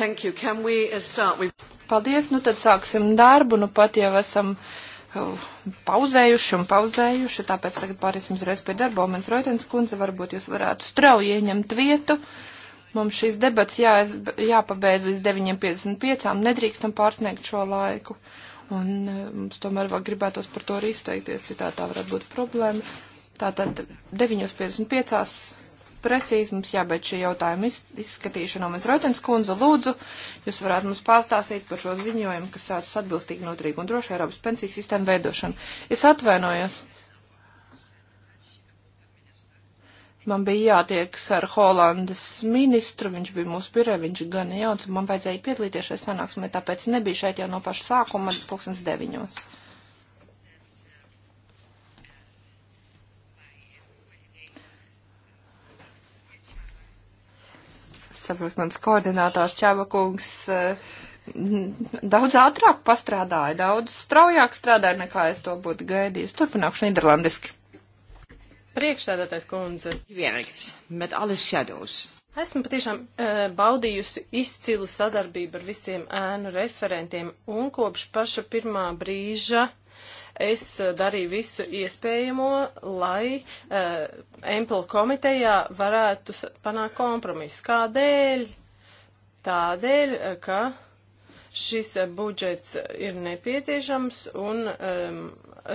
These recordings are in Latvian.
Thank you. Can we uh, start with... Paldies, nu tad sāksim darbu, nu pat jau esam uh, pauzējuši un pauzējuši, tāpēc tagad pārēsim uzreiz pie darba. Mans Roitens kundze, varbūt jūs varētu strauji ieņemt vietu. Mums šīs debats jā, jāpabeidz līdz 9.55, nedrīkstam pārsniegt šo laiku. Un uh, mums tomēr vēl gribētos par to arī izteikties, citā tā varētu būt problēma. Tātad 9.55 precīzi mums jābeidz šī jautājuma izskatīšana. Mēs Rautens kundze lūdzu, jūs varētu mums pastāstīt par šo ziņojumu, kas sāc atbilstīgi noturīgu un drošu Eiropas pensiju sistēmu veidošanu. Es atvainojos. Man bija jātiekas ar Holandas ministru, viņš bija mūsu birē, viņš gan jauns, un man vajadzēja piedalīties šajā sanāksmē, tāpēc nebija šeit jau no paša sākuma, pulkstens deviņos. saprot, mans koordinātors Čavakungs eh, daudz ātrāk pastrādāja, daudz straujāk strādāja, nekā es to būtu gaidījis. Turpināšu nīderlandiski. Priekšsēdētais kundze. Vienīgs, met alles shadows. Esmu patiešām e, baudījusi izcilu sadarbību ar visiem ēnu referentiem un kopš paša pirmā brīža es eh, darīju visu iespējamo, lai uh, eh, Empel komitejā varētu panākt kompromisu. Kādēļ? Tādēļ, eh, ka šis budžets ir nepieciešams un um,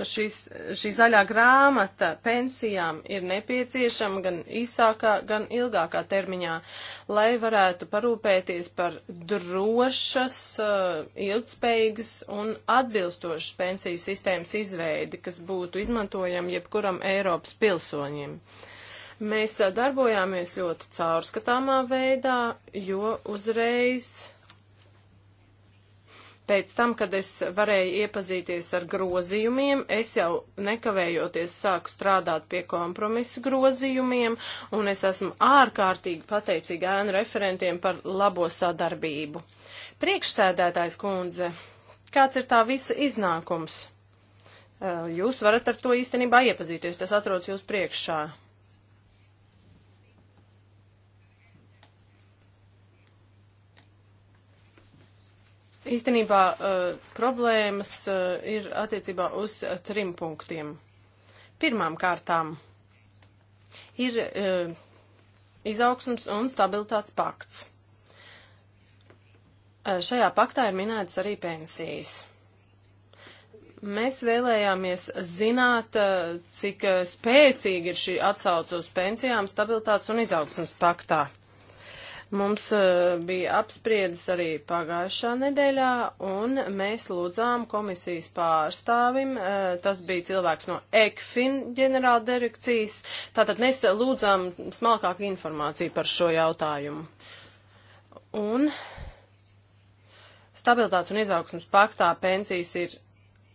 šis, šī zaļā grāmata pensijām ir nepieciešama gan īsākā, gan ilgākā termiņā, lai varētu parūpēties par drošas, uh, ilgspējīgas un atbilstošas pensiju sistēmas izveidi, kas būtu izmantojama jebkuram Eiropas pilsoņiem. Mēs uh, darbojāmies ļoti caurskatāmā veidā, jo uzreiz Pēc tam, kad es varēju iepazīties ar grozījumiem, es jau nekavējoties sāku strādāt pie kompromisa grozījumiem, un es esmu ārkārtīgi pateicīga ēnu referentiem par labo sadarbību. Priekšsēdētājs kundze, kāds ir tā visa iznākums? Jūs varat ar to īstenībā iepazīties, tas atrodas jūs priekšā. Īstenībā uh, problēmas uh, ir attiecībā uz uh, trim punktiem. Pirmām kārtām ir uh, izaugsms un stabilitātes pakts. Uh, šajā paktā ir minētas arī pensijas. Mēs vēlējāmies zināt, uh, cik uh, spēcīgi ir šī atsauce uz pensijām stabilitātes un izaugsmas paktā. Uh, Mums uh, bija apspriedas arī pagājušā nedēļā, un mēs lūdzām komisijas pārstāvim, uh, tas bija cilvēks no ECFIN ģenerāla direkcijas, tātad mēs lūdzām smalkāku informāciju par šo jautājumu. Un stabilitātes un izaugsmas paktā pensijas ir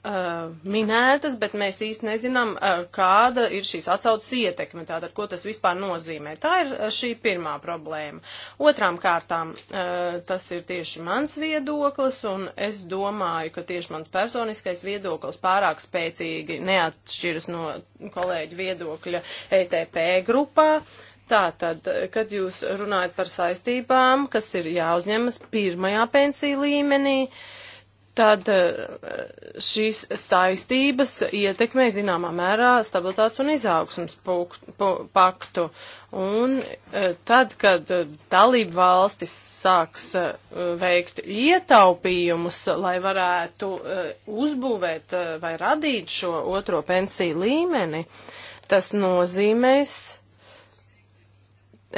uh, minētas, bet mēs īsti nezinām, uh, kāda ir šīs atsauces ietekme, tātad ko tas vispār nozīmē. Tā ir uh, šī pirmā problēma. Otrām kārtām uh, tas ir tieši mans viedoklis, un es domāju, ka tieši mans personiskais viedoklis pārāk spēcīgi neatšķiras no kolēģu viedokļa ETP grupā. Uh, Tātad, kad jūs runājat par saistībām, kas ir jāuzņemas pirmajā pensiju līmenī, uh, tad eh, šīs saistības ietekmē zināmā mērā stabilitātes un izaugsmas paktu. Un eh, tad, kad eh, dalību valstis sāks veikt ietaupījumus, lai varētu uzbūvēt vai radīt šo otro pensiju līmeni, tas nozīmēs,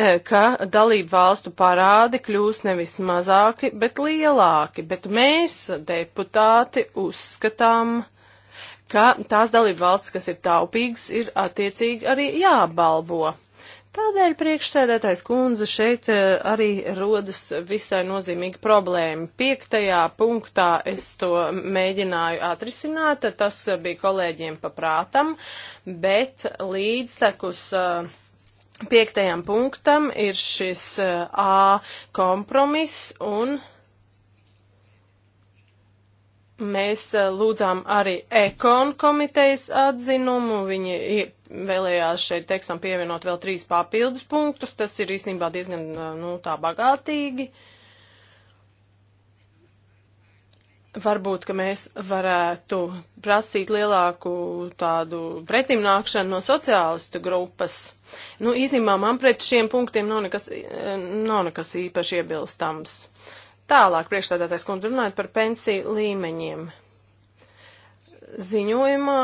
E, ka dalību valstu parādi kļūs nevis mazāki, bet lielāki, bet mēs, deputāti, uzskatām, ka tās dalību valsts, kas ir taupīgas, ir attiecīgi arī jābalvo. Tādēļ priekšsēdētais kundze šeit e, arī rodas visai nozīmīga problēma. Piektajā punktā es to mēģināju atrisināt, tas bija kolēģiem paprātam, bet līdztekus uh, Piektajam punktam ir šis eh, A kompromiss un mēs eh, lūdzām arī ekon komitejas atzinumu. Viņi vēlējās šeit tekstam pievienot vēl trīs papildus punktus. Tas ir īstenībā diezgan, eh, nu, tā bagātīgi. Varbūt, ka mēs varētu prasīt lielāku tādu pretimnākšanu no sociālistu grupas. Nu, īstenībā man pret šiem punktiem nav nekas, eh, nav nekas īpaši iebilstams. Tālāk priekšstādātais kundze runājot par pensiju līmeņiem. Ziņojumā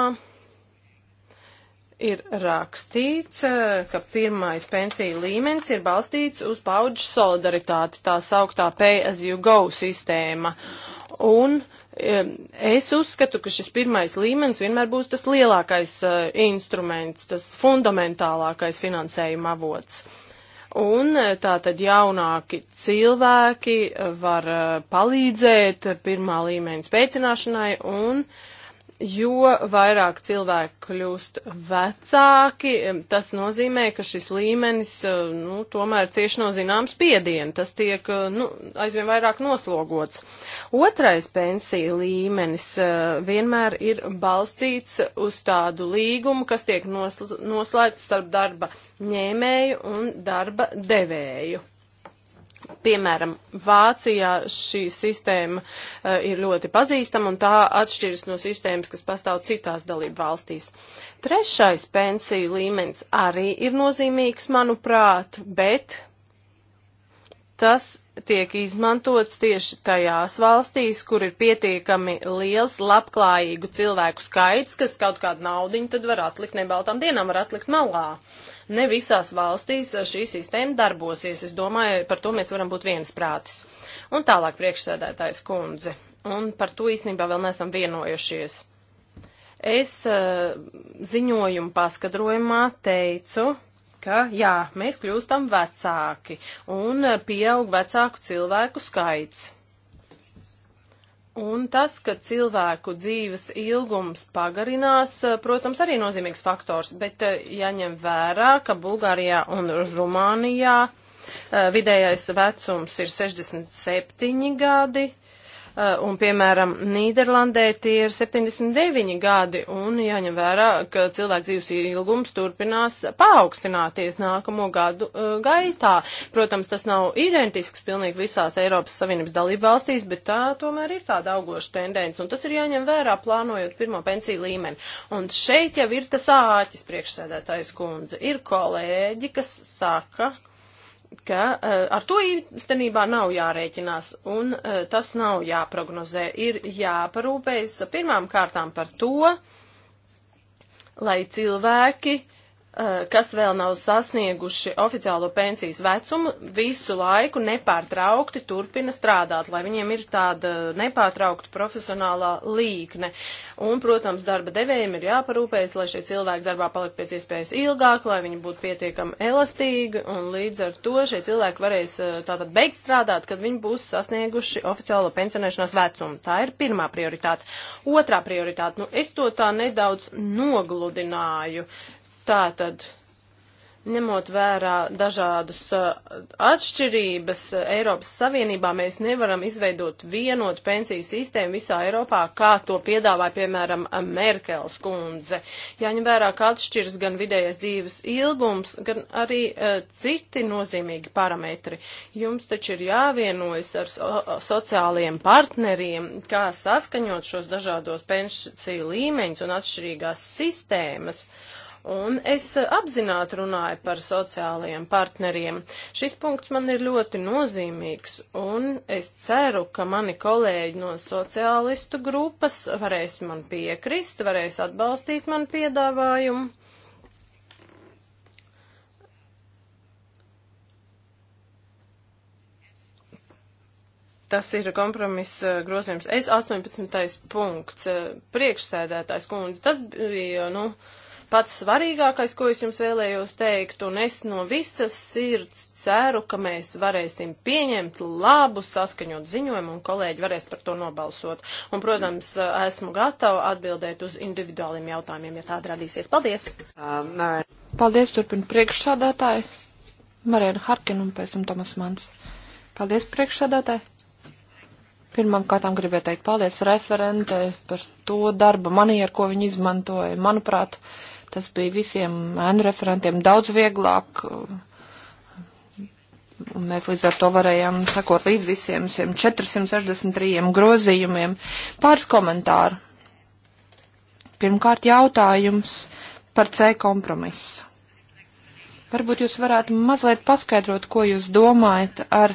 ir rakstīts, eh, ka pirmais pensiju līmenis ir balstīts uz paudžu solidaritāti, tā sauktā pay as you go sistēma. Un uh, Es uzskatu, ka šis pirmais līmenis vienmēr būs tas lielākais eh, instruments, tas fundamentālākais finansējuma avots. Un eh, tā tad jaunāki cilvēki var eh, palīdzēt pirmā līmeņa spēcināšanai un uh, jo vairāk cilvēki kļūst vecāki, tas nozīmē, ka šis līmenis, eh, nu, tomēr cieši no zināms piediena, tas tiek, eh, nu, aizvien vairāk noslogots. Otrais pensija līmenis eh, vienmēr ir balstīts uz tādu līgumu, kas tiek noslēgts starp darba ņēmēju un darba devēju. Piemēram, Vācijā šī sistēma uh, ir ļoti pazīstama un tā atšķiras no sistēmas, kas pastāv citās dalību valstīs. Trešais pensiju līmenis arī ir nozīmīgs, manuprāt, bet tas tiek izmantots tieši tajās valstīs, kur ir pietiekami liels, labklājīgu cilvēku skaits, kas kaut kādu naudiņu tad var atlikt nebaltām dienām, var atlikt malā. Ne visās valstīs šī sistēma darbosies. Es domāju, par to mēs varam būt viensprātis. Un tālāk priekšsēdētājs kundze. Un par to īstenībā vēl neesam vienojušies. Es uh, ziņojumu paskadrojumā teicu, ka jā, mēs kļūstam vecāki un pieaug vecāku cilvēku skaits. Un tas, ka cilvēku dzīves ilgums pagarinās, protams, arī nozīmīgs faktors, bet jāņem vērā, ka Bulgārijā un Rumānijā eh, vidējais vecums ir 67 gadi, Eh, un, piemēram, Nīderlandē tie ir 79 gadi, un jāņem vērā, ka cilvēku dzīves ilgums turpinās paaugstināties nākamo gadu uh, gaitā. Protams, tas nav identisks pilnīgi visās Eiropas Savienības dalību valstīs, bet tā tomēr ir tāda augoša tendence, un tas ir jāņem vērā plānojot pirmo pensiju līmeni. Un šeit jau ir tas āķis priekšsēdētājs kundze. Ir kolēģi, kas saka, ka eh, ar to īstenībā nav jārēķinās un eh, tas nav jāprognozē. Ir jāparūpējas pirmām kārtām par to, lai cilvēki uh, Eh, kas vēl nav sasnieguši oficiālo pensijas vecumu, visu laiku nepārtraukti turpina strādāt, lai viņiem ir tāda nepārtraukta profesionālā līkne. Un, protams, darba devējiem ir jāparūpējas, lai šie cilvēki darbā paliek pēc iespējas ilgāk, lai viņi būtu pietiekami elastīgi, un līdz ar to šie cilvēki varēs eh, tātad beigt strādāt, kad viņi būs sasnieguši oficiālo pensionēšanās vecumu. Tā ir pirmā prioritāte. Otrā prioritāte, nu, es to tā nedaudz nogludināju. Uh, Tātad, ņemot vērā dažādus uh, atšķirības uh, Eiropas Savienībā, mēs nevaram izveidot vienotu pensiju sistēmu visā Eiropā, kā to piedāvāja, piemēram, uh, Merkels kundze. Jāņem vērā, ka atšķiras gan vidējais dzīves ilgums, gan arī uh, citi nozīmīgi parametri. Jums taču ir jāvienojas ar so sociālajiem partneriem, kā saskaņot šos dažādos pensiju līmeņus un atšķirīgās sistēmas. Uh, un es eh, apzināti runāju par sociālajiem partneriem. Šis punkts man ir ļoti nozīmīgs, un es ceru, ka mani kolēģi no sociālistu grupas varēs man piekrist, varēs atbalstīt man piedāvājumu. Tas ir kompromiss grozījums. Es 18. punkts, eh, priekšsēdētājs kundze. Tas bija, nu, uh, pats svarīgākais, ko es jums vēlējos teikt, un es no visas sirds ceru, ka mēs varēsim pieņemt labu saskaņot ziņojumu, un kolēģi varēs par to nobalsot. Un, protams, esmu gatava atbildēt uz individuāliem jautājumiem, ja tāda radīsies. Paldies! Paldies, turpin priekšsādātāji! Marēna Harkina un pēc tam Tomas Mans. Paldies, priekšsādātāji! Pirmām kārtām gribēju teikt paldies referentei par to darba manieru, ko viņi izmantoja. Manuprāt, uh, Tas bija visiem ēnu referentiem daudz vieglāk. Un mēs līdz ar to varējām sakot līdz visiem 463 grozījumiem. Pāris komentāru. Pirmkārt jautājums par C kompromisu. Varbūt jūs varētu mazliet paskaidrot, ko jūs domājat ar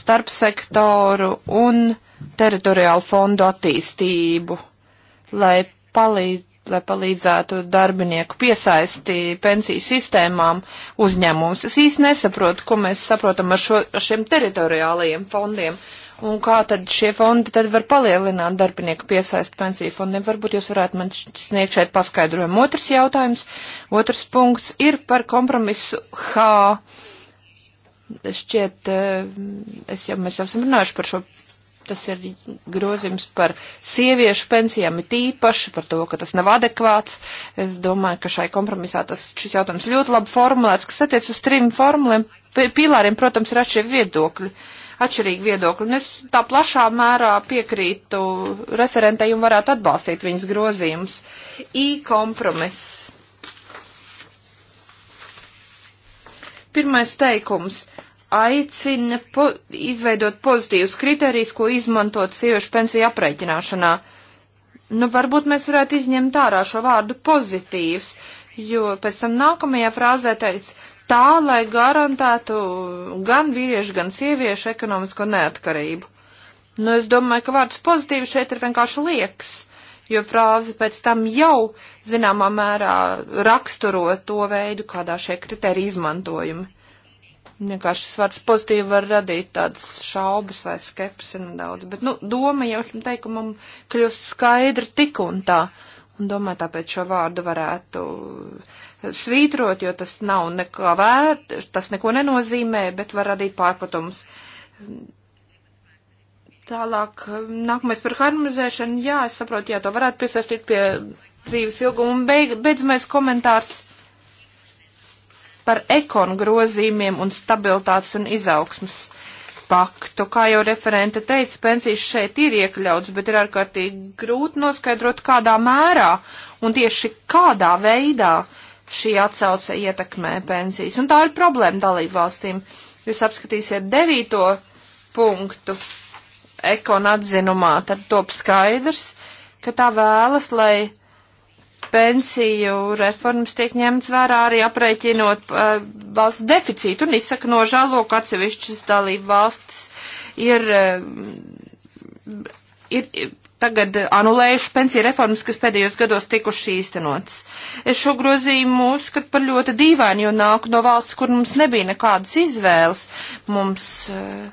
starpsektoru un teritoriālu fondu attīstību, lai palīdz, lai palīdzētu darbinieku piesaisti pensiju sistēmām uzņēmumus. Es īsti nesaprotu, ko mēs saprotam ar, šo, ar šiem teritoriālajiem fondiem un kā tad šie fondi tad var palielināt darbinieku piesaisti pensiju fondiem. Varbūt jūs varētu man sniegt šeit paskaidrojumu. Otrs jautājums, otrs punkts ir par kompromisu H. Šķiet, eh, es jau, mēs jau esam runājuši par šo tas ir grozījums par sieviešu pensijām ir tīpaši, par to, ka tas nav adekvāts. Es domāju, ka šai kompromisā tas, šis jautājums ļoti labi formulēts, kas attiec uz trim formulēm. Pīlāriem, protams, ir atšķirīgi viedokļi. Atšķirīgi viedokļi. Un es tā plašā mērā piekrītu referentei un varētu atbalstīt viņas grozījumus. I kompromiss. Pirmais teikums aicina po izveidot pozitīvus kriterijus, ko izmantot sieviešu pensiju aprēķināšanā. Nu, varbūt mēs varētu izņemt ārā šo vārdu pozitīvs, jo pēc tam nākamajā frāzē teica tā, lai garantētu gan vīriešu, gan sieviešu ekonomisko neatkarību. Nu, es domāju, ka vārds pozitīvi šeit ir vienkārši lieks, jo frāze pēc tam jau, zināmā mērā, raksturo to veidu, kādā šie kriteri izmantojumi. Vienkārši šis vārds pozitīvi var radīt tādas šaubas vai skepsi nedaudz, bet, nu, doma jau šim teikumam kļūst skaidra tik un tā. Un domāju, tāpēc šo vārdu varētu svītrot, jo tas nav nekā vērt, tas neko nenozīmē, bet var radīt pārpratums. Tālāk, nākamais par harmonizēšanu, jā, es saprotu, jā, to varētu piesaistīt pie dzīves ilguma, un beig, beidzamais komentārs par ekonu grozījumiem un stabilitātes un izaugsmas paktu. Kā jau referente teica, pensijas šeit ir iekļauts, bet ir ārkārtīgi grūti noskaidrot, kādā mērā un tieši kādā veidā šī atsauce ietekmē pensijas. Un tā ir problēma dalību valstīm. Jūs apskatīsiet devīto punktu ekona atzinumā, tad top skaidrs, ka tā vēlas, lai pensiju reformas tiek ņemts vērā arī aprēķinot uh, valsts deficītu un izsaka nožēlo, ka atsevišķas dalību valstis ir, uh, ir tagad anulējuši pensiju reformas, kas pēdējos gados tikuši īstenotas. Es šo grozījumu uzskatu par ļoti dīvainu, jo nāku no valsts, kur mums nebija nekādas izvēles. Mums uh,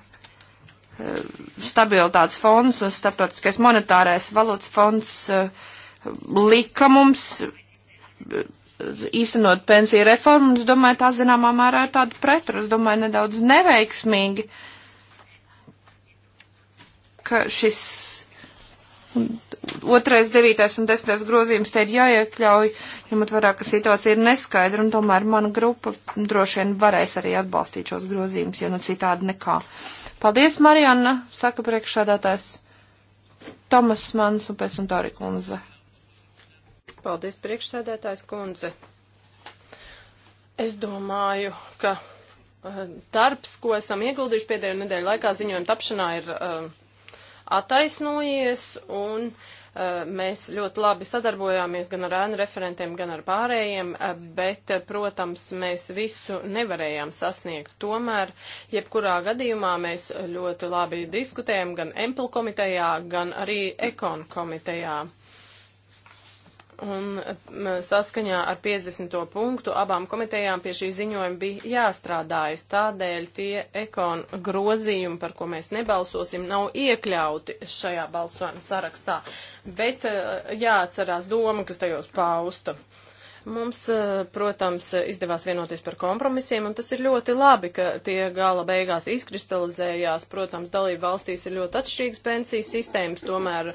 uh stabilitātes fonds un starptautiskais monetārais valūtas fonds uh, lika mums īstenot pensiju reformu, un es domāju, tā zināmā mērā ir tāda pretru, es domāju, nedaudz neveiksmīgi, ka šis otrais, devītais un desmitais grozījums te ir jāiekļauj, ņemot ja vērā, ka situācija ir neskaidra, un tomēr mana grupa droši vien varēs arī atbalstīt šos grozījumus, ja nu citādi nekā. Paldies, Marianna, saka priekšādātājs Tomas Mans un pēc tam Tori Kunze paldies priekšsēdētājs kundze. Es domāju, ka eh, darbs, ko esam ieguldījuši pēdējo nedēļu laikā ziņojuma tapšanā, ir uh, attaisnojies, un uh, mēs ļoti labi sadarbojāmies gan ar ēnu referentiem, gan ar pārējiem, uh, bet, protams, mēs visu nevarējām sasniegt. Tomēr, jebkurā gadījumā mēs ļoti labi diskutējam gan Empel komitejā, gan arī Ekon komitejā un saskaņā ar 50. punktu abām komitejām pie šī ziņojuma bija jāstrādājas. Tādēļ tie ekon grozījumi, par ko mēs nebalsosim, nav iekļauti šajā balsojuma sarakstā. Bet eh, jāatcerās doma, kas tajos pausta. Mums, eh, protams, izdevās vienoties par kompromisiem, un tas ir ļoti labi, ka tie gala beigās izkristalizējās. Protams, dalību valstīs ir ļoti atšķirīgas pensijas sistēmas, tomēr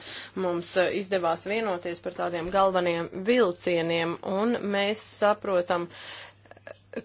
mums eh, izdevās vienoties par tādiem galveniem vilcieniem, un mēs saprotam,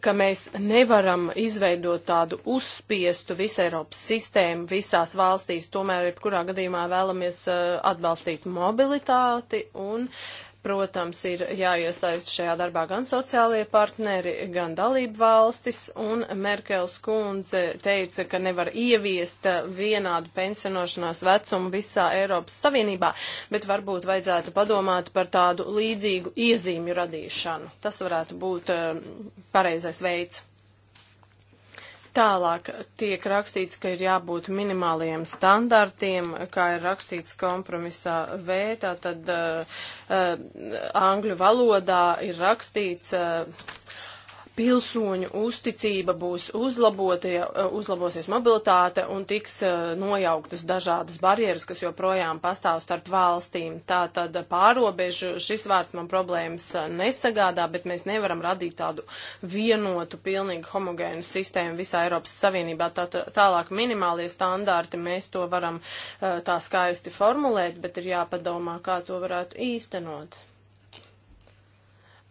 ka mēs nevaram izveidot tādu uzspiestu visu Eiropas sistēmu visās valstīs, tomēr, jebkurā gadījumā vēlamies eh, atbalstīt mobilitāti un uh, protams, ir jāiesaist šajā darbā gan sociālie partneri, gan dalību valstis, un Merkels kundze teica, ka nevar ieviest vienādu pensionošanās vecumu visā Eiropas Savienībā, bet varbūt vajadzētu padomāt par tādu līdzīgu iezīmju radīšanu. Tas varētu būt eh, pareizais veids. Tālāk tiek rakstīts, ka ir jābūt minimāliem standartiem, kā ir rakstīts kompromisā V, tātad uh, uh, angļu valodā ir rakstīts. Uh, pilsoņu uzticība būs uzlabota, eh, uzlabosies mobilitāte un tiks eh, nojauktas dažādas barjeras, kas joprojām pastāv starp valstīm. Tātad pārobežu šis vārds man problēmas eh, nesagādā, bet mēs nevaram radīt tādu vienotu, pilnīgi homogēnu sistēmu visā Eiropas Savienībā. Tātad tālāk minimālie standarti mēs to varam tā skaisti formulēt, bet ir jāpadomā, kā to varētu īstenot.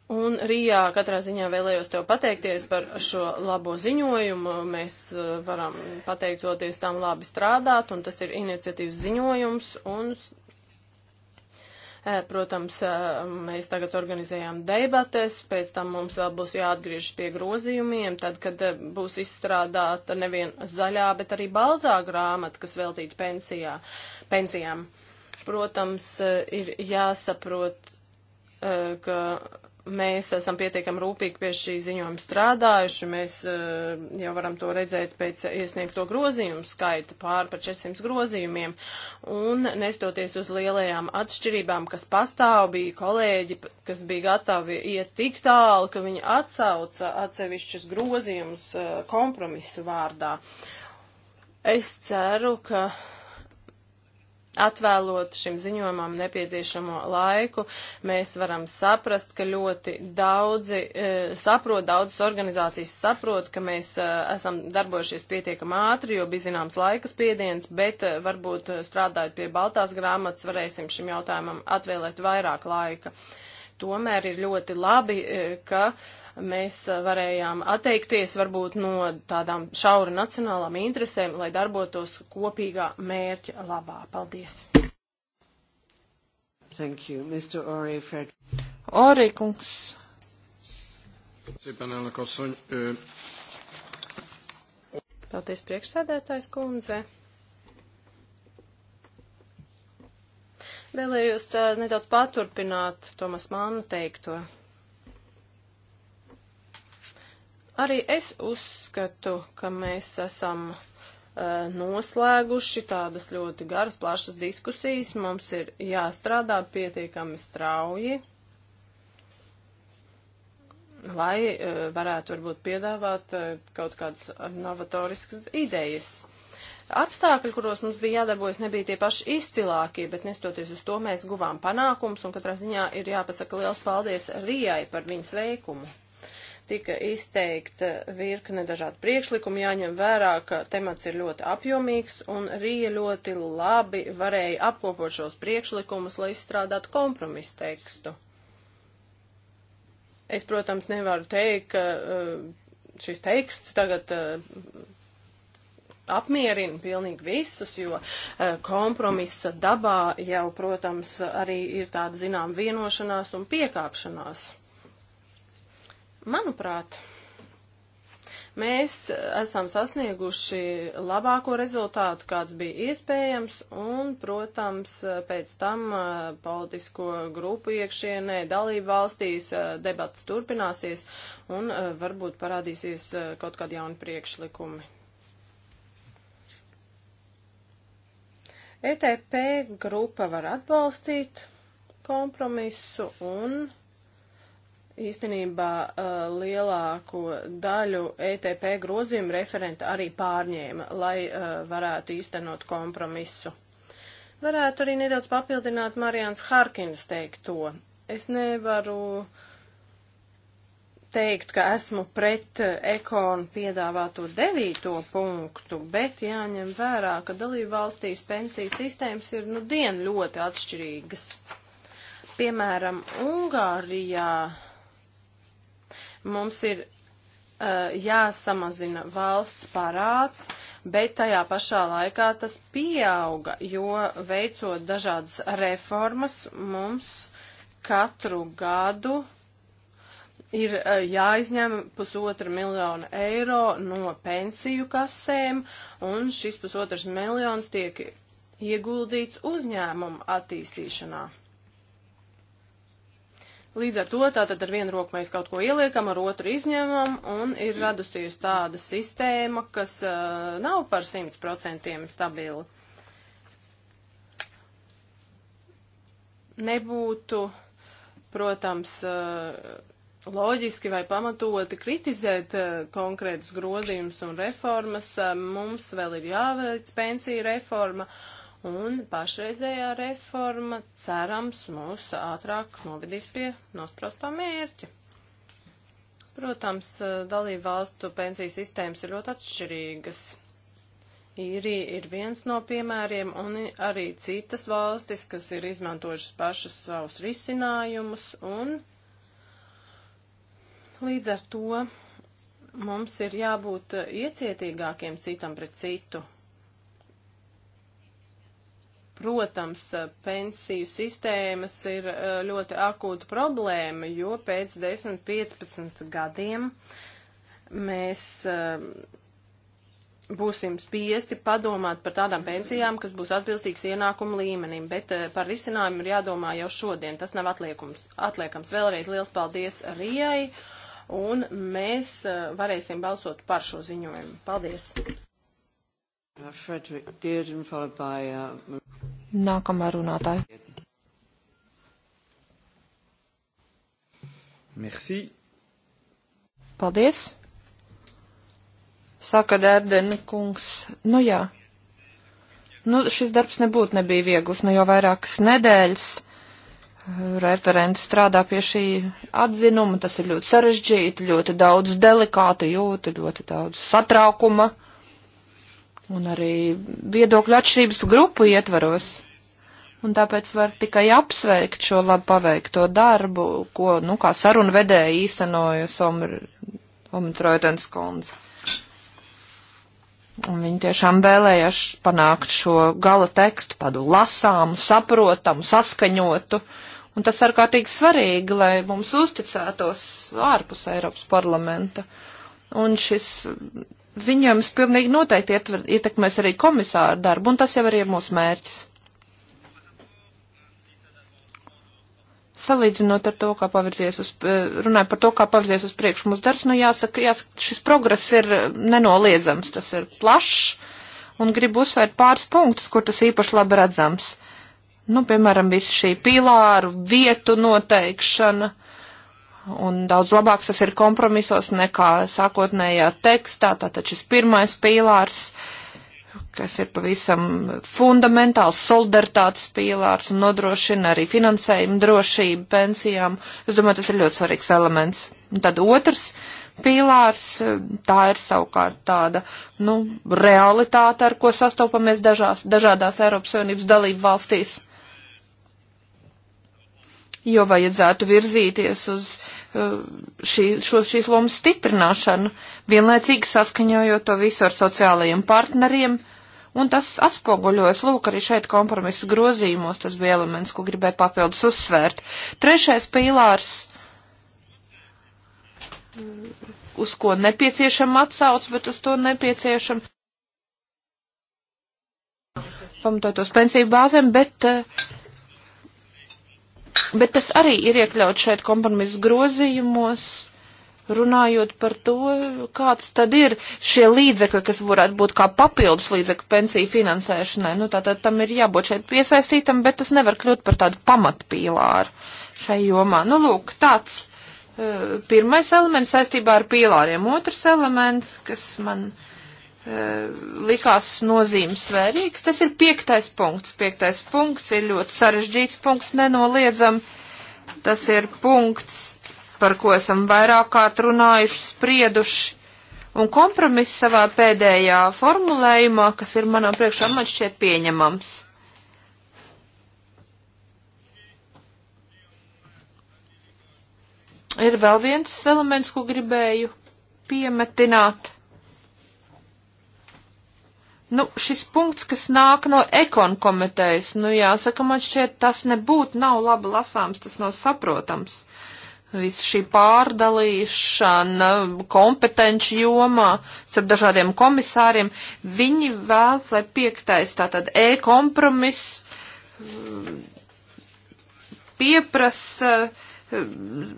Un Rijā katrā ziņā vēlējos tev pateikties par šo labo ziņojumu. Mēs eh, varam pateicoties tam labi strādāt, un tas ir iniciatīvas ziņojums. Un, eh, protams, eh, mēs tagad organizējām debates, pēc tam mums vēl būs jāatgriežas pie grozījumiem, tad, kad būs izstrādāta nevien zaļā, bet arī baltā grāmata, kas veltīta pensijā, pensijām. Protams, ir jāsaprot, ka mēs esam pietiekam rūpīgi pie šī ziņojuma strādājuši. Mēs eh, jau varam to redzēt pēc iesniegto grozījumu skaita pār par 400 grozījumiem. Un nestoties uz lielajām atšķirībām, kas pastāv, bija kolēģi, kas bija gatavi iet tik tālu, ka viņi atsauca atsevišķus grozījumus eh, kompromisu vārdā. Es ceru, ka Atvēlot šim ziņojumam nepieciešamo laiku, mēs varam saprast, ka ļoti daudzi e, saprot, daudzas organizācijas saprot, ka mēs e, esam darbojušies pietiekam ātri, jo bija zināms laika spiediens, bet e, varbūt e, strādājot pie Baltās grāmatas varēsim šim jautājumam atvēlēt vairāk laika. Tomēr ir ļoti labi, e, ka. E, mēs varējām atteikties varbūt no tādām šaura nacionālām interesēm, lai darbotos kopīgā mērķa labā. Paldies! Thank you, Mr. Ori Fred. Ori kungs. Szépen, elnök asszony. Ö... Paldies, priekšsēdētājs kundze. Vēlējos uh, nedaudz paturpināt Tomas Mānu teikto. Arī es uzskatu, ka mēs esam eh, noslēguši tādas ļoti garas, plašas diskusijas. Mums ir jāstrādā pietiekami strauji, lai eh, varētu varbūt piedāvāt eh, kaut kādas novatoriskas idejas. Apstākļi, kuros mums bija jādarbojas, nebija tie paši izcilākie, bet nestoties uz to, mēs guvām panākums, un katrā ziņā ir jāpasaka liels paldies Rijai par viņas veikumu tika izteikta virkne dažādu priekšlikumu, jāņem vērā, ka temats ir ļoti apjomīgs, un Rija ļoti labi varēja apkopot šos priekšlikumus, lai izstrādātu kompromisu tekstu. Es, protams, nevaru teikt, ka uh, šis teksts tagad uh, apmierina pilnīgi visus, jo uh, kompromisa dabā jau, protams, arī ir tāda zinām vienošanās un piekāpšanās. Manuprāt, mēs esam sasnieguši labāko rezultātu, kāds bija iespējams, un, protams, pēc tam politisko grupu iekšienē dalību valstīs debats turpināsies un varbūt parādīsies kaut kādi jauni priekšlikumi. ETP grupa var atbalstīt kompromisu un īstenībā uh, lielāko daļu ETP grozījumu referenta arī pārņēma, lai uh, varētu īstenot kompromisu. Varētu arī nedaudz papildināt Marijāns Harkins teikto. Es nevaru teikt, ka esmu pret uh, ekonu piedāvāto devīto punktu, bet jāņem vērā, ka dalību valstīs pensiju sistēmas ir nu dien ļoti atšķirīgas. Piemēram, Ungārijā Mums ir uh, jāsamazina valsts parāds, bet tajā pašā laikā tas pieauga, jo veicot dažādas reformas, mums katru gadu ir eh, jāizņem pusotra miljona eiro no pensiju kasēm, un šis pusotrs miljons tiek ieguldīts uzņēmumu attīstīšanā. Līdz ar to tātad ar vienu roku mēs kaut ko ieliekam, ar otru izņemam, un ir radusies tāda sistēma, kas uh, nav par 100% stabila. Nebūtu, protams, uh, loģiski vai pamatoti kritizēt uh, konkrētus grozījumus un reformas. Uh, mums vēl ir jāveic pensija reforma, un pašreizējā reforma cerams mūs ātrāk novedīs pie nosprostā mērķa. Protams, dalību valstu pensiju sistēmas ir ļoti atšķirīgas. Īrija ir viens no piemēriem, un arī citas valstis, kas ir izmantojušas pašas savus risinājumus, un līdz ar to mums ir jābūt iecietīgākiem citam pret citu Protams, eh, pensiju sistēmas ir eh, ļoti akūta problēma, jo pēc 10-15 gadiem mēs eh, būsim spiesti padomāt par tādām pensijām, kas būs atbilstīgas ienākumu līmenim, bet par risinājumu ir jādomā jau šodien. Tas nav atliekums. atliekams. Vēlreiz liels paldies Rijai, un mēs varēsim balsot par šo ziņojumu. Paldies! Uh, Frederick Dearden, followed by uh, Nākamā runātāja. Merci. Paldies. Saka Dērdena kungs. Nu jā. Nu, šis darbs nebūtu nebija viegls, nu jau vairākas nedēļas uh, referenti strādā pie šī atzinuma, tas ir ļoti sarežģīti, ļoti daudz delikātu jūtu, ļoti daudz satraukuma. Uh, un arī viedokļu atšķirības grupu ietvaros. Un tāpēc var tikai apsveikt šo labu paveikto darbu, ko, nu, kā sarunu vedēja īstenojas Omnitroidens kundze. Un viņi tiešām vēlējās panākt šo gala tekstu tādu lasāmu, saprotamu, saskaņotu. Un tas ārkārtīgi svarīgi, lai mums uzticētos ārpus Eiropas parlamenta. Un šis ziņojums pilnīgi noteikti ietver, ietekmēs arī komisāru darbu, un tas jau arī ir mūsu mērķis. Salīdzinot ar to, kā pavirzies uz, eh, runāju par to, kā pavirzies uz priekšu mūsu darbs, nu jāsaka, jāsaka, šis progress ir eh, nenoliedzams, tas ir plašs, un gribu uzsvērt pāris punktus, kur tas īpaši labi redzams. Nu, piemēram, visu šī pīlāru vietu noteikšana. Uh, Un daudz labāks tas ir kompromisos nekā sākotnējā tekstā. Tātad šis pirmais pīlārs, kas ir pavisam fundamentāls solidaritātes pīlārs un nodrošina arī finansējumu drošību pensijām. Es domāju, tas ir ļoti svarīgs elements. Un tad otrs pīlārs, tā ir savukārt tāda, nu, realitāte, ar ko sastopamies dažās, dažādās Eiropas Savienības dalību valstīs jo vajadzētu virzīties uz Uh, šī, šo, šīs lomas stiprināšanu, vienlaicīgi saskaņojot to visu ar sociālajiem partneriem, un tas atspoguļojas, lūk, arī šeit kompromisu grozījumos, tas bija elements, ko gribēju papildus uzsvērt. Trešais pīlārs, uz ko nepieciešama atsauc, bet uz to nepieciešama pamatotos pensiju bāzēm, bet uh, Bet tas arī ir iekļauts šeit kompromisu grozījumos runājot par to, kāds tad ir šie līdzekļi, kas varētu būt kā papildus līdzekļi pensiju finansēšanai. Nu, tātad tam ir jābūt šeit piesaistītam, bet tas nevar kļūt par tādu pamatpīlāru šai jomā. Nu, lūk, tāds uh, pirmais elements saistībā ar pīlāriem. Otrs elements, kas man Eh, likās nozīmesvērīgs. Tas ir piektais punkts. Piektais punkts ir ļoti sarežģīts punkts, nenoliedzam. Tas ir punkts, par ko esam vairāk kārt runājuši, sprieduši. Un kompromiss savā pēdējā formulējumā, kas ir manā priekšā, man šķiet pieņemams. Ir vēl viens elements, ko gribēju piemetināt. Nu, šis punkts, kas nāk no ekonu komitejas, nu jāsaka, man šķiet, tas nebūtu nav labi lasāms, tas nav saprotams. Visa šī pārdalīšana kompetenci jomā starp dažādiem komisāriem, viņi vēlas, lai piektais tātad e-kompromiss mm, pieprasa uh,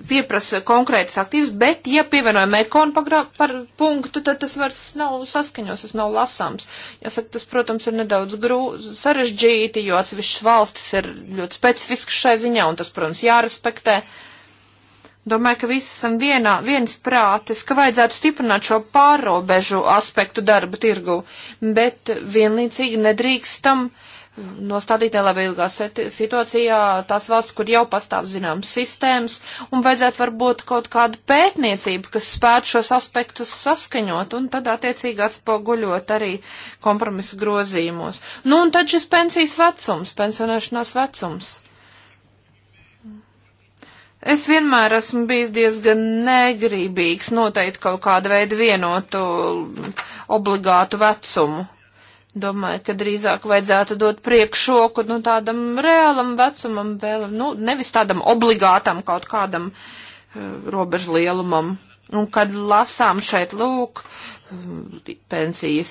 pieprasa konkrētas aktīvas, bet, ja pievienojam ekonu par punktu, tad tas vairs nav saskaņos, tas nav lasāms. Jāsaka, tas, protams, ir nedaudz grū, sarežģīti, jo atsevišķas valstis ir ļoti specifiskas šai ziņā, un tas, protams, jārespektē. Domāju, ka visi esam vienā, viens prātis, ka vajadzētu stiprināt šo pārobežu aspektu darba tirgu, bet vienlīdzīgi nedrīkstam uh, nostādīt nelabvēlīgā situācijā tās valsts, kur jau pastāv zināmas sistēmas, un vajadzētu varbūt kaut kādu pētniecību, kas spētu šos aspektus saskaņot, un tad attiecīgi atspoguļot arī kompromisa grozījumos. Nu, un tad šis pensijas vecums, pensionēšanās vecums. Es vienmēr esmu bijis diezgan negrībīgs noteikt kaut kādu veidu vienotu obligātu vecumu Domāju, ka drīzāk vajadzētu dot priekšroku nu, tādam reālam vecumam, vēl, nu, nevis tādam obligātam kaut kādam uh, robežu lielumam. Un kad lasām šeit, lūk, eh, pensijas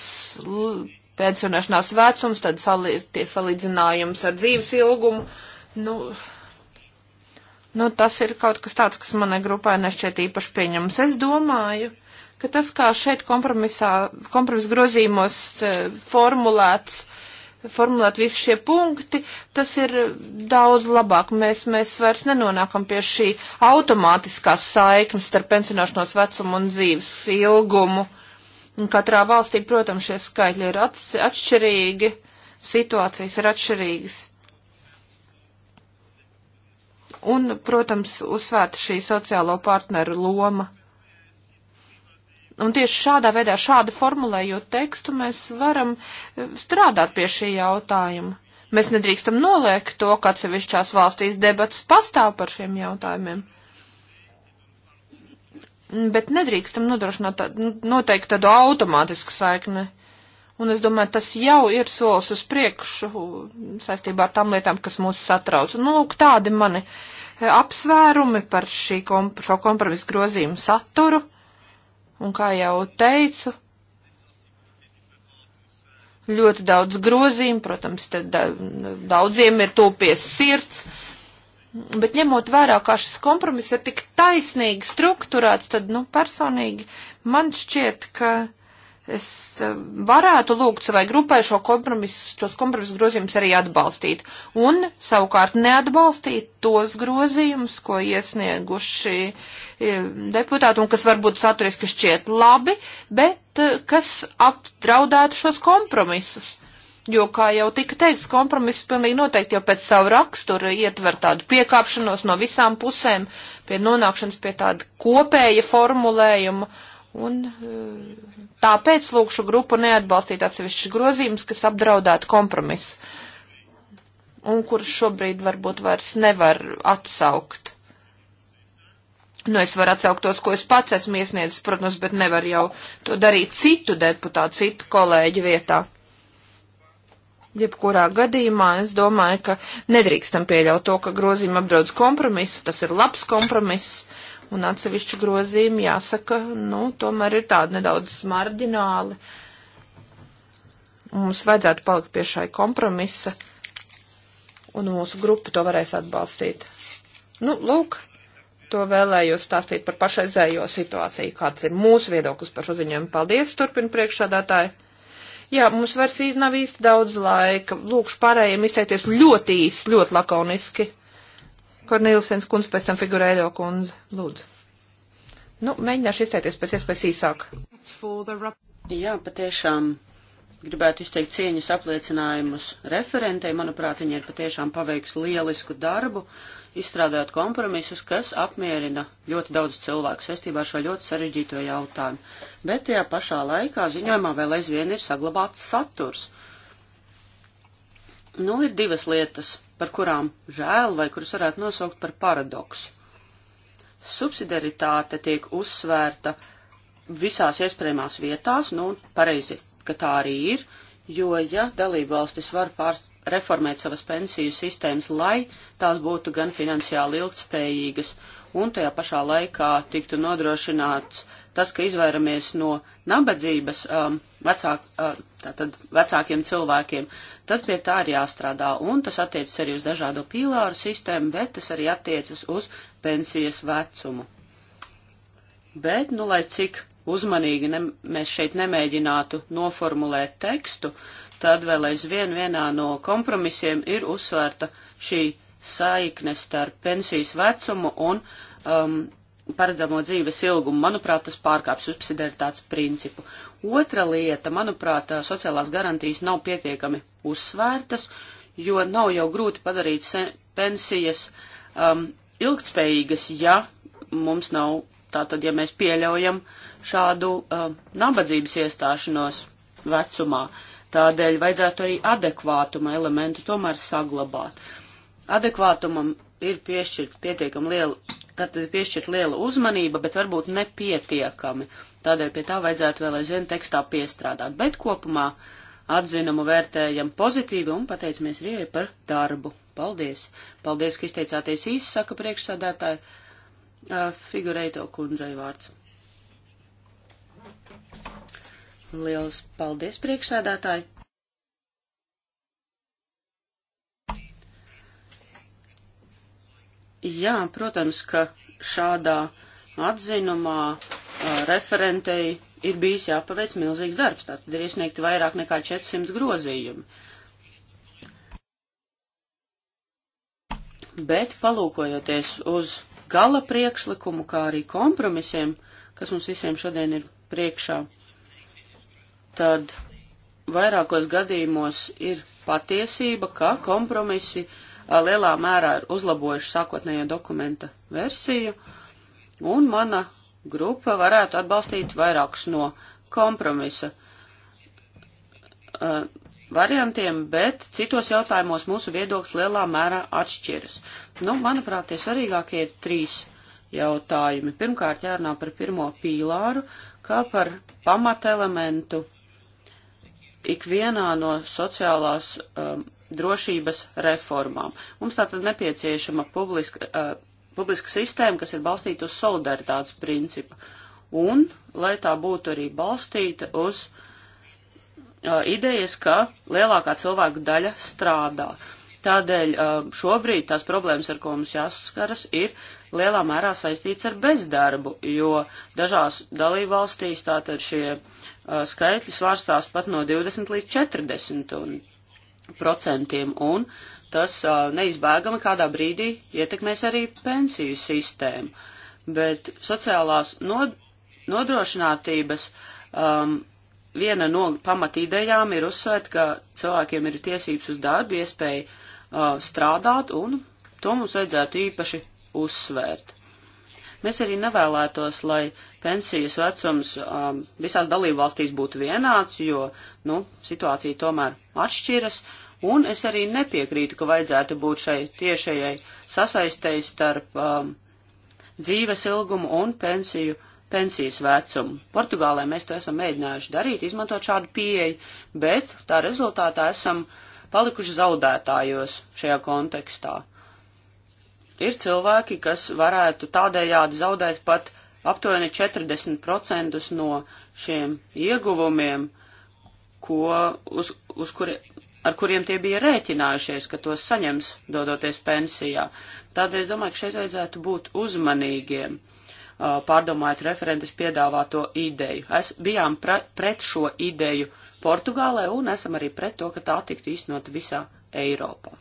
pensionēšanās vecums, tad salī, tie salīdzinājums ar dzīves ilgumu, nu, nu, tas ir kaut kas tāds, kas manai grupai nešķiet īpaši pieņems. Es domāju, uh, ka tas, kā šeit kompromisā, kompromisa grozīmos e, formulēts, formulēt visi šie punkti, tas ir daudz labāk. Mēs, mēs vairs nenonākam pie šī automātiskās saiknes starp pensionēšanos vecumu un dzīves ilgumu. Un katrā valstī, protams, šie skaitļi ir atšķirīgi, situācijas ir atšķirīgas un, protams, uzsvērta šī sociālo partneru loma. Un tieši šādā veidā, šādu formulējot tekstu, mēs varam e, strādāt pie šī jautājuma. Mēs nedrīkstam noliegt to, ka atsevišķās valstīs debats pastāv par šiem jautājumiem. Bet nedrīkstam nodrošināt tā, nu, noteikti tādu automātisku saikni. Un es domāju, tas jau ir solis uz priekšu saistībā ar tām lietām, kas mūs satrauc. Un, nu, lūk, tādi mani e, apsvērumi par komp šo kompromisu grozījumu saturu. Un kā jau teicu, ļoti daudz grozījumu, protams, te daudziem ir topies sirds. Bet ņemot vērā, kā šis kompromiss ir tik taisnīgi strukturēts, tad, nu, personīgi man šķiet, ka es eh, varētu lūgt savai grupai šo kompromisu, šos kompromisu grozījumus arī atbalstīt. Un savukārt neatbalstīt tos grozījumus, ko iesnieguši eh, deputāti un kas varbūt saturiski šķiet labi, bet eh, kas apdraudētu šos kompromisus. Jo, kā jau tika teikts, kompromiss pilnīgi noteikti jau pēc savu raksturu ietver tādu piekāpšanos no visām pusēm, pie nonākšanas pie tāda kopēja formulējuma, uh, Un e, tāpēc lūkšu grupu neatbalstīt atsevišķus grozījumus, kas apdraudētu kompromisu un kurus šobrīd varbūt vairs nevar atsaukt. Nu, es varu atsaukt tos, ko es pats esmu iesniedzis, protams, bet nevar jau to darīt citu deputātu, citu kolēģu vietā. Jebkurā gadījumā es domāju, ka nedrīkstam pieļaut to, ka grozījuma apdraudz kompromisu, tas ir labs kompromiss un atsevišķu grozījumu, jāsaka, nu, tomēr ir tādi nedaudz marģināli. Mums vajadzētu palikt pie šai kompromisa, un mūsu grupa to varēs atbalstīt. Nu, lūk, to vēlējos stāstīt par pašreizējo situāciju, kāds ir mūsu viedoklis par šo ziņojumu. Paldies, turpina priekšādātāji. Jā, mums vairs nav īsti daudz laika. Lūkšu pārējiem izteikties ļoti īsi, ļoti lakoniski. Kornīlisens kundze, pēc tam figurēļo kundze. Lūdzu. Nu, mēģināšu izteikties pēc iespējas īsāk. Jā, patiešām gribētu izteikt cieņas apliecinājumus referentei. Manuprāt, viņa ir patiešām paveikusi lielisku darbu, izstrādājot kompromisus, kas apmierina ļoti daudz cilvēku saistībā ar šo ļoti sarežģīto jautājumu. Bet tajā pašā laikā ziņojumā vēl aizvien ir saglabāts saturs. Nu, ir divas lietas, par kurām žēl vai kuras varētu nosaukt par paradoksu. Subsidiaritāte tiek uzsvērta visās iespējamās vietās, nu, pareizi, ka tā arī ir, jo, ja dalība valstis var pārs reformēt savas pensiju sistēmas, lai tās būtu gan finansiāli ilgtspējīgas, un tajā pašā laikā tiktu nodrošināts tas, ka izvairamies no nabadzības um, vecāk, uh, vecākiem cilvēkiem, tad pie tā ir jāstrādā, un tas attiecas arī uz dažādo pīlāru sistēmu, bet tas arī attiecas uz pensijas vecumu. Bet, nu, lai cik uzmanīgi ne, mēs šeit nemēģinātu noformulēt tekstu, tad vēl aizvien vienā no kompromisiem ir uzsvērta šī saikne starp pensijas vecumu un um, paredzamo dzīves ilgumu. Manuprāt, tas pārkāpj subsidiaritātes principu. Otra lieta, manuprāt, sociālās garantijas nav pietiekami uzsvērtas, jo nav jau grūti padarīt pensijas um, ilgtspējīgas, ja mums nav, tātad, ja mēs pieļaujam šādu um, nabadzības iestāšanos vecumā. Tādēļ vajadzētu arī adekvātuma elementu tomēr saglabāt. Adekvātumam ir piešķirt pietiekam lielu tad piešķirt liela uzmanība, bet varbūt nepietiekami. Tādēļ pie tā vajadzētu vēl aizvien tekstā piestrādāt. Bet kopumā atzinumu vērtējam pozitīvi un pateicamies Rievai par darbu. Paldies! Paldies, ka izteicāties īsi, saka priekšsādātāji. Figureito kundzei vārds. Liels paldies, priekšsēdētāji! Jā, protams, ka šādā atzinumā referentei ir bijis jāpaveic milzīgs darbs, tātad ir iesniegti vairāk nekā 400 grozījumi. Bet palūkojoties uz gala priekšlikumu, kā arī kompromisiem, kas mums visiem šodien ir priekšā, tad vairākos gadījumos ir patiesība, ka kompromisi uh, lielā mērā ir uzlabojuši sākotnējo dokumenta versiju, un mana grupa varētu atbalstīt vairākus no kompromisa uh, variantiem, bet citos jautājumos mūsu viedoklis lielā mērā atšķiras. Nu, manuprāt, tie svarīgākie ir trīs jautājumi. Pirmkārt, jārunā par pirmo pīlāru, kā par pamatelementu ikvienā no sociālās um, drošības reformām. Mums tātad nepieciešama publiska, uh, publiska sistēma, kas ir balstīta uz solidaritātes principu. Un, lai tā būtu arī balstīta uz uh, idejas, ka lielākā cilvēka daļa strādā. Tādēļ uh, šobrīd tās problēmas, ar ko mums jāsaskaras, ir lielā mērā saistīts ar bezdarbu, jo dažās dalībvalstīs tātad šie uh, skaitļi svārstās pat no 20 līdz 40. Un procentiem, un tas uh, neizbēgami kādā brīdī ietekmēs arī pensiju sistēmu. Bet sociālās nod nodrošinātības um, viena no pamatīdējām ir uzsvērt, ka cilvēkiem ir tiesības uz darbu, iespēja uh, strādāt, un to mums vajadzētu īpaši uzsvērt. Mēs arī nevēlētos, lai pensijas vecums um, visās dalībvalstīs būtu vienāds, jo nu, situācija tomēr atšķiras. Un es arī nepiekrītu, ka vajadzētu būt šai tiešajai sasaistei starp um, dzīves ilgumu un pensiju, pensijas vecumu. Portugālē mēs to esam mēģinājuši darīt, izmantot šādu pieeju, bet tā rezultātā esam palikuši zaudētājos šajā kontekstā ir cilvēki, kas varētu tādējādi zaudēt pat aptuveni 40% no šiem ieguvumiem, ko, uz, uz kuri, ar kuriem tie bija rēķinājušies, ka tos saņems dodoties pensijā. Tādēļ es domāju, ka šeit vajadzētu būt uzmanīgiem, pārdomājot referentes piedāvāto ideju. Es bijām pre, pret šo ideju Portugālē un esam arī pret to, ka tā tiktu īstenot visā Eiropā.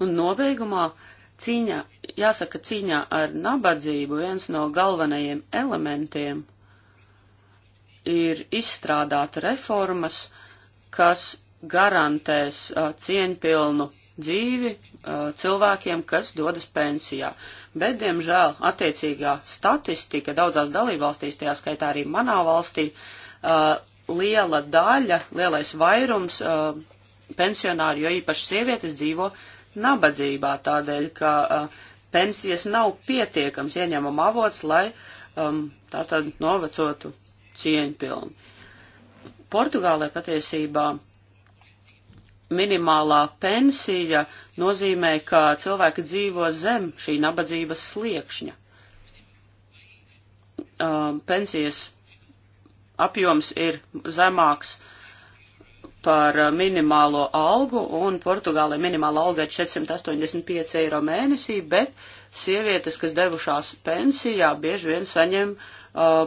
Un nobeigumā uh, cīņā, jāsaka, cīņā ar nabadzību viens no galvenajiem elementiem ir izstrādāt reformas, kas garantēs uh, cieņpilnu dzīvi uh, cilvēkiem, kas dodas pensijā. Bet, diemžēl, attiecīgā statistika daudzās dalībvalstīs, tajā skaitā arī manā valstī, uh, liela daļa, lielais vairums pensionāri, jo īpaši sievietes dzīvo uh, nabadzībā, tādēļ, ka uh, pensijas nav pietiekams ieņemam avots, lai um, tā tad novecotu cieņpilni. Portugālē patiesībā minimālā pensija nozīmē, ka cilvēki dzīvo zem šī nabadzības sliekšņa. Um, pensijas apjoms ir zemāks par eh, minimālo algu, un Portugālē minimāla alga ir 485 eiro mēnesī, bet sievietes, kas devušās pensijā, bieži vien saņem uh,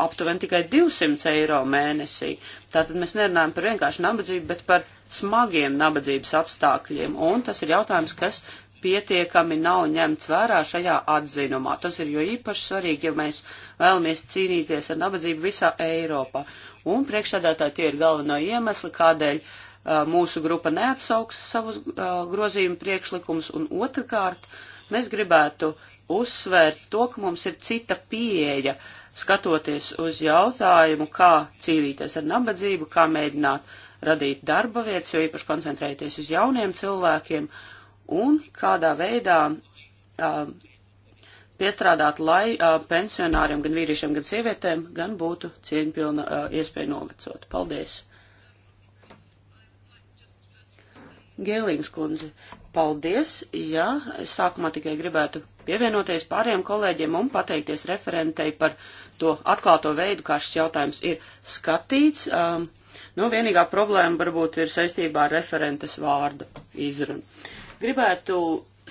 aptuveni tikai 200 eiro mēnesī. Tātad mēs nerunājam par vienkārši nabadzību, bet par smagiem nabadzības apstākļiem, un tas ir jautājums, kas pietiekami nav ņemts vērā šajā atzinumā. Tas ir jo īpaši svarīgi, ja mēs vēlamies cīnīties ar nabadzību visā Eiropā. Un priekšsēdētāji tie ir galveno iemesli, kādēļ uh, mūsu grupa neatsauks savus uh, grozījumu priekšlikumus. Un otrkārt, mēs gribētu uzsvērt to, ka mums ir cita pieeja skatoties uz jautājumu, kā cīnīties ar nabadzību, kā mēģināt radīt darba vietas, jo īpaši koncentrēties uz jauniem cilvēkiem un kādā veidā uh, piestrādāt, lai uh, pensionāriem, gan vīriešiem, gan sievietēm, gan būtu cieņpilna uh, iespēja novecot. Paldies! Gēlīgas kundze, paldies! Jā, es sākumā tikai gribētu pievienoties pāriem kolēģiem un pateikties referentei par to atklāto veidu, kā šis jautājums ir skatīts. Um, nu, vienīgā problēma varbūt ir saistībā ar referentes vārdu izrunu. Gribētu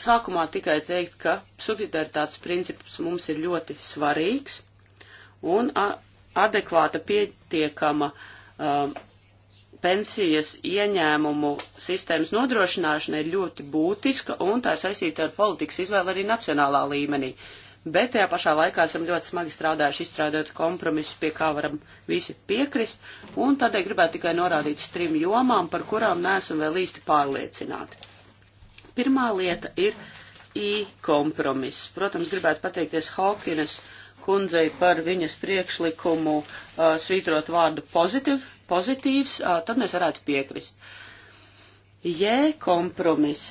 sākumā tikai teikt, ka subsidiaritātes princips mums ir ļoti svarīgs un adekvāta pietiekama um, pensijas ieņēmumu sistēmas nodrošināšana ir ļoti būtiska un tā saistīta ar politikas izvēli arī nacionālā līmenī. Bet tajā pašā laikā esam ļoti smagi strādājuši izstrādāt kompromisu, pie kā varam visi piekrist, un tādēļ gribētu tikai norādīt trim jomām, par kurām neesam vēl īsti pārliecināti. Pirmā lieta ir i-kompromiss. Protams, gribētu pateikties Hawkinas kundzei par viņas priekšlikumu uh, svītrot vārdu pozitiv, pozitīvs, uh, tad mēs varētu piekrist. Jē, kompromiss.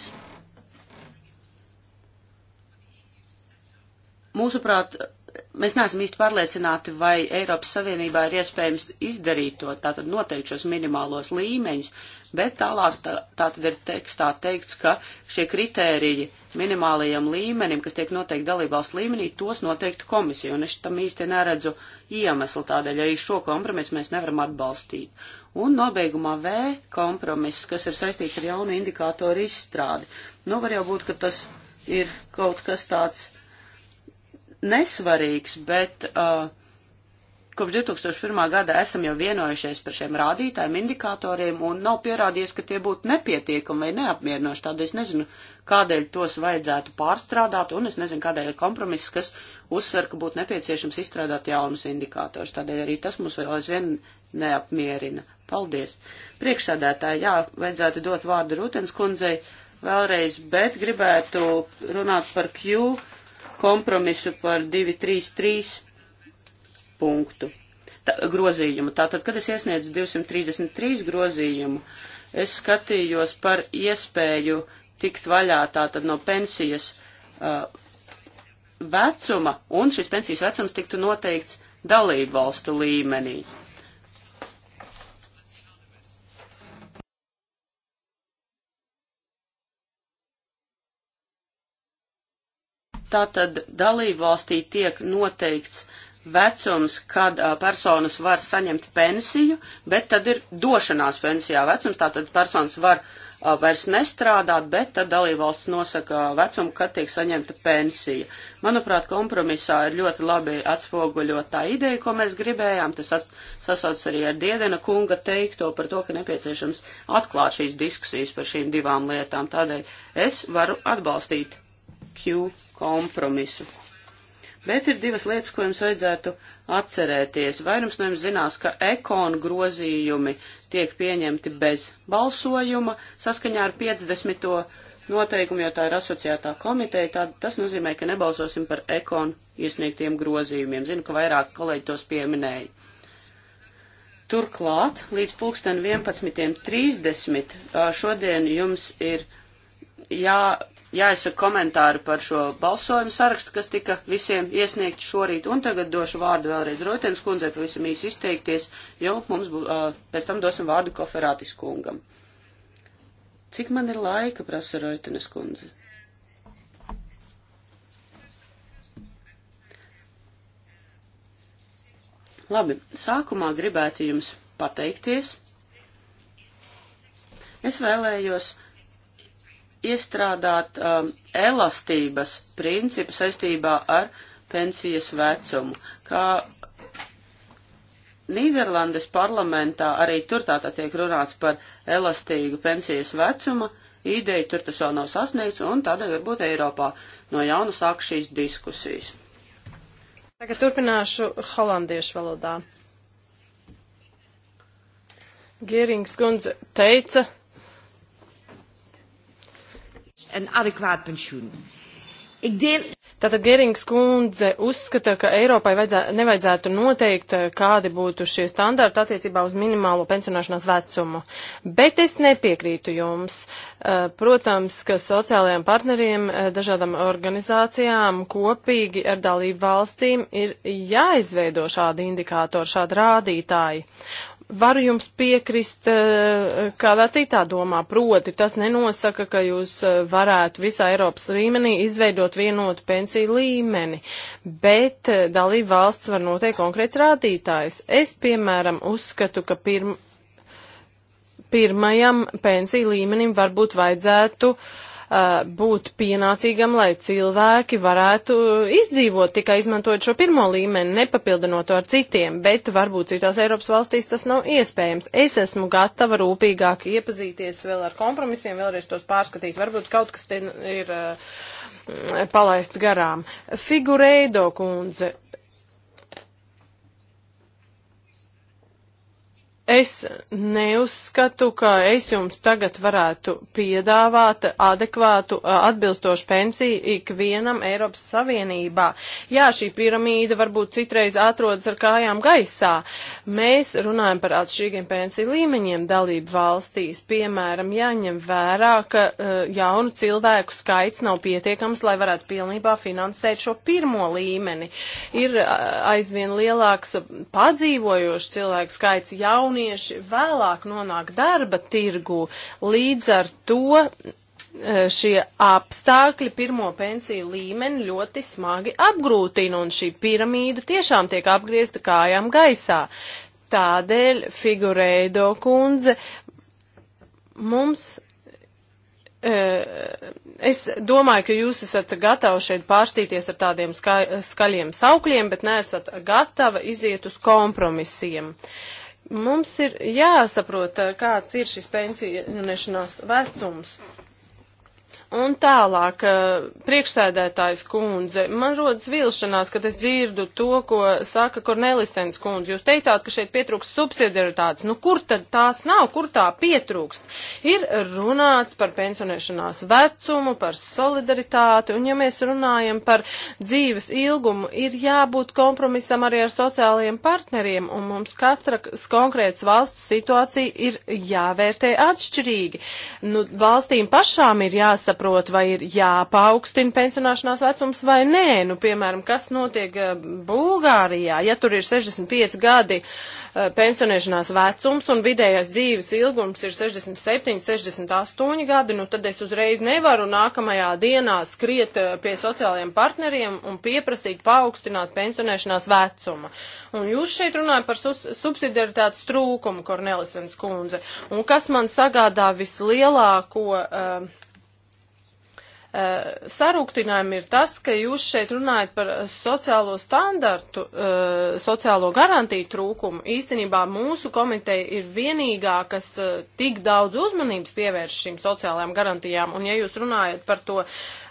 Mūsuprāt, mēs neesam īsti pārliecināti, vai Eiropas Savienībā ir iespējams izdarīt to, tātad noteikt šos minimālos līmeņus, bet tālāk tā, tātad ir tekstā teikts, ka šie kritēriji minimālajiem līmenim, kas tiek noteikti dalībvalsts līmenī, tos noteikti komisija, un es tam īsti neredzu iemeslu, tādēļ arī šo kompromisu mēs nevaram atbalstīt. Un nobeigumā V kompromiss, kas ir saistīts ar jaunu indikātoru izstrādi. Nu, var jau būt, ka tas ir kaut kas tāds nesvarīgs, bet uh, kopš 2001. gada esam jau vienojušies par šiem rādītājiem, indikatoriem, un nav pierādījies, ka tie būtu nepietiekami vai neapmierinoši. Tādēļ es nezinu, kādēļ tos vajadzētu pārstrādāt, un es nezinu, kādēļ ir kompromiss, kas uzsver, ka būtu nepieciešams izstrādāt jaunus indikātors. Tādēļ arī tas mums vēl aizvien neapmierina. Paldies. Priekšsēdētāji, jā, vajadzētu dot vārdu Rūtens kundzei vēlreiz, bet gribētu runāt par Q kompromisu par 233 punktu tā, grozījumu. Tātad, kad es iesniedzu 233 grozījumu, es skatījos par iespēju tikt vaļā tātad no pensijas uh, vecuma, un šis pensijas vecums tiktu noteikts dalību valstu līmenī. Uh, Tātad dalībvalstī tiek noteikts vecums, kad uh, personas var saņemt pensiju, bet tad ir došanās pensijā vecums, tātad personas var uh, vairs nestrādāt, bet tad dalībvalsts nosaka vecumu, kad tiek saņemta pensija. Manuprāt, kompromisā ir ļoti labi atspoguļot tā ideja, ko mēs gribējām. Tas sasauc arī ar Diedena kunga teikto par to, ka nepieciešams atklāt šīs diskusijas par šīm divām lietām. Tādēļ es varu atbalstīt Q kompromisu. Bet ir divas lietas, ko jums vajadzētu atcerēties. Vairums no jums zinās, ka ekonu grozījumi tiek pieņemti bez balsojuma saskaņā ar 50. noteikumu, jo tā ir asociētā komiteja. Tā, tas nozīmē, ka nebalsosim par ekonu iesniegtiem grozījumiem. Zinu, ka vairāk kolēģi tos pieminēja. Turklāt līdz pulksten 11.30 šodien jums ir jā, jāizsaka komentāri par šo balsojumu sarakstu, kas tika visiem iesniegts šorīt, un tagad došu vārdu vēlreiz Roitens kundzei, pavisam īsi izteikties, jo mums bū, uh, pēc tam dosim vārdu koferātis kungam. Cik man ir laika, prasa Roitenes kundze? Labi, sākumā gribētu jums pateikties. Es vēlējos iestrādāt um, elastības principu saistībā ar pensijas vecumu, kā Nīderlandes parlamentā arī tur tātad tiek runāts par elastīgu pensijas vecuma, ideju tur tas vēl nav sasniegts, un tādēļ varbūt Eiropā no jauna sāk šīs diskusijas. Tagad turpināšu holandiešu valodā. Gierings kundze teica, Een adequaat pensioen. Ik deel... Tātad Gerings kundze uzskata, ka Eiropai vajadzē, nevajadzētu noteikt, eh, kādi būtu šie standarti attiecībā uz minimālo pensionēšanās vecumu. Bet es nepiekrītu jums. Eh, protams, ka sociālajiem partneriem, eh, dažādām organizācijām kopīgi ar dalību valstīm ir jāizveido šādi indikātori, šādi rādītāji varu jums piekrist eh, kādā citā domā, proti tas nenosaka, ka jūs eh, varētu visā Eiropas līmenī izveidot vienotu pensiju līmeni, bet eh, dalība valsts var noteikt konkrēts rādītājs. Es, piemēram, uzskatu, ka pirm, pirmajam pensiju līmenim varbūt vajadzētu uh, Uh, būt pienācīgam, lai cilvēki varētu izdzīvot tikai izmantojot šo pirmo līmeni, nepapildinot to ar citiem, bet varbūt citās Eiropas valstīs tas nav iespējams. Es esmu gatava rūpīgāk iepazīties vēl ar kompromisiem, vēlreiz tos pārskatīt. Varbūt kaut kas te ir uh, palaists garām. Figureido kundze, Es neuzskatu, ka es jums tagad varētu piedāvāt adekvātu, atbilstošu pensiju ikvienam Eiropas Savienībā. Jā, šī piramīda varbūt citreiz atrodas ar kājām gaisā. Mēs runājam par atšķirīgiem pensiju līmeņiem dalību valstīs. Piemēram, jāņem vērā, ka uh, jaunu cilvēku skaits nav pietiekams, lai varētu pilnībā finansēt šo pirmo līmeni. Ir uh, aizvien lielāks padzīvojošu cilvēku skaits jauni jaunieši vēlāk nonāk darba tirgu, līdz ar to e, šie apstākļi pirmo pensiju līmeni ļoti smagi apgrūtina, un šī piramīda tiešām tiek apgriezta kājām gaisā. Tādēļ figurēdo kundze mums e, es domāju, ka jūs esat gatavi šeit pārstīties ar tādiem ska skaļiem saukļiem, bet nesat gatava iziet uz kompromisiem. Uh, Mums ir jāsaprot, kāds ir šis pensionēšanās vecums. Un tālāk, eh, priekšsēdētājs kundze, man rodas vilšanās, kad es dzirdu to, ko saka Kornelisens kundze. Jūs teicāt, ka šeit pietrūkst subsidiaritātes. Nu, kur tad tās nav, kur tā pietrūkst? Ir runāts par pensionēšanās vecumu, par solidaritāti, un ja mēs runājam par dzīves ilgumu, ir jābūt kompromisam arī ar sociālajiem partneriem, un mums katras konkrētas valsts situācija ir jāvērtē atšķirīgi. Nu, valstīm pašām ir jāsaprot jāsaprot, vai ir jāpaukstina pensionāšanās vecums vai nē. Nu, piemēram, kas notiek eh, Bulgārijā, ja tur ir 65 gadi eh, pensionēšanās vecums un vidējais dzīves ilgums ir 67, 68 gadi, nu tad es uzreiz nevaru nākamajā dienā skriet eh, pie sociālajiem partneriem un pieprasīt paaugstināt pensionēšanās vecuma. Un jūs šeit runājat par subsidiaritātes trūkumu, Kornelisens kundze. Un kas man sagādā vislielāko. Uh, Eh, sarūktinājumi ir tas, ka jūs šeit runājat par sociālo standartu, eh, sociālo garantiju trūkumu. Īstenībā mūsu komiteja ir vienīgā, kas eh, tik daudz uzmanības pievērš šīm sociālajām garantijām, un ja jūs runājat par to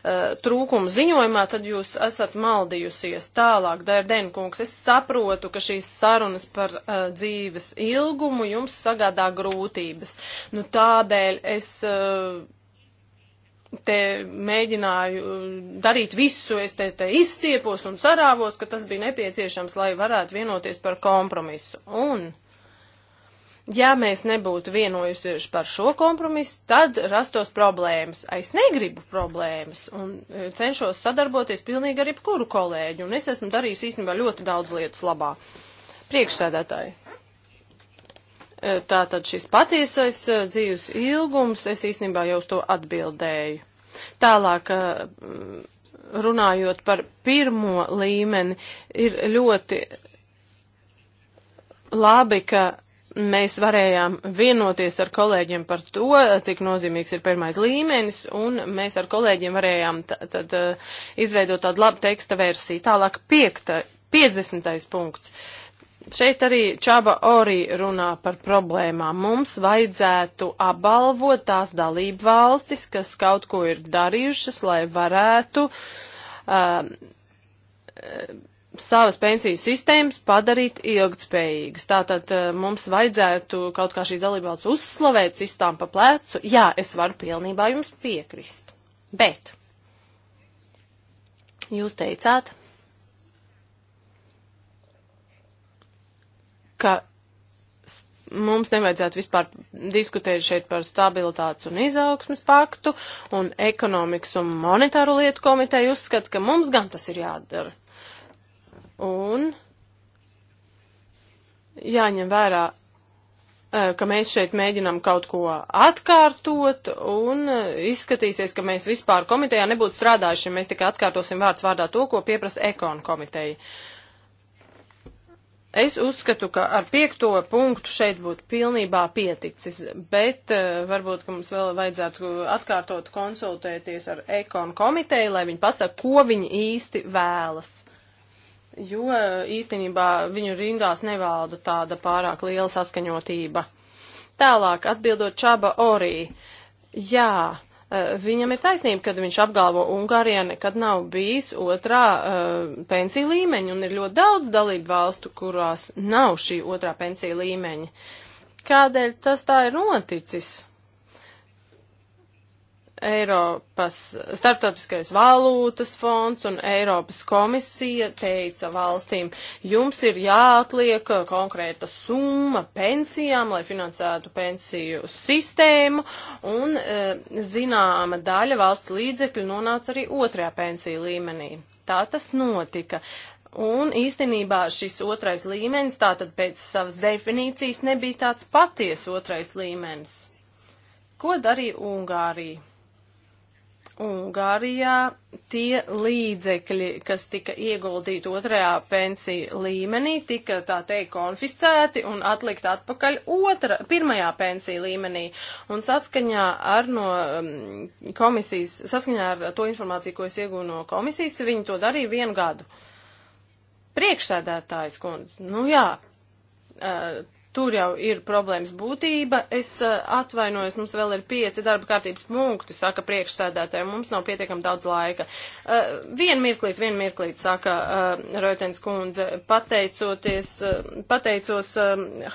trūkumu ziņojumā, tad jūs esat maldījusies tālāk, Dērdēn kungs. Es saprotu, ka šīs sarunas par uh, dzīves ilgumu jums sagādā grūtības. Nu, tādēļ es. Uh, te mēģināju uh, darīt visu, es te, te izstiepos un sarāvos, ka tas bija nepieciešams, lai varētu vienoties par kompromisu. Un, ja mēs nebūtu vienojusies par šo kompromisu, tad rastos problēmas. Es negribu problēmas un uh, cenšos sadarboties pilnīgi ar jebkuru kolēģi, un es esmu darījis īstenībā ļoti daudz lietas labā. Priekšsēdētāji. E, tātad šis patiesais e, dzīves ilgums, es īstenībā jau uz to atbildēju. Tālāk, e, runājot par pirmo līmeni, ir ļoti labi, ka mēs varējām vienoties ar kolēģiem par to, cik nozīmīgs ir pirmais līmenis, un mēs ar kolēģiem varējām tad izveidot tādu labu teksta versiju. Tālāk piekta, 50. punkts. Uh, Šeit arī Čaba Orī runā par problēmām. Mums vajadzētu apbalvot tās dalību valstis, kas kaut ko ir darījušas, lai varētu uh, uh savas pensiju sistēmas padarīt ilgtspējīgas. Tātad uh, mums vajadzētu kaut kā šīs dalībvalsts uzslavēt sistām pa plecu. Jā, es varu pilnībā jums piekrist. Bet jūs teicāt, ka mums nevajadzētu vispār diskutēt šeit par stabilitātes un izaugsmas paktu, un ekonomikas un monetāru lietu komiteja uzskata, ka mums gan tas ir jādara. Un jāņem vērā, e, ka mēs šeit mēģinām kaut ko atkārtot, un e, izskatīsies, ka mēs vispār komitejā nebūtu strādājuši, ja mēs tikai atkārtosim vārds vārdā to, ko pieprasa ekonu komiteja. Uh, Es uzskatu, ka ar piekto punktu šeit būtu pilnībā pieticis, bet eh, varbūt, ka mums vēl vajadzētu atkārtot konsultēties ar ekonu komiteju, lai viņi pasaka, ko viņi īsti vēlas. Jo eh, īstenībā viņu rindās nevalda tāda pārāk liela saskaņotība. Tālāk, atbildot Čaba Orī, jā, Eh, viņam ir taisnība, kad viņš apgalvo, Ungārijā nekad nav bijis otrā uh, pensiju līmeņa, un ir ļoti daudz dalību valstu, kurās nav šī otrā pensiju līmeņa. Kādēļ tas tā ir noticis? Eiropas starptautiskais valūtas fonds un Eiropas komisija teica valstīm, jums ir jāatliek konkrēta summa pensijām, lai finansētu pensiju sistēmu, un e, zināma daļa valsts līdzekļu nonāca arī otrajā pensiju līmenī. Tā tas notika. Un īstenībā šis otrais līmenis, tātad pēc savas definīcijas, nebija tāds paties otrais līmenis. Ko darīja Ungārija? Ungārijā tie līdzekļi, kas tika ieguldīti otrajā pensiju līmenī, tika tā teikt konfiscēti un atlikt atpakaļ otra, pirmajā pensiju līmenī. Un saskaņā ar no um, komisijas, saskaņā ar to informāciju, ko es iegūnu no komisijas, viņi to darīja vienu gadu. Priekšsēdētājs kundze, nu jā, uh, Tur jau ir problēmas būtība. Es eh, atvainojos, mums vēl ir pieci darba kārtības punkti, saka priekšsēdētāji, mums nav pietiekam daudz laika. Eh, vienu mirklīt, vienu mirklīt, saka eh, Reutens kundze, pateicoties, pateicos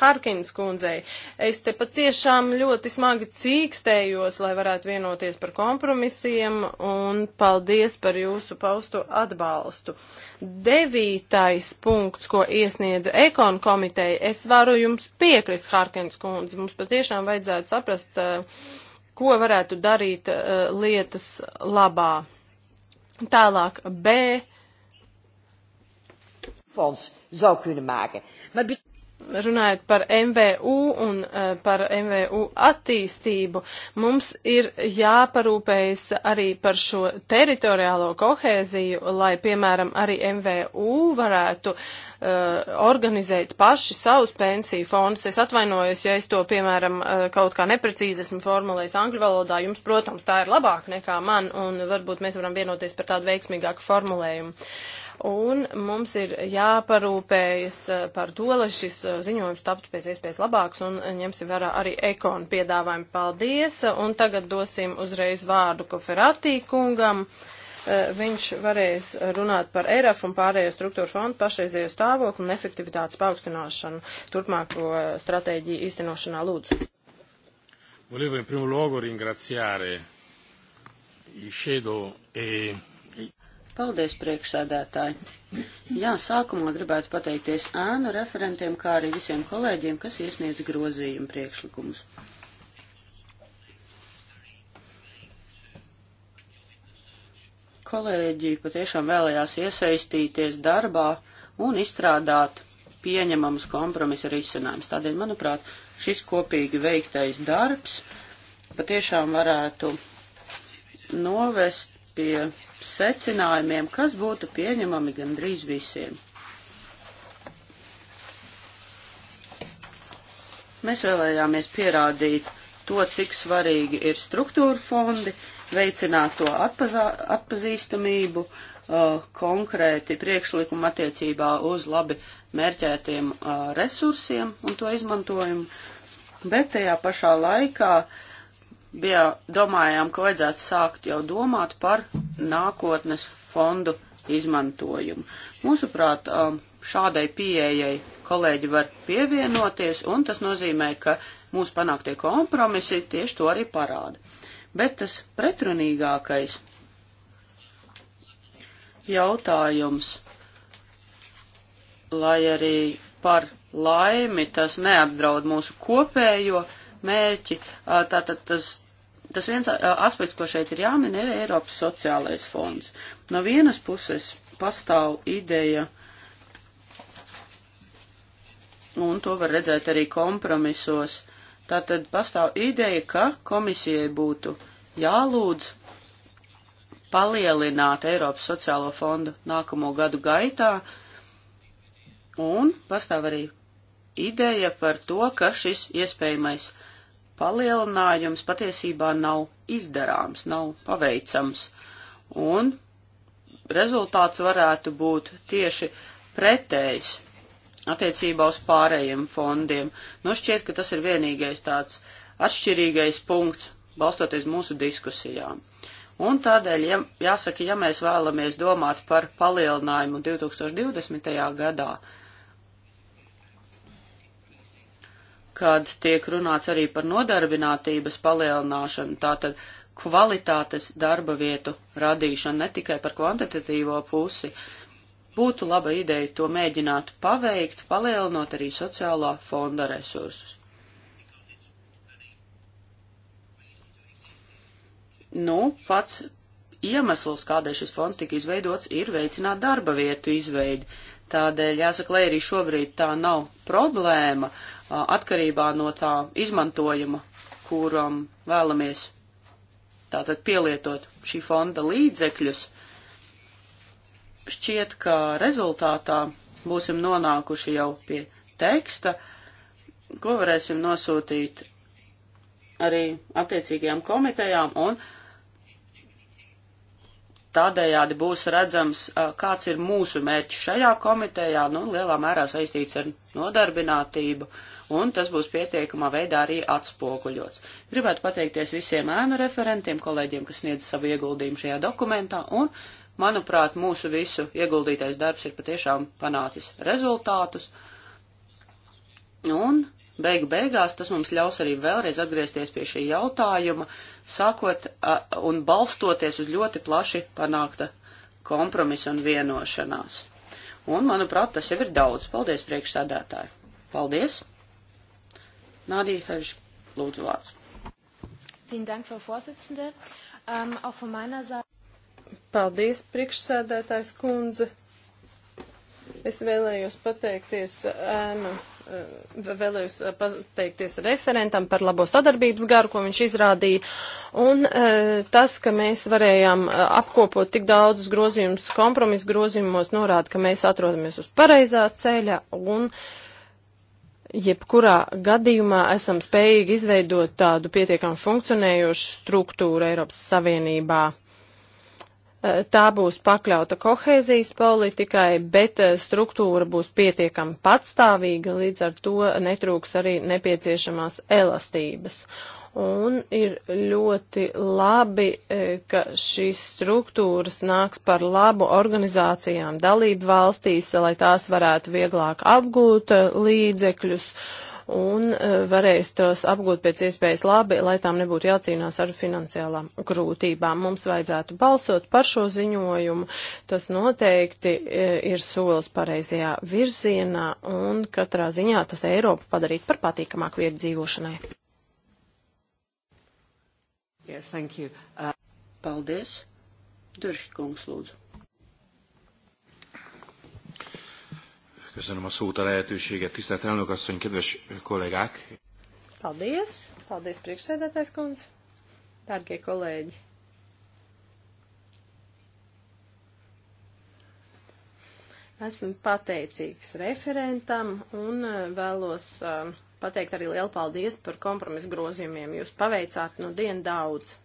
Harkins kundzei. Es te patiešām ļoti smagi cīkstējos, lai varētu vienoties par kompromisiem un paldies par jūsu pausto atbalstu. Devītais punkts, ko iesniedza Ekon komiteja, es varu jums piekrist Harkins kundze. Mums patiešām vajadzētu saprast, eh, ko varētu darīt eh, lietas labā. Tālāk B. Fonds zou kunnen maken. Maar runājot par MVU un uh, par MVU attīstību, mums ir jāparūpējas arī par šo teritoriālo kohēziju, lai, piemēram, arī MVU varētu uh, organizēt paši savus pensiju fondus. Es atvainojos, ja es to, piemēram, uh, kaut kā neprecīzi esmu formulējis angļu valodā. Jums, protams, tā ir labāk nekā man, un varbūt mēs varam vienoties par tādu veiksmīgāku formulējumu. Uh, un mums ir jāparūpējas eh, par to, lai šis eh, ziņojums taptu pēc iespējas labāks un ņemsim vērā arī ekonu piedāvājumu. Paldies! Un tagad dosim uzreiz vārdu Koferatī kungam. Eh, viņš varēs runāt par ERAF un pārējo struktūru fondu pašreizējo stāvokli un efektivitātes paaugstināšanu turpmāko stratēģiju īstenošanā lūdzu. Volevo in primo luogo ringraziare i Shadow e Paldies, priekšsēdētāji! Jā, sākumā gribētu pateikties ēnu referentiem, kā arī visiem kolēģiem, kas iesniedz grozījumu priekšlikumus. Kolēģi patiešām vēlējās iesaistīties darbā un izstrādāt pieņemamus kompromisu risinājumus. Tādēļ, manuprāt, šis kopīgi veiktais darbs patiešām varētu novest pie secinājumiem, kas būtu pieņemami gandrīz visiem. Mēs vēlējāmies pierādīt to, cik svarīgi ir struktūra fondi, veicināt to atpazā, atpazīstamību, uh, konkrēti priekšlikumu attiecībā uz labi mērķētiem uh, resursiem un to izmantojumu, bet tajā pašā laikā uh, bija, domājām, ka vajadzētu sākt jau domāt par nākotnes fondu izmantojumu. Mūsuprāt, um, šādai pieejai kolēģi var pievienoties, un tas nozīmē, ka mūsu panāktie kompromisi tieši to arī parāda. Bet tas pretrunīgākais jautājums, lai arī par laimi tas neapdraud mūsu kopējo mērķi, uh, tātad tas Tas viens aspekts, ko šeit ir jāmin, ir Eiropas sociālais fonds. No vienas puses pastāv ideja, un to var redzēt arī kompromisos, tātad pastāv ideja, ka komisijai būtu jālūdz palielināt Eiropas sociālo fondu nākamo gadu gaitā, un pastāv arī ideja par to, ka šis iespējamais palielinājums patiesībā nav izdarāms, nav paveicams. Un rezultāts varētu būt tieši pretējs attiecībā uz pārējiem fondiem. Nu, šķiet, ka tas ir vienīgais tāds atšķirīgais punkts, balstoties mūsu diskusijām. Un tādēļ, ja, jāsaka, ja mēs vēlamies domāt par palielinājumu 2020. gadā, kad tiek runāts arī par nodarbinātības palielināšanu, tātad kvalitātes darba vietu radīšanu, ne tikai par kvantitatīvo pusi. Būtu laba ideja to mēģināt paveikt, palielinot arī sociālā fonda resursus. Nu, pats iemesls, kādēļ šis fonds tika izveidots, ir veicināt darba vietu izveidi. Tādēļ, jāsaka, lai arī šobrīd tā nav problēma, atkarībā no tā izmantojuma, kuram vēlamies tātad pielietot šī fonda līdzekļus, šķiet, ka rezultātā būsim nonākuši jau pie teksta, ko varēsim nosūtīt arī attiecīgajām komitejām un uh, Tādējādi būs redzams, kāds ir mūsu mērķis šajā komitejā, nu, lielā mērā saistīts ar nodarbinātību, un tas būs pietiekamā veidā arī atspoguļots. Gribētu pateikties visiem ēnu referentiem, kolēģiem, kas sniedz savu ieguldījumu šajā dokumentā, un, manuprāt, mūsu visu ieguldītais darbs ir patiešām panācis rezultātus, un Beigu beigās tas mums ļaus arī vēlreiz atgriezties pie šī jautājuma, sākot un balstoties uz ļoti plaši panākta kompromisa un vienošanās. Un, manuprāt, tas jau ir daudz. Paldies, priekšsādātāji. Paldies. Nādija Herž, lūdzu vārds. Vielen Dank, Frau Vorsitzende. Um, auch von meiner Seite. Paldies, priekšsēdētājs kundze. Es vēlējos pateikties ēnu um, vēlējos pateikties referentam par labo sadarbības garu, ko viņš izrādīja. Un tas, ka mēs varējām apkopot tik daudzus grozījumus, kompromisu grozījumos, norāda, ka mēs atrodamies uz pareizā ceļa un jebkurā gadījumā esam spējīgi izveidot tādu pietiekami funkcionējošu struktūru Eiropas Savienībā. Eh, tā būs pakļauta kohēzijas politikai, bet eh, struktūra būs pietiekami patstāvīga, līdz ar to netrūks arī nepieciešamās elastības. Un ir ļoti labi, eh, ka šīs struktūras nāks par labu organizācijām dalību valstīs, lai tās varētu vieglāk apgūt līdzekļus. Uh, un e, varēs tos apgūt pēc iespējas labi, lai tām nebūtu jācīnās ar finansiālām grūtībām. Mums vajadzētu balsot par šo ziņojumu. Tas noteikti e, ir solis pareizajā virzienā un katrā ziņā tas Eiropu padarīt par patīkamāku vietu dzīvošanai. Yes, thank you. Uh... Paldies. Durškungs, lūdzu. Köszönöm a szót, a lehetőséget. Tisztelt elnök asszony, kedves kollégák! Paldies! Paldies, priekšsēdētājs kundze! Dārgie kolēģi! Esmu pateicīgs referentam un eh, vēlos eh, pateikt arī lielu paldies par kompromisu grozījumiem. Jūs paveicāt no dienu daudz.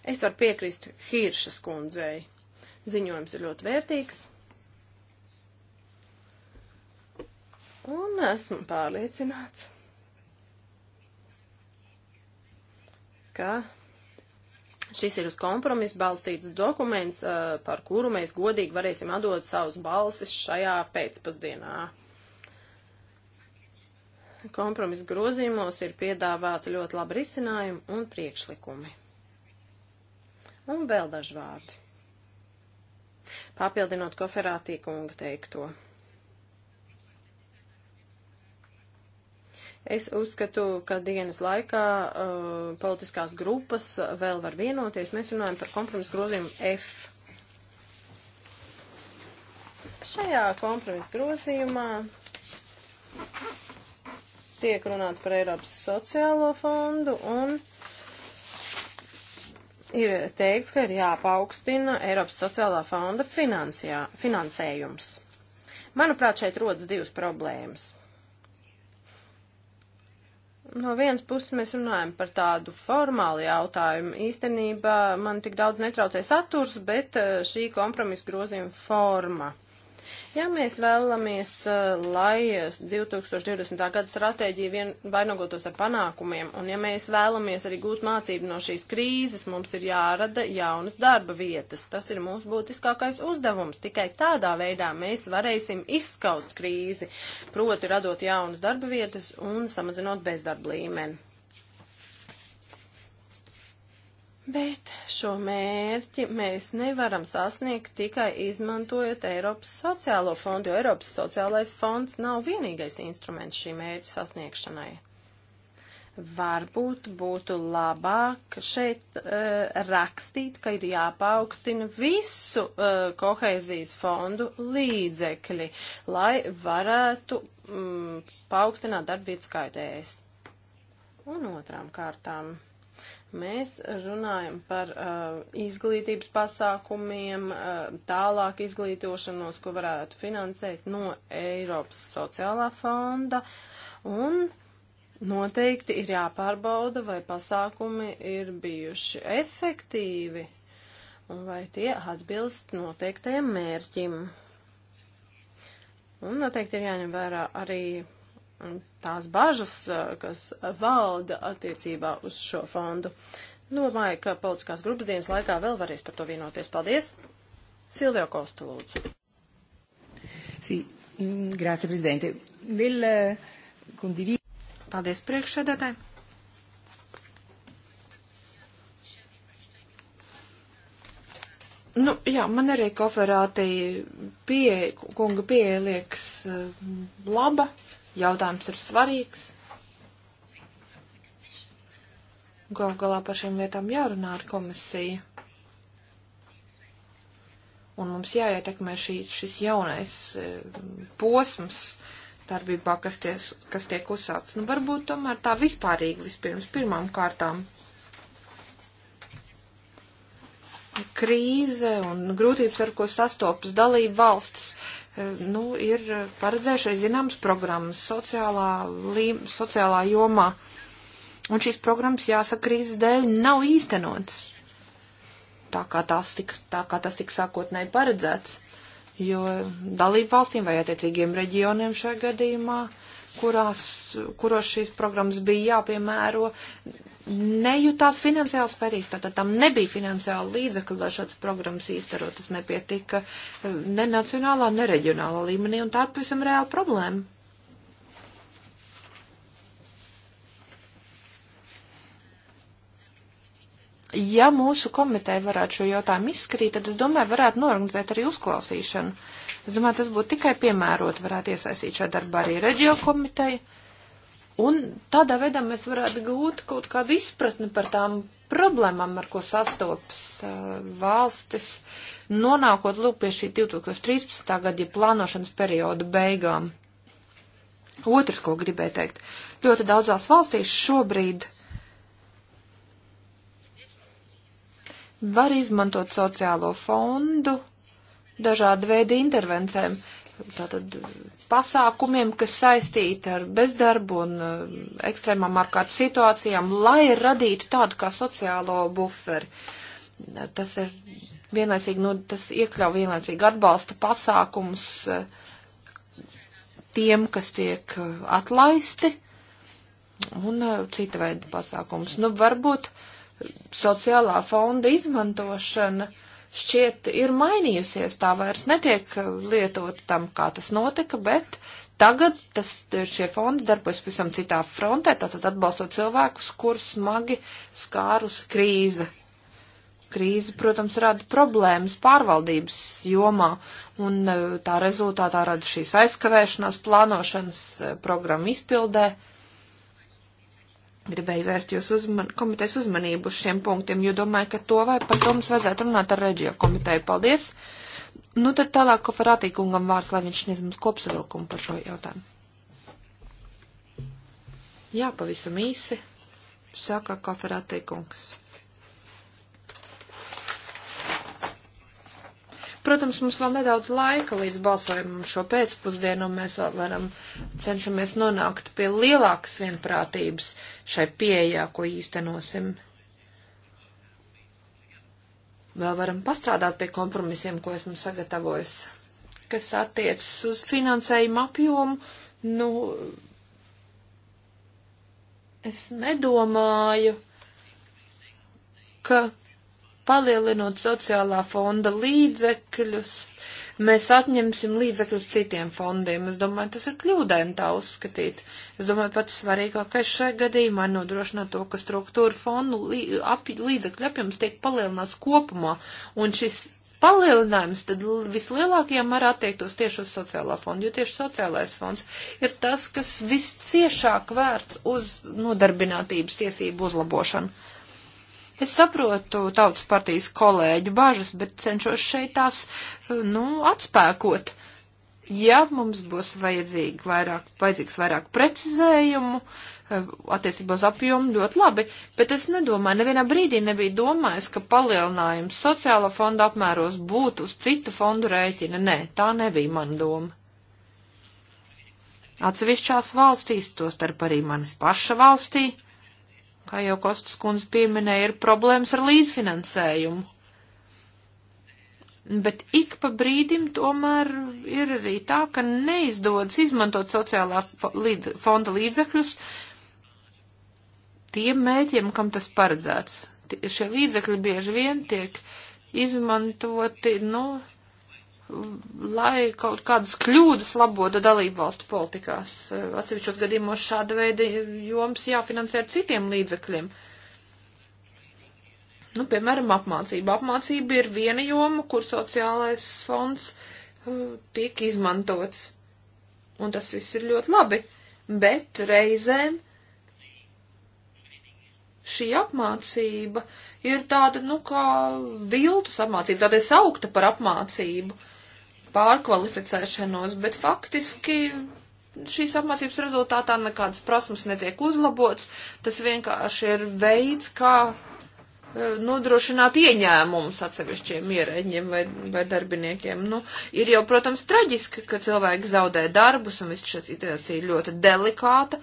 Es varu piekrist Hīršas kundzei. Ziņojums ir ļoti vērtīgs. Un esmu pārliecināts, ka šis ir uz kompromisu balstīts dokuments, par kuru mēs godīgi varēsim atdot savus balsis šajā pēcpusdienā. Kompromisu grozījumos ir piedāvāti ļoti labi risinājumi un priekšlikumi. Un vēl daži vārdi. Papildinot koferātī kunga teikto. Es uzskatu, ka dienas laikā uh, politiskās grupas vēl var vienoties. Mēs runājam par kompromisu grozījumu F. Šajā kompromisu grozījumā tiek runāts par Eiropas sociālo fondu un ir teikts, ka ir jāpaukstina Eiropas sociālā fonda finansējums. Manuprāt, šeit rodas divas problēmas no vienas puses mēs runājam par tādu formālu jautājumu. Īstenībā man tik daudz netraucē saturs, bet eh, šī kompromisa grozījuma forma. Ja mēs vēlamies, uh, lai 2020. Uh, gada stratēģija vien vainagotos ar panākumiem, un ja mēs vēlamies arī gūt mācību no šīs krīzes, mums ir jārada jaunas darba vietas. Tas ir mūsu būtiskākais uzdevums. Tikai tādā veidā mēs varēsim izskaust krīzi, proti radot jaunas darba vietas un samazinot bezdarba līmeni. Bet šo mērķi mēs nevaram sasniegt tikai izmantojot Eiropas sociālo fondu, jo Eiropas sociālais fonds nav vienīgais instruments šī mērķa sasniegšanai. Varbūt būtu labāk šeit uh, rakstīt, ka ir jāpaukstina visu uh, kohēzijas fondu līdzekļi, lai varētu um, paaugstināt darbvietu skaitējas. Un otrām kārtām. Mēs runājam par uh, izglītības pasākumiem, uh, tālāk izglītošanos, ko varētu finansēt no Eiropas sociālā fonda, un noteikti ir jāpārbauda, vai pasākumi ir bijuši efektīvi, un vai tie atbilst noteiktajam mērķim. Un noteikti ir jāņem vērā arī tās bažas, eh, kas valda attiecībā uz šo fondu. Domāju, ka politiskās grupas dienas laikā vēl varēs par to vienoties. Paldies! Silvio Kosta, lūdzu. Sī, grācija, prezidente. Vēl kundivī. Eh, Paldies priekšsēdētāji. Nu, jā, man arī koferāti pie, kunga pieeja liekas eh, laba. Uh, Jautājums ir svarīgs. Gal galā par šīm lietām jārunā ar komisiju. Un mums jāietekmē šī, šis jaunais eh, posms darbībā, kas, ties, kas tiek uzsākts. Nu, varbūt tomēr tā vispārīgi vispirms pirmām kārtām. Krīze un grūtības, ar ko sastopas dalību valstis, Eh, nu, ir paredzējušai zināmas programmas sociālā, līm, sociālā jomā. Un šīs programmas, jāsaka, krīzes dēļ nav īstenotas tā kā tas tika, tā kā tas tika sākotnēji paredzēts. Jo dalību valstīm vai attiecīgiem reģioniem šajā gadījumā, kurās, kuros šīs programmas bija jāpiemēro, nejūtās finansiāli spējīgs, tātad tam nebija finansiāli līdzekļi, lai šāds programmas īstenot, tas nepietika eh, ne nacionālā, ne reģionālā līmenī, un tā ir pavisam reāla problēma. Ja mūsu komiteja varētu šo jautājumu izskatīt, tad es domāju, varētu norganizēt arī uzklausīšanu. Es domāju, tas būtu tikai piemērot, varētu iesaistīt šajā darbā arī reģio komiteju Un tādā veidā mēs varētu gūt kaut kādu izpratni par tām problēmām, ar ko sastopas uh, valstis, nonākot lūk pie šī 2013. gada ja plānošanas perioda beigām. Otrs, ko gribēju teikt, ļoti daudzās valstīs šobrīd var izmantot sociālo fondu dažādu veidu intervencēm, tātad pasākumiem, kas saistīti ar bezdarbu un eh, ekstrēmām ārkārtas situācijām, lai radītu tādu kā sociālo buferi. Tas ir vienlaicīgi, nu, tas iekļauj vienlaicīgi atbalsta pasākums eh, tiem, kas tiek eh, atlaisti, un cita veida pasākums. Nu, varbūt sociālā fonda izmantošana. Uh, šķiet ir mainījusies, tā vairs netiek eh, lietot tam, kā tas notika, bet tagad tas, šie fondi darbojas pavisam citā frontē, tātad atbalstot cilvēkus, kur smagi skārus krīze. Krīze, protams, rada problēmas pārvaldības jomā, un eh, tā rezultātā rada šīs aizkavēšanās plānošanas eh, programmu izpildē. Uh, Gribēju vērst jūs uzman, komitejas uzmanību uz šiem punktiem, jo domāju, ka to vai par to mums vajadzētu runāt ar reģio komiteju. Paldies! Nu tad tālāk koferātī kungam vārds, lai viņš sniedz mums kopsavilkumu par šo jautājumu. Jā, pavisam īsi, saka koferātī kungs. Protams, mums vēl nedaudz laika līdz balsojumam šo pēcpusdienu, un mēs vēl varam cenšamies nonākt pie lielākas vienprātības šai pieejā, ko īstenosim. Vēl varam pastrādāt pie kompromisiem, ko esmu sagatavojis, kas attiecas uz finansējumu apjomu. Nu, es nedomāju, ka palielinot sociālā fonda līdzekļus, mēs atņemsim līdzekļus citiem fondiem. Es domāju, tas ir kļūdaini tā uzskatīt. Es domāju, pats svarīgākais šajā gadījumā ir nodrošināt to, ka struktūra fondu līdzekļu apjoms tiek palielināts kopumā, un šis palielinājums tad vislielākajā mērā attiektos tieši uz sociālā fonda, jo tieši sociālais fonds ir tas, kas visciešāk vērts uz nodarbinātības tiesību uzlabošanu. Es saprotu tautas partijas kolēģu bažas, bet cenšos šeit tās, nu, atspēkot. Ja mums būs vajadzīgi vairāk, vajadzīgs vairāk precizējumu, eh, attiecībā uz apjomu ļoti labi, bet es nedomāju, nevienā brīdī nebija domājis, ka palielinājums sociāla fonda apmēros būtu uz citu fondu rēķina. Nē, tā nebija mana doma. Atsevišķās valstīs, to starp arī manis paša valstī, kā jau Kostas kundze pieminēja, ir problēmas ar līdzfinansējumu. Bet ik pa brīdim tomēr ir arī tā, ka neizdodas izmantot sociālā fonda līdzekļus tiem mēķiem, kam tas paredzēts. Tie, šie līdzekļi bieži vien tiek izmantoti, nu, no lai kaut kādas kļūdas labotu dalību valstu politikās. Atsevišķos gadījumos šāda veida joms jāfinansē ar citiem līdzekļiem. Nu, piemēram, apmācība. Apmācība ir viena joma, kur sociālais fonds uh, tiek izmantots. Un tas viss ir ļoti labi. Bet reizēm šī apmācība ir tāda, nu, kā viltus apmācība, tāda saukta par apmācību. Uh, pārkvalificēšanos, bet faktiski šīs apmācības rezultātā nekādas prasmes netiek uzlabotas. Tas vienkārši ir veids, kā e, nodrošināt ieņēmumus atsevišķiem ierēģiem vai, vai darbiniekiem. Nu, ir jau, protams, traģiski, ka cilvēki zaudē darbus un viss šī situācija ir ļoti delikāta,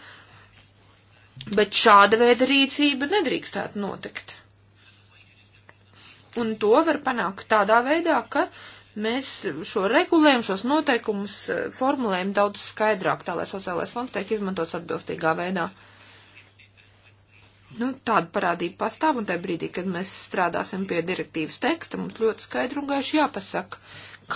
bet šāda veida rīcība nedrīkstētu notikt. Un to var panākt tādā veidā, ka uh, mēs šo regulējumu, šos noteikumus eh, formulējam daudz skaidrāk, tā lai sociālais fonds tiek izmantots atbilstīgā veidā. Nu, tāda parādība pastāv, un tajā brīdī, kad mēs strādāsim pie direktīvas teksta, mums ļoti skaidri un gaiši jāpasaka,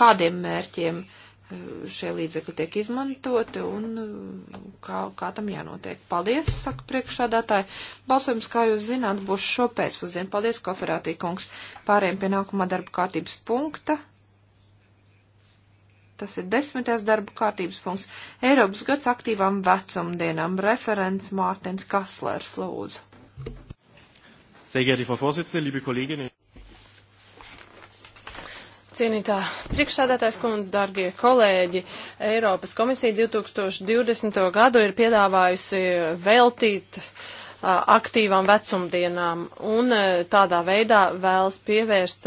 kādiem mērķiem eh, šie līdzekļi tiek izmantoti un eh, kā, kā tam jānotiek. Paldies, saka priekšsādātāji. Balsojums, kā jūs zināt, būs šo pēcpusdienu. Paldies, koferātī kungs. Pārējiem pie nākamā darba kārtības punkta. Tas ir desmitais darba kārtības punkts. Eiropas gads aktīvām vecumdienām. Referents Mārtens Kaslers, lūdzu. Cienītā priekšsādātājs kundze, dargie kolēģi, Eiropas komisija 2020. gadu ir piedāvājusi veltīt uh, aktīvām vecumdienām un tādā veidā vēlas pievērst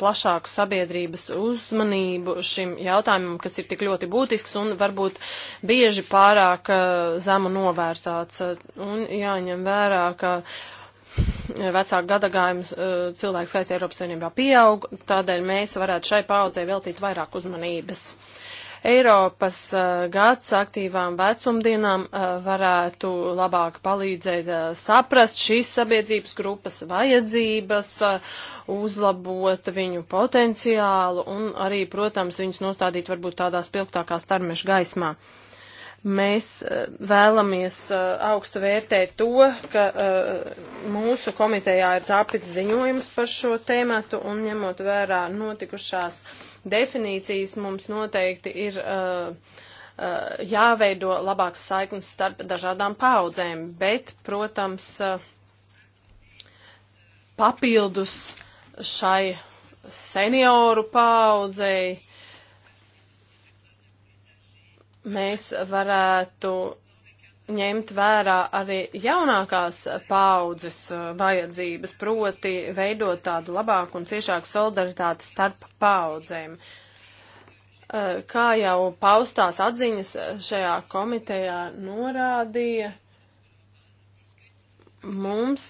plašāku sabiedrības uzmanību šim jautājumam, kas ir tik ļoti būtisks un varbūt bieži pārāk zemu novērtāts. Un jāņem vērā, ka vecāku gadagājumu cilvēku skaits Eiropas Savienībā pieaug, tādēļ mēs varētu šai paudzē veltīt vairāk uzmanības. Eiropas gads aktīvām vecumdienām varētu labāk palīdzēt saprast šīs sabiedrības grupas vajadzības, uzlabot viņu potenciālu un arī, protams, viņus nostādīt varbūt tādā spilgtākā starmeša gaismā mēs vēlamies augstu vērtēt to, ka mūsu komitejā ir tapis ziņojums par šo tēmatu un ņemot vērā notikušās uh, definīcijas mums noteikti ir uh, uh, jāveido labāks saiknes starp dažādām paudzēm, bet, protams, uh, papildus šai senioru paudzei mēs varētu ņemt vērā arī jaunākās paudzes uh, vajadzības, proti veidot tādu labāku un ciešāku solidaritāti starp paudzēm. Uh, kā jau paustās atziņas uh, šajā komitejā norādīja, mums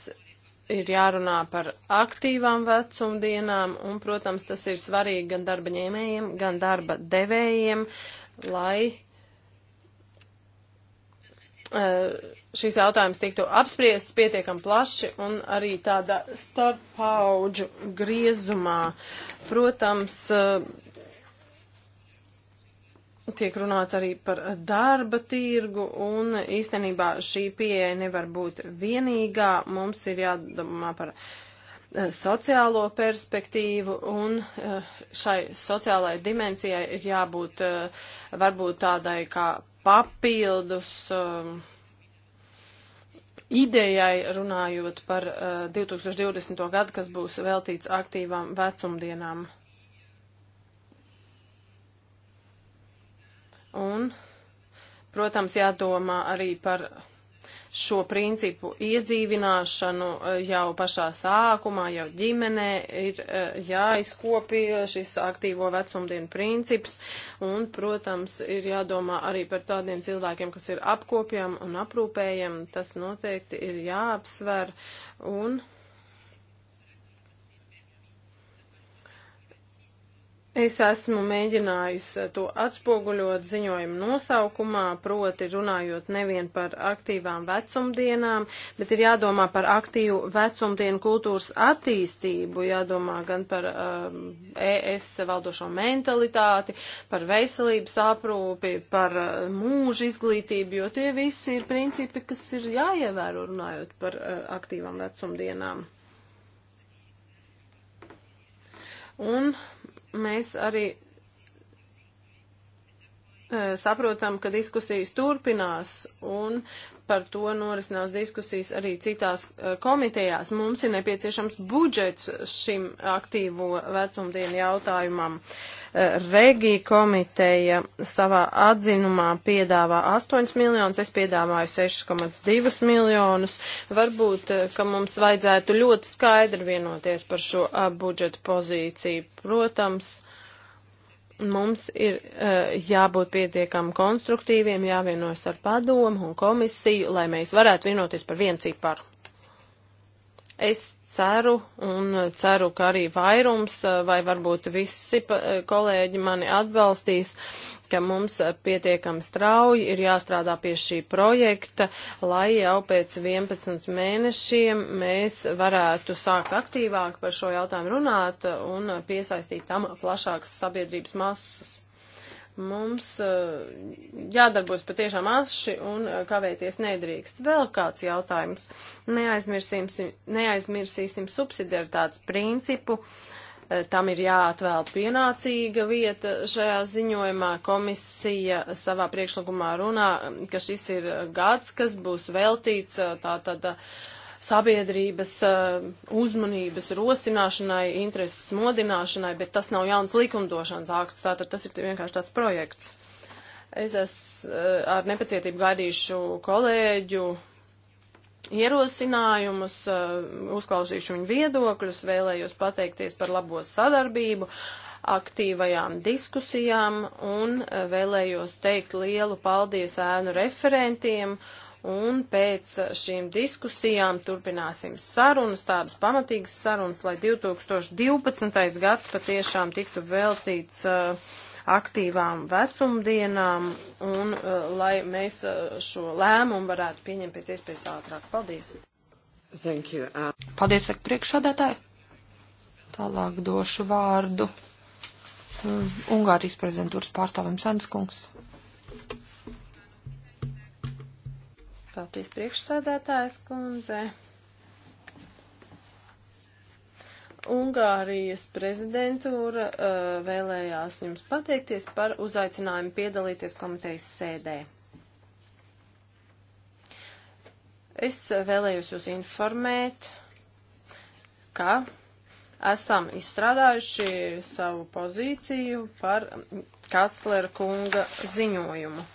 ir jārunā par aktīvām vecumdienām, un, protams, tas ir svarīgi gan darba ņēmējiem, gan darba devējiem, lai Eh, šis jautājums tiktu apspriests pietiekam plaši un arī tādā starppauģu griezumā. Protams, eh, tiek runāts arī par darba tirgu un īstenībā šī pieeja nevar būt vienīgā. Mums ir jādomā par eh, sociālo perspektīvu un šai sociālajai dimensijai ir jābūt varbūt tādai kā papildus um, idejai runājot par uh, 2020. gadu, kas būs veltīts aktīvām vecumdienām. Un, protams, jādomā arī par šo principu iedzīvināšanu eh, jau pašā sākumā, jau ģimenē ir eh, jāizkopja šis aktīvo vecumdienu princips, un, protams, ir jādomā arī par tādiem cilvēkiem, kas ir apkopjam un aprūpējam, tas noteikti ir jāapsver, un Es esmu mēģinājis eh, to atspoguļot ziņojuma nosaukumā, proti runājot nevien par aktīvām vecumdienām, bet ir jādomā par aktīvu vecumdienu kultūras attīstību, jādomā gan par um, ehm, ES valdošo mentalitāti, par veselības aprūpi, par uh, mūža izglītību, jo tie visi ir principi, kas ir jāievēro runājot par uh, aktīvām vecumdienām. Un mēs arī eh, saprotam, ka diskusijas turpinās un par to norisinās diskusijas arī citās eh, komitejās. Mums ir nepieciešams budžets šim aktīvo vecumdienu jautājumam. Eh, Regī komiteja savā atzinumā piedāvā 8 miljonus, es piedāvāju 6,2 miljonus. Varbūt, eh, ka mums vajadzētu ļoti skaidri vienoties par šo budžetu pozīciju. Protams, mums ir uh, jābūt pietiekami konstruktīviem, jāvienojas ar padomu un komisiju, lai mēs varētu vienoties par vienu ciparu. Es ceru un ceru, ka arī vairums eh, vai varbūt visi kolēģi mani atbalstīs, ka mums eh, pietiekami strauji ir jāstrādā pie šī projekta, lai jau pēc 11 mēnešiem mēs varētu sākt aktīvāk par šo jautājumu runāt un eh, piesaistīt tam plašākas sabiedrības masas. Mums eh, jādarbojas patiešām asši un kavēties nedrīkst. Vēl kāds jautājums. Neaizmirsīsim, neaizmirsīsim subsidiaritātes principu. Uh, tam ir jāatvēl pienācīga vieta šajā ziņojumā. Komisija savā priekšlikumā runā, ka šis ir gads, kas būs veltīts tā tāda sabiedrības uzmanības rosināšanai, intereses modināšanai, bet tas nav jauns likumdošanas akts, tātad tas ir vienkārši tāds projekts. Es es ar nepacietību gaidīšu kolēģu ierosinājumus, eh, uzklausīšu viņu viedokļus, vēlējos pateikties par labo sadarbību, aktīvajām diskusijām un eh, vēlējos teikt lielu paldies ēnu referentiem. Un pēc šīm diskusijām turpināsim sarunas, tādas pamatīgas sarunas, lai 2012. gads patiešām tiktu veltīts uh, aktīvām vecumdienām un uh, lai mēs uh, šo lēmumu varētu pieņemt pēc iespējas ātrāk. Paldies! Thank you. Uh... Paldies, saka priekšādātāji. Tālāk došu vārdu um, Ungārijas prezidentūras pārstāvim Sandskungs. Paldies, priekšsēdētājs kundze. Ungārijas prezidentūra uh, vēlējās jums pateikties par uzaicinājumu piedalīties komitejas sēdē. Es vēlējos jūs informēt, ka esam izstrādājuši savu pozīciju par Kaclera kunga ziņojumu.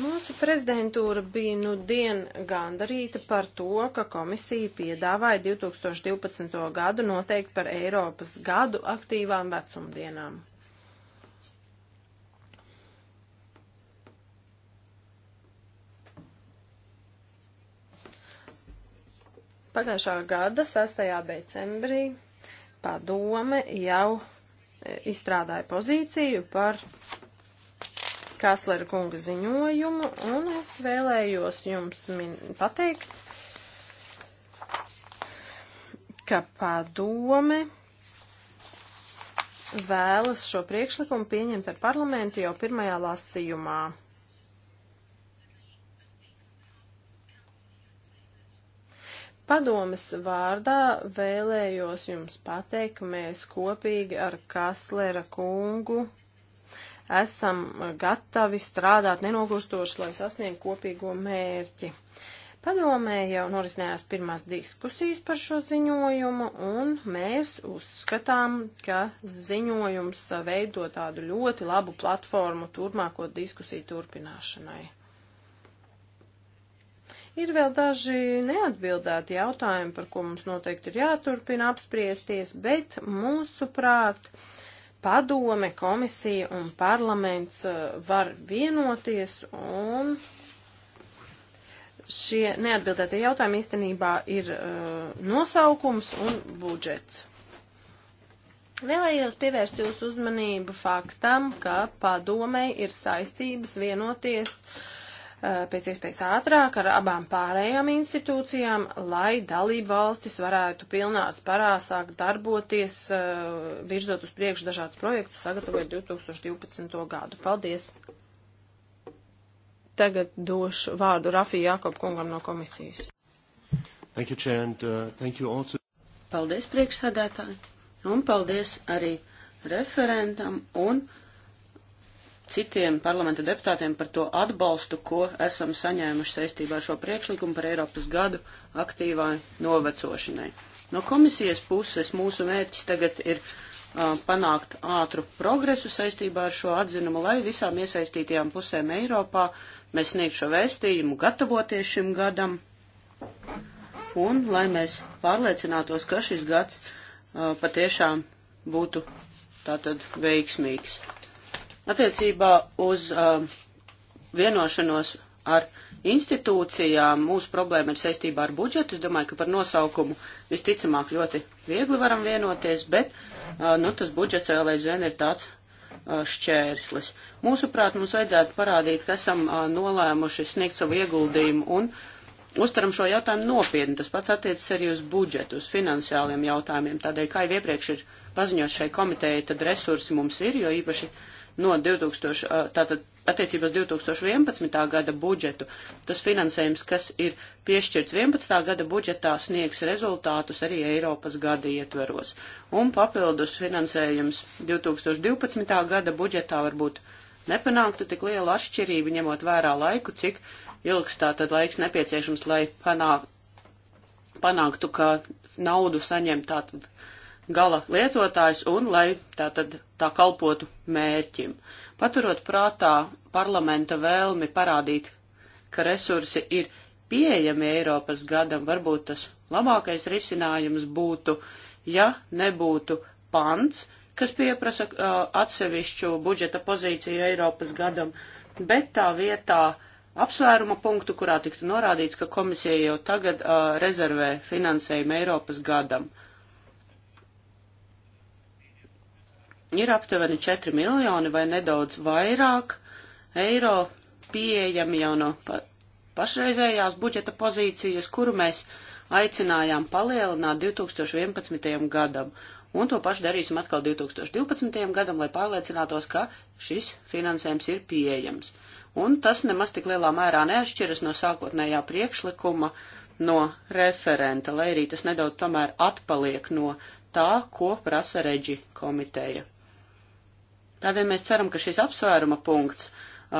Mūsu prezidentūra bija nu dien gandarīta par to, ka komisija piedāvāja 2012. gadu noteikti par Eiropas gadu aktīvām vecumdienām. Pagājušā gada 6. decembrī padome jau e, izstrādāja pozīciju par Kāslera kunga ziņojumu, un es vēlējos jums pateikt, ka padome vēlas šo priekšlikumu pieņemt ar parlamentu jau pirmajā lasījumā. padomas vārdā vēlējos jums pateikt, ka mēs kopīgi ar Kaslera kungu esam gatavi strādāt nenogurstoši, lai sasniegtu kopīgo mērķi. Padomē jau norisinājās pirmās diskusijas par šo ziņojumu, un mēs uzskatām, ka ziņojums veido tādu ļoti labu platformu turpmāko diskusiju turpināšanai. Ir vēl daži neatbildēti jautājumi, par ko mums noteikti ir jāturpina apspriesties, bet mūsuprāt, prāt, padome, komisija un parlaments uh, var vienoties un šie neatbildētie jautājumi īstenībā ir uh, nosaukums un budžets. Vēlējos pievērst jūsu uzmanību faktam, ka padomei ir saistības vienoties uh, Eh, pēc iespējas ātrāk ar abām pārējām institūcijām, lai dalību valstis varētu pilnā sparā sākt darboties, eh, virzot uz priekšu dažādas projektus, sagatavot 2012. gadu. Paldies! Tagad došu vārdu Rafija Jākopkungam no komisijas. Thank you, Chair, and uh, thank you also. Paldies, priekšsādātāji, un paldies arī referentam un citiem parlamenta deputātiem par to atbalstu, ko esam saņēmuši saistībā ar šo priekšlikumu par Eiropas gadu aktīvai novecošanai. No komisijas puses mūsu mērķis tagad ir uh, panākt ātru progresu saistībā ar šo atzinumu, lai visām iesaistītajām pusēm Eiropā mēs sniegtu šo vēstījumu gatavoties šim gadam un lai mēs pārliecinātos, ka šis gads uh, patiešām būtu tātad veiksmīgs. Attiecībā uz um, vienošanos ar institūcijām mūsu problēma ir saistībā ar budžetu. Es domāju, ka par nosaukumu visticamāk ļoti viegli varam vienoties, bet uh, nu, tas budžets vēl aizvien ir tāds uh, šķērslis. Mūsuprāt, mums vajadzētu parādīt, ka esam uh, nolēmuši sniegt savu ieguldījumu un uztaram šo jautājumu nopietni. Tas pats attiecas arī uz budžetu, uz finansiāliem jautājumiem. Tādēļ, kā jau iepriekš ir paziņots šai komitejai, tad resursi mums ir, jo īpaši uh, no 2000, tātad attiecībās 2011. gada budžetu. Tas finansējums, kas ir piešķirts 11. gada budžetā, sniegs rezultātus arī Eiropas gada ietveros. Un papildus finansējums 2012. gada budžetā varbūt nepanāktu tik lielu atšķirību, ņemot vērā laiku, cik ilgs tātad laiks nepieciešams, lai panāk, panāktu, ka naudu saņem tātad gala lietotājs un lai tā tad tā kalpotu mērķim. Paturot prātā parlamenta vēlmi parādīt, ka resursi ir pieejami Eiropas gadam, varbūt tas labākais risinājums būtu, ja nebūtu pants, kas pieprasa uh, atsevišķu budžeta pozīciju Eiropas gadam, bet tā vietā apsvēruma punktu, kurā tiktu norādīts, ka komisija jau tagad uh, rezervē finansējumu Eiropas gadam. Uh, ir aptuveni 4 miljoni vai nedaudz vairāk eiro pieejami jau no pa pašreizējās budžeta pozīcijas, kuru mēs aicinājām palielināt 2011. gadam. Un to pašu darīsim atkal 2012. gadam, lai pārliecinātos, ka šis finansējums ir pieejams. Un tas nemaz tik lielā mērā neatšķiras no sākotnējā priekšlikuma no referenta, lai arī tas nedaudz tomēr atpaliek no tā, ko prasa reģi komiteja. Tādēļ mēs ceram, ka šis apsvēruma punkts,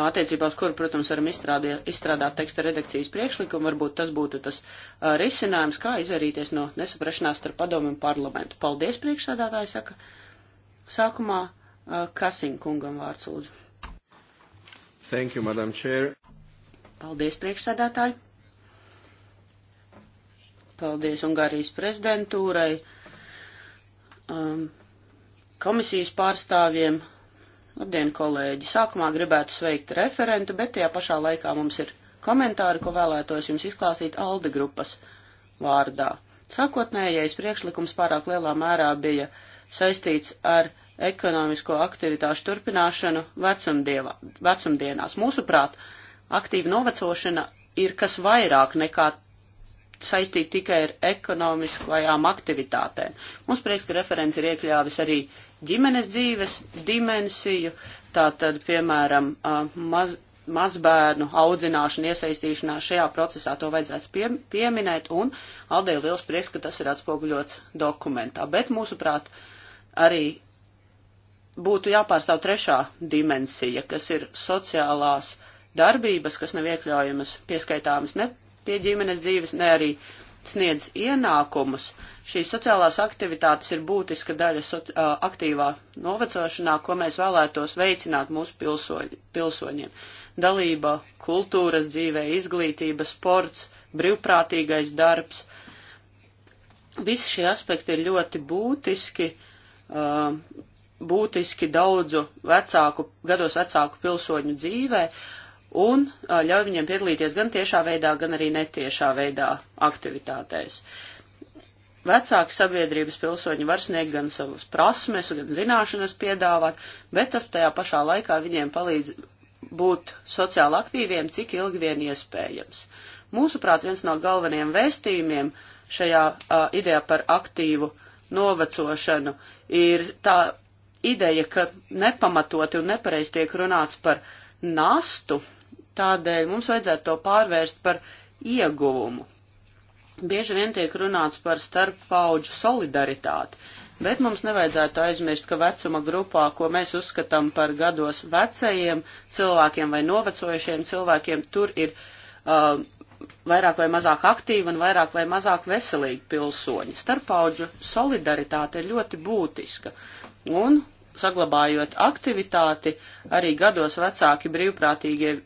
attiecībā uz kuru, protams, varam izstrādē, izstrādāt teksta redakcijas priekšlikumu, varbūt tas būtu tas uh, risinājums, kā izvairīties no nesaprašanās starp padomu un parlamentu. Paldies, priekšsādātāji, saka. Sākumā uh, Kasinkungam vārds lūdzu. Thank you, Madam Chair. Paldies, priekšsādātāji. Paldies Ungārijas prezidentūrai, um, komisijas pārstāvjiem, Labdien, kolēģi! Sākumā gribētu sveikt referentu, bet tajā pašā laikā mums ir komentāri, ko vēlētos jums izklāstīt Alde grupas vārdā. Sākotnējais priekšlikums pārāk lielā mērā bija saistīts ar ekonomisko aktivitāšu turpināšanu vecumdieva, vecumdienās. Mūsuprāt, aktīva novecošana ir kas vairāk nekā saistīt tikai ar ekonomiskajām aktivitātēm. Mums prieks, ka referents ir iekļāvis arī ģimenes dzīves dimensiju, tātad, piemēram, maz, mazbērnu audzināšanu, iesaistīšanās šajā procesā to vajadzētu pie, pieminēt, un Aldēļ liels prieks, ka tas ir atspoguļots dokumentā. Bet, mūsuprāt, arī būtu jāpārstāv trešā dimensija, kas ir sociālās darbības, kas nav iekļaujamas pieskaitāmas ne pie ģimenes dzīves, ne arī sniedz ienākumus, šīs sociālās aktivitātes ir būtiska daļa so, uh, aktīvā novecošanā, ko mēs vēlētos veicināt mūsu pilsoņi, pilsoņiem. Dalība, kultūras dzīvē, izglītība, sports, brīvprātīgais darbs. Visi šie aspekti ir ļoti būtiski, uh, būtiski daudzu vecāku, gados vecāku pilsoņu dzīvē, uh, un ļauj viņiem piedalīties gan tiešā veidā, gan arī netiešā veidā aktivitātēs. Vecāki sabiedrības pilsoņi var sniegt gan savas prasmes, gan zināšanas piedāvāt, bet tas tajā pašā laikā viņiem palīdz būt sociāli aktīviem, cik ilgi vien iespējams. Mūsuprāt, viens no galvenajiem vēstījumiem šajā uh, idejā par aktīvu novecošanu ir tā ideja, ka nepamatoti un nepareiz tiek runāts par nastu, Tādēļ mums vajadzētu to pārvērst par ieguvumu. Bieži vien tiek runāts par starppauģu solidaritāti, bet mums nevajadzētu aizmirst, ka vecuma grupā, ko mēs uzskatām par gados vecajiem cilvēkiem vai novecojušiem cilvēkiem, tur ir uh, vairāk vai mazāk aktīvi un vairāk vai mazāk veselīgi pilsoņi. Starppauģu solidaritāte ir ļoti būtiska. Un saglabājot aktivitāti, arī gados vecāki brīvprātīgie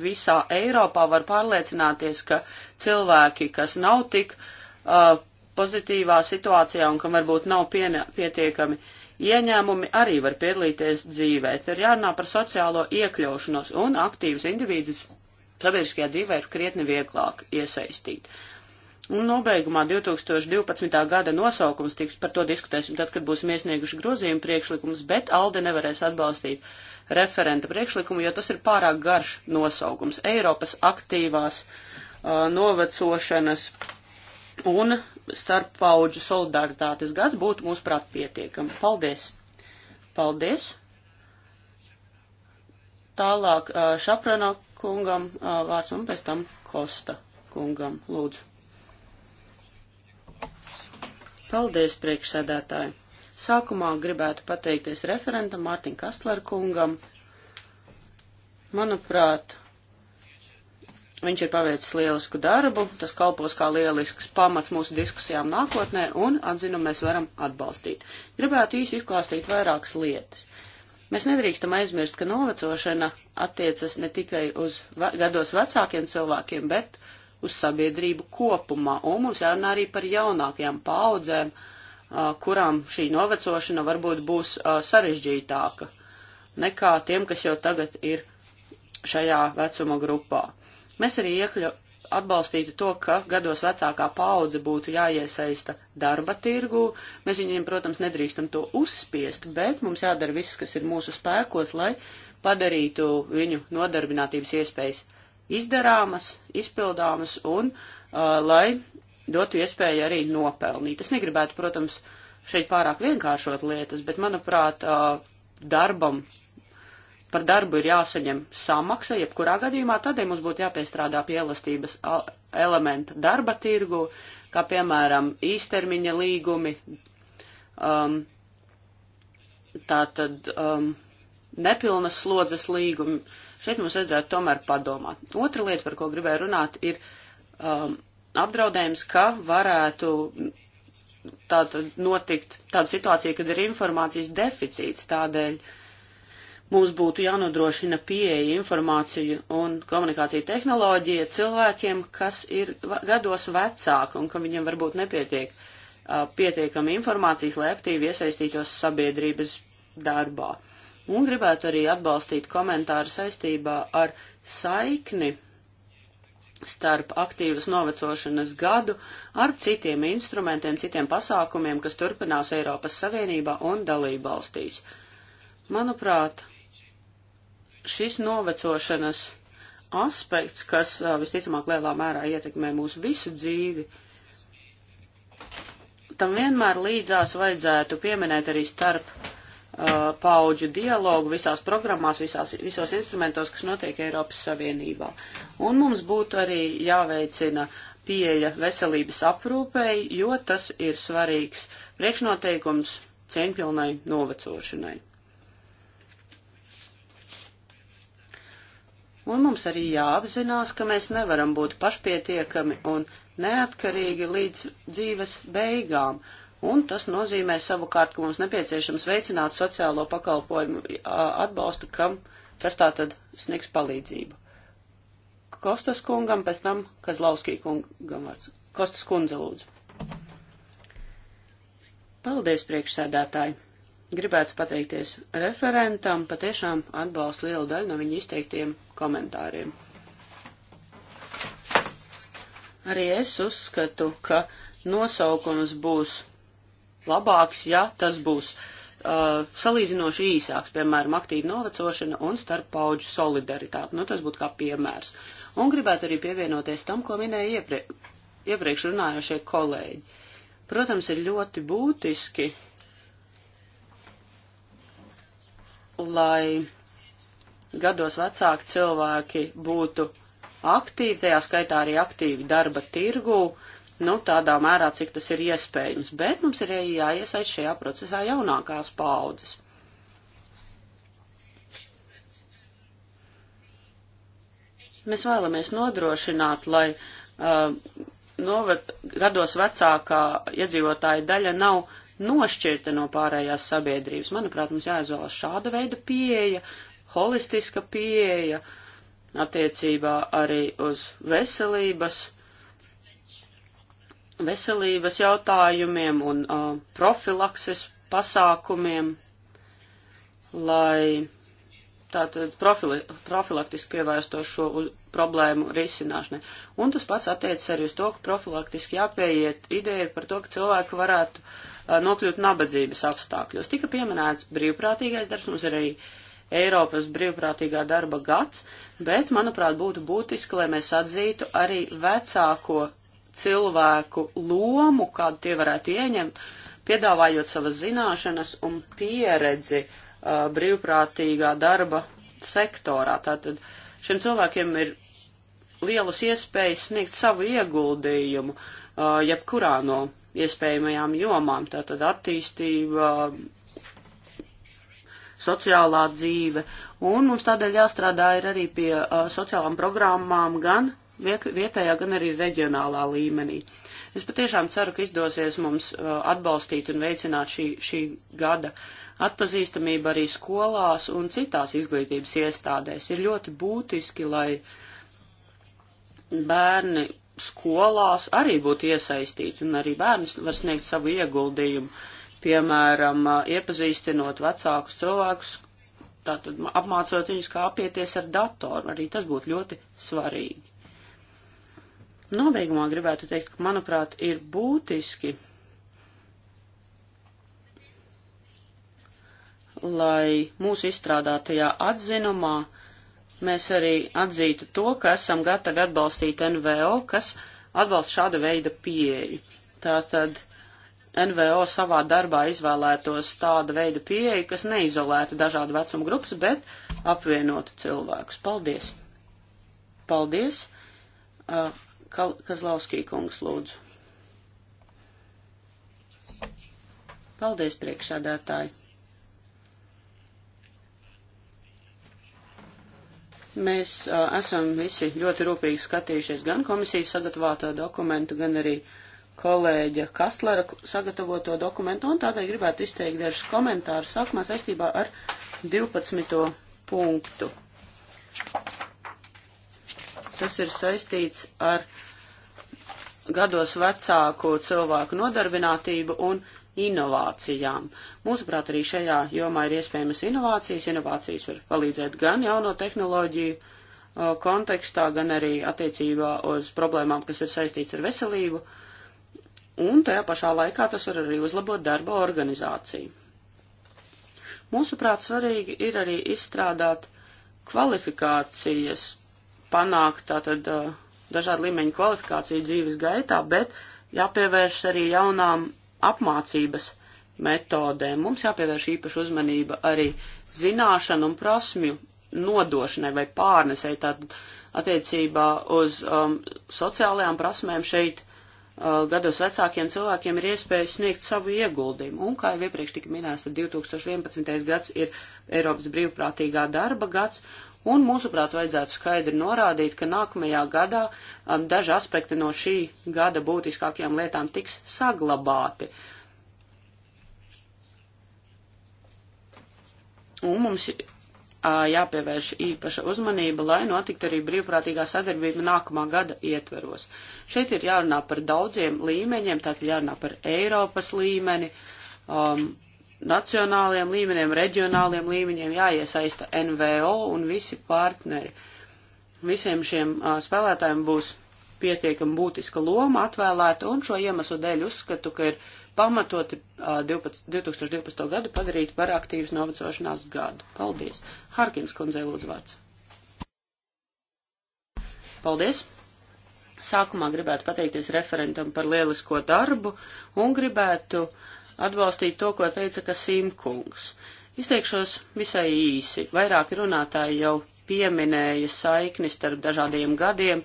visā Eiropā var pārliecināties, ka cilvēki, kas nav tik uh, pozitīvā situācijā un kam varbūt nav piena, pietiekami ieņēmumi, arī var piedalīties dzīvē. Te ir jārunā par sociālo iekļaušanos un aktīvas individus sabiedriskajā dzīvē ir krietni vieglāk iesaistīt. Un nobeigumā 2012. gada nosaukums tiks par to diskutēsim tad, kad būsim iesnieguši grozījumu priekšlikumus, bet Alde nevarēs atbalstīt uh, referenta priekšlikumu, jo tas ir pārāk garš nosaukums - Eiropas aktīvās uh, novecošanas un starppauģu solidaritātes gads būtu mūsuprāt pietiekami. Paldies! Paldies! Tālāk uh, Šaprana kungam uh, vārds un pēc tam Kosta kungam. Lūdzu! Paldies, priekšsēdētāji! Sākumā gribētu pateikties referentam Mārtiņ Kastlerkungam. Manuprāt, viņš ir paveicis lielisku darbu, tas kalpos kā lielisks pamats mūsu diskusijām nākotnē un atzinu, mēs varam atbalstīt. Gribētu īsi izklāstīt vairākas lietas. Mēs nedrīkstam aizmirst, ka novecošana attiecas ne tikai uz ve gados vecākiem cilvēkiem, bet uz sabiedrību kopumā, un mums jārunā arī par jaunākajām paudzēm, uh, kurām šī novecošana varbūt būs sarežģītāka nekā tiem, kas jau tagad ir šajā vecuma grupā. Mēs arī iekļau, atbalstītu to, ka gados vecākā paudze būtu jāiesaista darba tirgū. Mēs viņiem, protams, nedrīkstam to uzspiest, bet mums jādara viss, kas ir mūsu spēkos, lai padarītu viņu nodarbinātības iespējas izdarāmas, izpildāmas un uh, lai dotu iespēju arī nopelnīt. Es negribētu, protams, šeit pārāk vienkāršot lietas, bet, manuprāt, darbam, par darbu ir jāsaņem samaksa, jebkurā gadījumā tādēļ mums būtu jāpiestrādā pie elastības elementa darba tirgu, kā piemēram īstermiņa līgumi, um, tātad um, nepilnas slodzes līgumi. Šeit mums vajadzētu tomēr padomāt. Otra lieta, par ko gribēju runāt, ir um, apdraudējums, ka varētu tātad notikt tāda situācija, kad ir informācijas deficīts. Tādēļ mums būtu jānodrošina pieeja informāciju un komunikāciju tehnoloģija cilvēkiem, kas ir gados vecāki un kam viņiem varbūt nepietiek uh, pietiekami informācijas, lai aktīvi iesaistītos sabiedrības darbā. Un gribētu arī atbalstīt komentāru saistībā ar saikni starp aktīvas novecošanas gadu ar citiem instrumentiem, citiem pasākumiem, kas turpinās Eiropas Savienībā un dalību valstīs. Manuprāt, šis novecošanas aspekts, kas visticamāk lielā mērā ietekmē mūsu visu dzīvi, tam vienmēr līdzās vajadzētu pieminēt arī starp uh, pauģu dialogu visās programmās, visās, visos instrumentos, kas notiek Eiropas Savienībā. Un mums būtu arī jāveicina pieeja veselības aprūpēji, jo tas ir svarīgs priekšnoteikums cieņpilnai novecošanai. Un mums arī jāapzinās, ka mēs nevaram būt pašpietiekami un neatkarīgi līdz dzīves beigām. Uh, Un tas nozīmē savukārt, ka mums nepieciešams veicināt sociālo pakalpojumu atbalstu, kam kas tā tad sniegs palīdzību. Kostas kungam, pēc tam Kazlauskī kungam vārds. Kostas kundze lūdzu. Paldies, priekšsēdētāji! Gribētu pateikties referentam, patiešām atbalstu lielu daļu no viņa izteiktiem komentāriem. Arī es uzskatu, ka nosaukums būs labāks, ja tas būs uh, salīdzinoši īsāks, piemēram, aktīva novecošana un starp pauģu solidaritāte. Nu, tas būtu kā piemērs. Un gribētu arī pievienoties tam, ko minēja ieprie iepriekš runājošie kolēģi. Protams, ir ļoti būtiski, lai gados vecāki cilvēki būtu aktīvi, tajā skaitā arī aktīvi darba tirgū, nu, tādā mērā, cik tas ir iespējams, bet mums ir jāiesaist šajā procesā jaunākās paaudzes. Mēs vēlamies nodrošināt, lai uh, novad, gados vecākā iedzīvotāja daļa nav nošķirta no pārējās sabiedrības. Manuprāt, mums jāizvēlas šāda veida pieeja, holistiska pieeja attiecībā arī uz veselības uh, veselības jautājumiem un uh, profilakses pasākumiem, lai tātad profili, profilaktiski pievērsto šo problēmu risināšanai. Un tas pats attiecas arī uz to, ka profilaktiski jāpieiet ideja par to, ka cilvēki varētu uh, nokļūt nabadzības apstākļos. Tika pieminēts brīvprātīgais darbs, mums ir arī Eiropas brīvprātīgā darba gads, bet, manuprāt, būtu būtiski, lai mēs atzītu arī vecāko cilvēku lomu, kādu tie varētu ieņemt, piedāvājot savas zināšanas un pieredzi uh, brīvprātīgā darba sektorā. Tātad šiem cilvēkiem ir lielas iespējas sniegt savu ieguldījumu uh, jebkurā no iespējamajām jomām. Tātad attīstība, sociālā dzīve. Un mums tādēļ jāstrādā ir arī pie uh, sociālām programmām gan vietējā, gan arī reģionālā līmenī. Es patiešām ceru, ka izdosies mums uh, atbalstīt un veicināt šī, šī gada atpazīstamību arī skolās un citās izglītības iestādēs. Ir ļoti būtiski, lai bērni skolās arī būtu iesaistīti un arī bērns var sniegt savu ieguldījumu, piemēram, uh, iepazīstinot vecākus cilvēkus, tātad apmācot viņus, kā apieties ar datoru, arī tas būtu ļoti svarīgi. Nobeigumā gribētu teikt, ka, manuprāt, ir būtiski, lai mūsu izstrādātajā atzinumā mēs arī atzītu to, ka esam gatavi atbalstīt NVO, kas atbalsta šāda veida pieeju. Tātad NVO savā darbā izvēlētos tāda veida pieeju, kas neizolētu dažādu vecumu grupas, bet apvienotu cilvēkus. Paldies! Paldies! Uh, Kazlauskī kungs lūdzu. Paldies, priekšsādātāji. Mēs uh, esam visi ļoti rūpīgi skatījušies gan komisijas sagatavoto dokumentu, gan arī kolēģa Kastlera sagatavoto dokumentu, un tādēļ gribētu izteikt dažus komentārus sākumā saistībā ar 12. punktu. Tas ir saistīts ar gados vecāku cilvēku nodarbinātību un inovācijām. Mūsuprāt, arī šajā jomā ir iespējamas inovācijas. Inovācijas var palīdzēt gan jauno tehnoloģiju uh, kontekstā, gan arī attiecībā uz problēmām, kas ir saistīts ar veselību. Un tajā pašā laikā tas var arī uzlabot darba organizāciju. Mūsuprāt, svarīgi ir arī izstrādāt kvalifikācijas panākt tātad dažādu līmeņu kvalifikāciju dzīves gaitā, bet jāpievērš arī jaunām apmācības metodēm. Mums jāpievērš īpaša uzmanība arī zināšanu un prasmju nodošanai vai pārnesai, tātad attiecībā uz um, sociālajām prasmēm šeit uh, gados vecākiem cilvēkiem ir iespēja sniegt savu ieguldījumu. Un, kā jau iepriekš tika minēts, 2011. gads ir Eiropas brīvprātīgā darba gads, Un, mūsuprāt, vajadzētu skaidri norādīt, ka nākamajā gadā um, daži aspekti no šī gada būtiskākajām lietām tiks saglabāti. Un mums jāpievērš īpaša uzmanība, lai notiktu arī brīvprātīgā sadarbība nākamā gada ietveros. Šeit ir jārunā par daudziem līmeņiem, tātad jārunā par Eiropas līmeni, um, nacionāliem līmeņiem, reģionāliem līmeņiem jāiesaista NVO un visi partneri. Visiem šiem uh, spēlētājiem būs pietiekami būtiska loma atvēlēta, un šo iemeslu dēļ uzskatu, ka ir pamatoti uh, 12, 2012. gadu padarīt par aktīvas novecošanās gadu. Paldies! Harkins kundzei lūdzu vārds. Paldies! Sākumā gribētu pateikties referentam par lielisko darbu un gribētu uh, atbalstīt to, ko teica Kasimkungs. Izteikšos visai īsi. Vairāki runātāji jau pieminēja saiknis starp dažādiem gadiem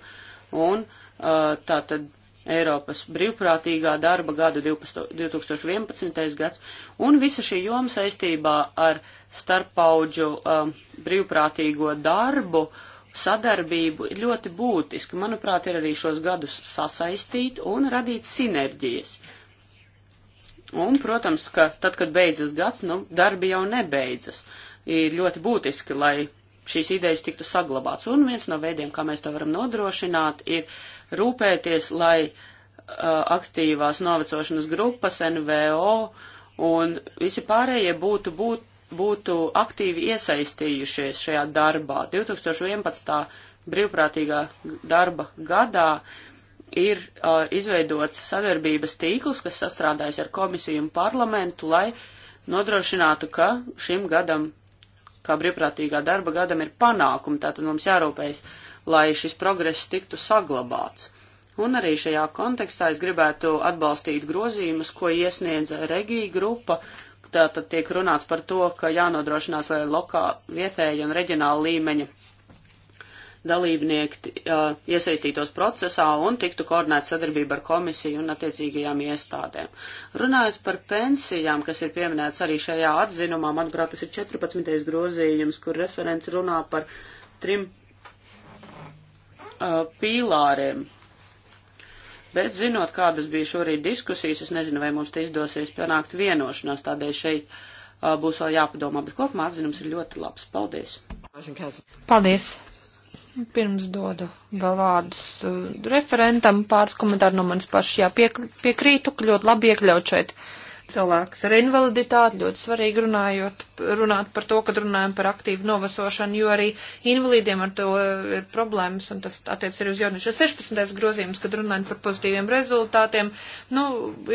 un uh, tātad Eiropas brīvprātīgā darba gada 2011. gads, un visa šī joma saistībā ar starppaudžu um, brīvprātīgo darbu, sadarbību ir ļoti būtiski. Manuprāt, ir arī šos gadus sasaistīt un radīt sinerģijas. Un, protams, ka tad, kad beidzas gads, nu, darbi jau nebeidzas. Ir ļoti būtiski, lai šīs idejas tiktu saglabāts. Un viens no veidiem, kā mēs to varam nodrošināt, ir rūpēties, lai uh, aktīvās novecošanas grupas, NVO un visi pārējie būtu, būt, būtu aktīvi iesaistījušies šajā darbā. 2011. brīvprātīgā darba gadā uh, ir uh, izveidots sadarbības tīkls, kas sastrādājas ar komisiju un parlamentu, lai nodrošinātu, ka šim gadam, kā brīvprātīgā darba gadam, ir panākumi. Tātad mums jārūpējas, lai šis progress tiktu saglabāts. Un arī šajā kontekstā es gribētu atbalstīt grozījumus, ko iesniedza Regija grupa. Tātad tiek runāts par to, ka jānodrošinās, lai lokā, vietēja un reģionāla līmeņa dalībnieki uh, iesaistītos procesā un tiktu koordinēta sadarbība ar komisiju un attiecīgajām iestādēm. Runājot par pensijām, kas ir pieminēts arī šajā atzinumā, manuprāt, tas ir 14. grozījums, kur referents runā par trim uh, pīlāriem. Bet zinot, kādas bija šorīt diskusijas, es nezinu, vai mums te izdosies panākt vienošanās, tādēļ šeit uh, būs vēl jāpadomā, bet kopumā atzinums ir ļoti labs. Paldies! Paldies! Pirms dodu vēl vārdus uh, referentam, pāris komentāru no manis paši. Jā, piek, piekrītu, ka ļoti labi iekļaut šeit cilvēks ar invaliditāti, ļoti svarīgi runājot, runāt par to, kad runājam par aktīvu novasošanu, jo arī invalīdiem ar to ir problēmas, un tas attiec arī uz jauniešu 16. grozījums, kad runājam par pozitīviem rezultātiem. Nu,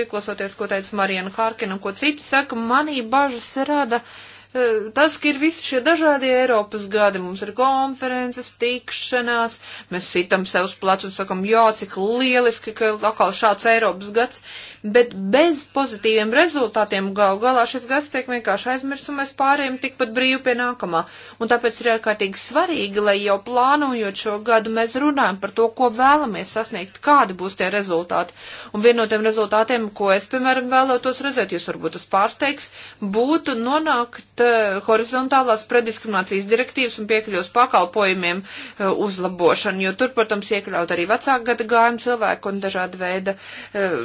ieklausoties, ko teica Marijana Hārkina un ko citi saka, manī bažas rada. Uh, Eh, tas, ka ir visi šie dažādie Eiropas gadi, mums ir konferences, tikšanās, mēs sitam sev uz plecu un sakam, jā, cik lieliski, ka atkal šāds Eiropas gads, bet bez pozitīviem rezultātiem gal galā šis gads tiek vienkārši aizmirsts un mēs pārējiem tikpat brīvi pie nākamā. Un tāpēc ir ārkārtīgi svarīgi, lai jau plānojot šo gadu mēs runājam par to, ko vēlamies sasniegt, kādi būs tie rezultāti. Un viena no tiem rezultātiem, ko es, piemēram, vēlētos redzēt, jūs varbūt tas pārsteigs, būtu nonākt Eh, horizontālās prediskriminācijas direktīvas un piekļuvas pakalpojumiem eh, uzlabošanu, jo tur, protams, iekļaut arī vecāku gadu gājumu cilvēku un dažāda veida eh,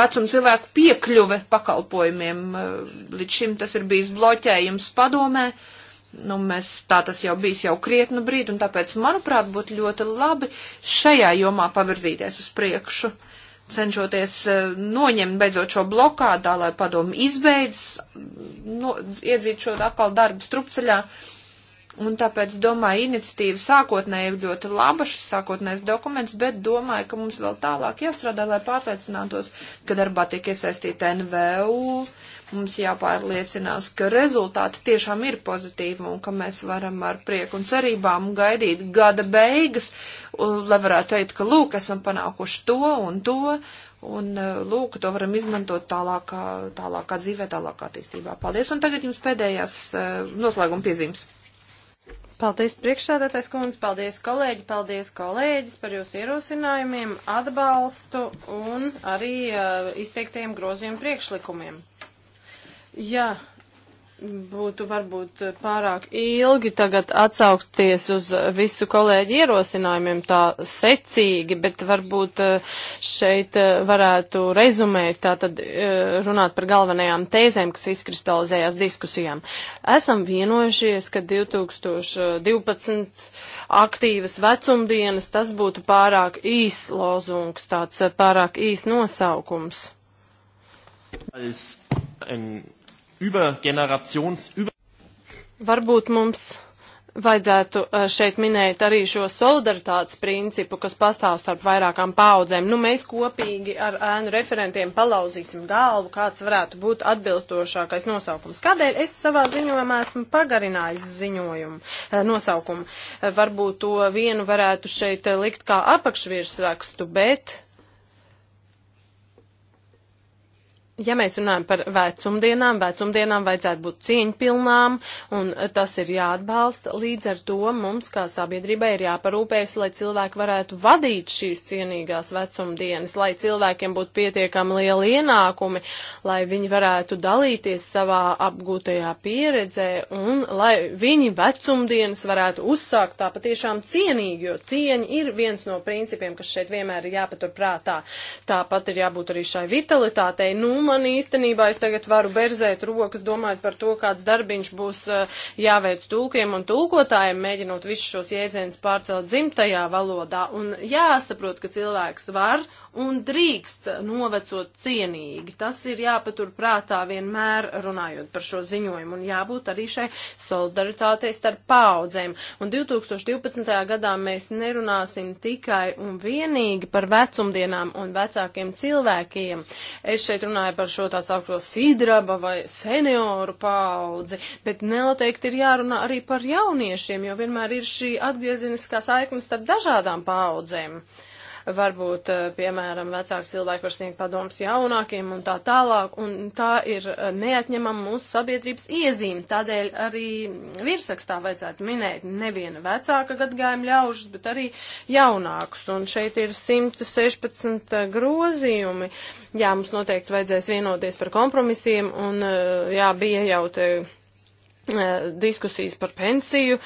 vecumu cilvēku piekļuve pakalpojumiem. Līdz šim tas ir bijis bloķējums padomē. Nu, mēs tā tas jau bijis jau krietnu brīdi, un tāpēc, manuprāt, būtu ļoti labi šajā jomā pavirzīties uz priekšu. Uh, cenšoties e, noņemt beidzot šo blokādā, lai padomu izbeidz, no, iedzīt šo atkal darbu strupceļā. Un tāpēc, domāju, iniciatīva sākotnēji ir ļoti laba, šis sākotnējs dokuments, bet domāju, ka mums vēl tālāk jāstrādā, lai pārliecinātos, ka darbā tiek iesaistīta NVU, Mums jāpārliecinās, ka rezultāti tiešām ir pozitīvi un ka mēs varam ar prieku un cerībām gaidīt gada beigas, lai varētu teikt, ka lūk, esam panākuši to un to, un e, lūk, to varam izmantot tālākā, tālākā dzīvē, tālākā attīstībā. Paldies, un tagad jums pēdējās e, noslēguma piezīmes. Paldies priekšsēdētais kundze, paldies kolēģi, paldies kolēģis par jūsu ierosinājumiem, atbalstu un arī uh, e, izteiktajiem grozījumu priekšlikumiem. Jā. Ja būtu varbūt pārāk ilgi tagad atsaukties uz visu kolēģi ierosinājumiem tā secīgi, bet varbūt eh, šeit eh, varētu rezumēt, tātad eh, runāt par galvenajām tēzēm, kas izkristalizējās diskusijām. Esam vienojušies, ka 2012 aktīvas vecumdienas tas būtu pārāk īs lozungs, tāds pārāk īs nosaukums. Als ein über Generations, über. Varbūt mums vajadzētu šeit minēt arī šo solidaritātes principu, kas pastāv starp vairākām paudzēm. Nu, mēs kopīgi ar ēnu referentiem palauzīsim galvu, kāds varētu būt atbilstošākais nosaukums. Kādēļ es savā ziņojumā esmu pagarinājis ziņojumu, nosaukumu? Varbūt to vienu varētu šeit likt kā apakšvirsrakstu, bet Ja mēs runājam par vecumdienām, vecumdienām vajadzētu būt cieņpilnām, un tas ir jāatbalsta. Līdz ar to mums, kā sabiedrībai, ir jāparūpējas, lai cilvēki varētu vadīt šīs cienīgās vecumdienas, lai cilvēkiem būtu pietiekami lieli ienākumi, lai viņi varētu dalīties savā apgūtajā pieredzē, un lai viņi vecumdienas varētu uzsākt tā patiešām cienīgi, jo cieņa ir viens no principiem, kas šeit vienmēr ir jāpatur prātā. Tāpat ir jābūt arī šai vitalitātei. Nu, man īstenībā es tagad varu berzēt rokas, domājot par to, kāds darbiņš būs eh, jāveic tulkiem un tulkotājiem, mēģinot visus šos jēdzienus pārcelt dzimtajā valodā. Un jāsaprot, ka cilvēks var un drīkst novecot cienīgi. Tas ir jāpatur prātā vienmēr runājot par šo ziņojumu un jābūt arī šai solidaritātei starp paudzēm. Un 2012. gadā mēs nerunāsim tikai un vienīgi par vecumdienām un vecākiem cilvēkiem. Es šeit runāju par šo tā saukto sidraba vai senioru paudzi, bet noteikti ir jārunā arī par jauniešiem, jo vienmēr ir šī atgriezeniskā saiknes starp dažādām paudzēm. Uh, varbūt, eh, piemēram, vecāki cilvēki var sniegt padomus jaunākiem un tā tālāk, un tā ir eh, neatņemama mūsu sabiedrības iezīme. Tādēļ arī virsrakstā vajadzētu minēt nevienu vecāka gadgājuma ļaužus, bet arī jaunākus, un šeit ir 116 eh, grozījumi. Jā, mums noteikti vajadzēs vienoties par kompromisiem, un jā, bija jau te diskusijas par pensiju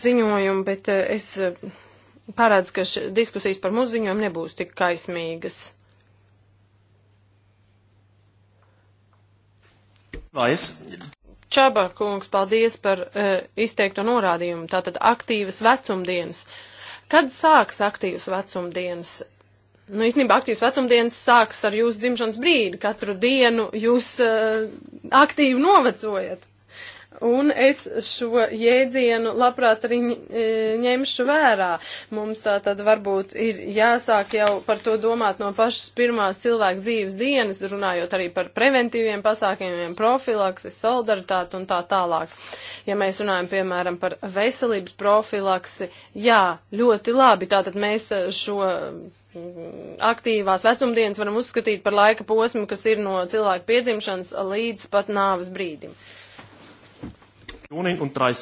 ziņojumu, bet es paredz, ka diskusijas par mūsu ziņojumu nebūs tik kaismīgas. Vais. Čaba kungs, paldies par uh, izteikto norādījumu. Tātad aktīvas vecumdienas. Kad sāks aktīvas vecumdienas? Nu, īstenībā aktīvas vecumdienas sāks ar jūsu dzimšanas brīdi. Katru dienu jūs uh, aktīvi novecojat. Un es šo jēdzienu labprāt arī e, ņemšu vērā. Mums tā tad varbūt ir jāsāk jau par to domāt no pašas pirmās cilvēka dzīves dienas, runājot arī par preventīviem pasākumiem, profilaksi, solidaritāti un tā tālāk. Ja mēs runājam, piemēram, par veselības profilaksi, jā, ļoti labi, tātad mēs e, šo mm, aktīvās vecumdienas varam uzskatīt par laika posmu, kas ir no cilvēka piedzimšanas līdz pat nāves brīdim. Uh, Äh,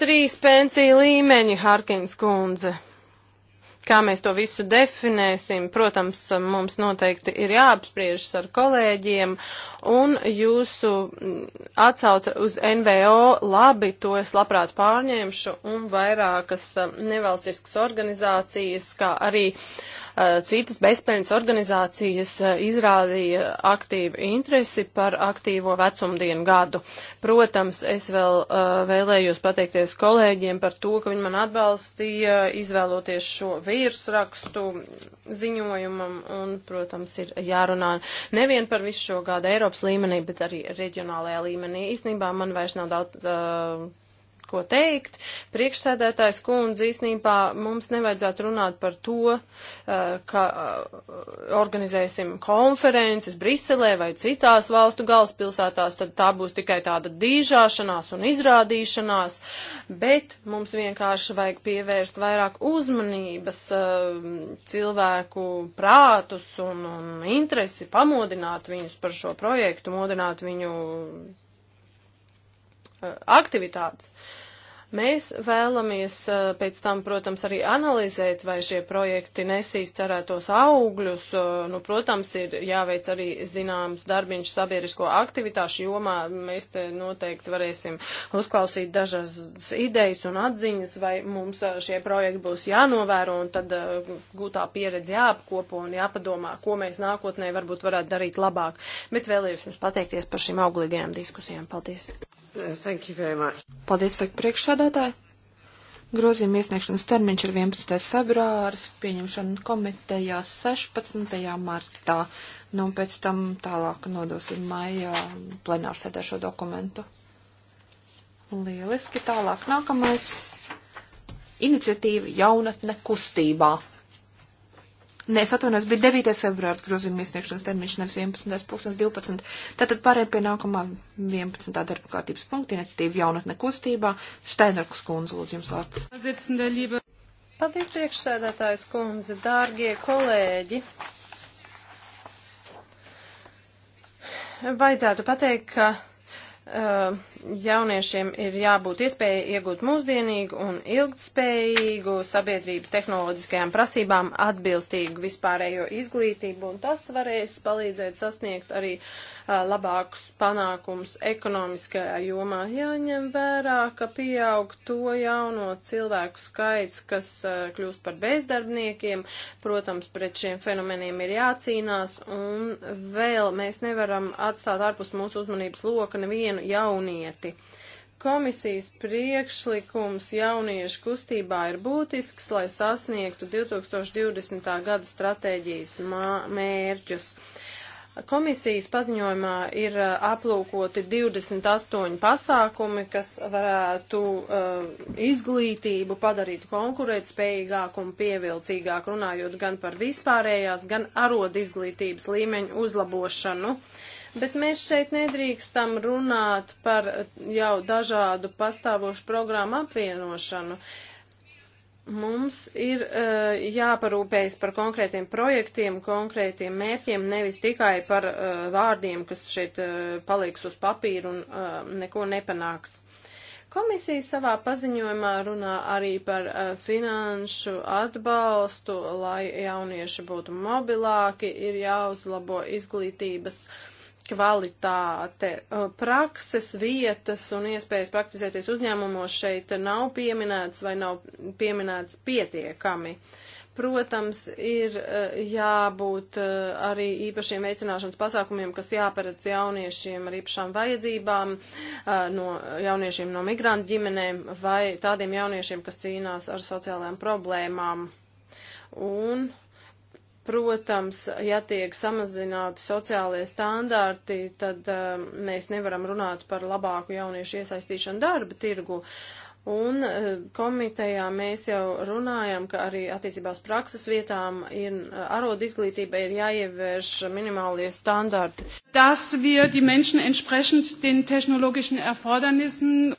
trīs pensiju līmeņi, Harkins kundze. Kā mēs to visu definēsim, protams, mums noteikti ir jāapspriežas ar kolēģiem, un jūsu mm, atsauce uz NVO labi, to es labprāt pārņemšu, un vairākas mm, nevalstiskas organizācijas, kā arī uh, Eh, citas bezpēļņas organizācijas eh, izrādīja aktīvu interesi par aktīvo vecumdienu gadu. Protams, es vēl eh, vēlējos pateikties kolēģiem par to, ka viņi man atbalstīja izvēloties šo virsrakstu ziņojumam un, protams, ir jārunā nevien par visu šo gadu Eiropas līmenī, bet arī reģionālajā līmenī. Īsnībā man vairs nav daudz uh, ko teikt. Priekšsēdētājs kundze īsnībā mums nevajadzētu runāt par to, uh, ka uh, organizēsim konferences Briselē vai citās valstu galvaspilsētās, tad tā būs tikai tāda dīžāšanās un izrādīšanās, bet mums vienkārši vajag pievērst vairāk uzmanības uh, cilvēku prātus un, un interesi, pamodināt viņus par šo projektu, modināt viņu aktivitātes. Mēs vēlamies eh, pēc tam, protams, arī analizēt, vai šie projekti nesīs cerētos augļus. Eh, nu, protams, ir jāveic arī zināms darbiņš sabiedrisko aktivitāšu jomā. Mēs te noteikti varēsim uzklausīt dažas idejas un atziņas, vai mums eh, šie projekti būs jānovēro un tad gūtā pieredze jāapkopo un jāpadomā, ko mēs nākotnē varbūt varētu darīt labāk. Bet vēlējos jums pateikties par šīm auglīgajām diskusijām. Paldies! Thank you very much. Paldies, saka priekšsēdā priekšsādātāji. Grozījuma iesniegšanas termiņš ir 11. februāris, pieņemšana komitejās 16. martā, nu un pēc tam tālāk nodosim maijā plenārsēdē šo dokumentu. Lieliski, tālāk nākamais iniciatīva jaunatne kustībā. Nē, es atvainojos, bija 9. februārs grozījuma iesniegšanas termiņš, nevis 11. pulkstens 12. Tātad pārējiem pie nākamā 11. darba kārtības punkta, iniciatīva jaunatne kustībā. Šteinerkus kundze, lūdzu jums vārds. Paldies, priekšsēdētājs kundze, dārgie kolēģi. Vajadzētu pateikt, ka. Uh, jauniešiem ir jābūt iespēja iegūt mūsdienīgu un ilgtspējīgu sabiedrības tehnoloģiskajām prasībām atbilstīgu vispārējo izglītību, un tas varēs palīdzēt sasniegt arī uh, labākus panākumus ekonomiskajā jomā. Jāņem vērā, ka pieaug to jauno cilvēku skaits, kas uh, kļūst par bezdarbniekiem. Protams, pret šiem fenomeniem ir jācīnās, un vēl mēs nevaram atstāt ārpus mūsu uzmanības loka nevienu jaunieti minēti. Komisijas priekšlikums jauniešu kustībā ir būtisks, lai sasniegtu 2020. gada stratēģijas mērķus. Komisijas paziņojumā ir uh, aplūkoti 28 pasākumi, kas varētu uh, izglītību padarīt konkurētspējīgāku un pievilcīgāku, runājot gan par vispārējās, gan arod izglītības līmeņu uzlabošanu. Uh, Bet mēs šeit nedrīkstam runāt par jau dažādu pastāvošu programmu apvienošanu. Mums ir uh, jāparūpējas par konkrētiem projektiem, konkrētiem mērķiem, nevis tikai par uh, vārdiem, kas šeit uh, paliks uz papīra un uh, neko nepanāks. Komisija savā paziņojumā runā arī par uh, finanšu atbalstu, lai jaunieši būtu mobilāki, ir jāuzlabo izglītības uh, kvalitāte, prakses vietas un iespējas praktizēties uzņēmumos šeit nav pieminēts vai nav pieminēts pietiekami. Protams, ir jābūt arī īpašiem veicināšanas pasākumiem, kas jāparedz jauniešiem ar īpašām vajadzībām, no jauniešiem no migrantu ģimenēm vai tādiem jauniešiem, kas cīnās ar sociālajām problēmām. Un Protams, ja tiek samazināti sociālie standarti, tad uh, mēs nevaram runāt par labāku jauniešu iesaistīšanu darba tirgu. Un uh, komitejā mēs jau runājam, ka arī attiecībās prakses vietām ir uh, arod izglītība ir jāievērš minimālie standarti. Tas wir die Menschen entsprechend den technologischen Erfordernissen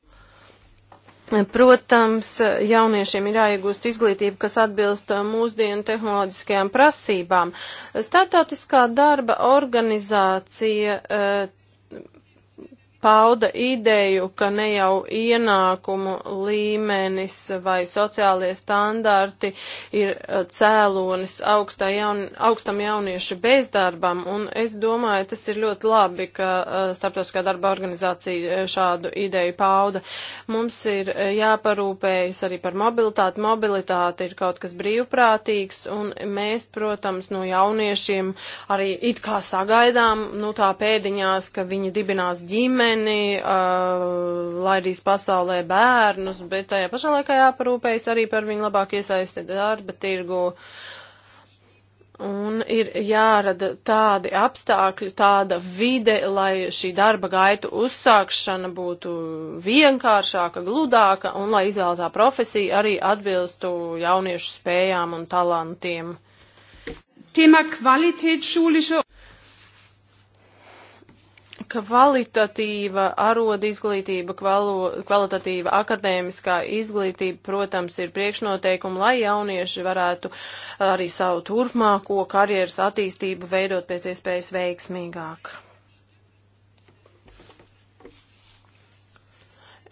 Protams, jauniešiem ir jāiegūst izglītība, kas atbilst mūsdienu tehnoloģiskajām prasībām. Startautiskā darba organizācija eh, pauda ideju, ka ne jau ienākumu līmenis vai sociālie standarti ir e, cēlonis jaun, augstam jauniešu bezdarbam, un es domāju, tas ir ļoti labi, ka e, starptautiskā darba organizācija e, šādu ideju pauda. Mums ir jāparūpējas arī par mobilitāti. Mobilitāte ir kaut kas brīvprātīgs, un mēs, protams, no jauniešiem arī it kā sagaidām, nu tā pēdiņās, ka viņi dibinās ģimeni, ģimeni, uh, laidīs pasaulē bērnus, bet tajā pašā laikā jāparūpējas arī par viņu labāk iesaisti darba tirgu. Un ir jārada tādi apstākļi, tāda vide, lai šī darba gaitu uzsākšana būtu vienkāršāka, gludāka un lai izvēlētā profesija arī atbilstu jauniešu spējām un talantiem. Thema Qualität schulische Kvalitatīva aroda izglītība, kvalo, kvalitatīva akadēmiskā izglītība, protams, ir priekšnoteikumi, lai jaunieši varētu arī savu turpmāko karjeras attīstību veidot pēc iespējas veiksmīgāk.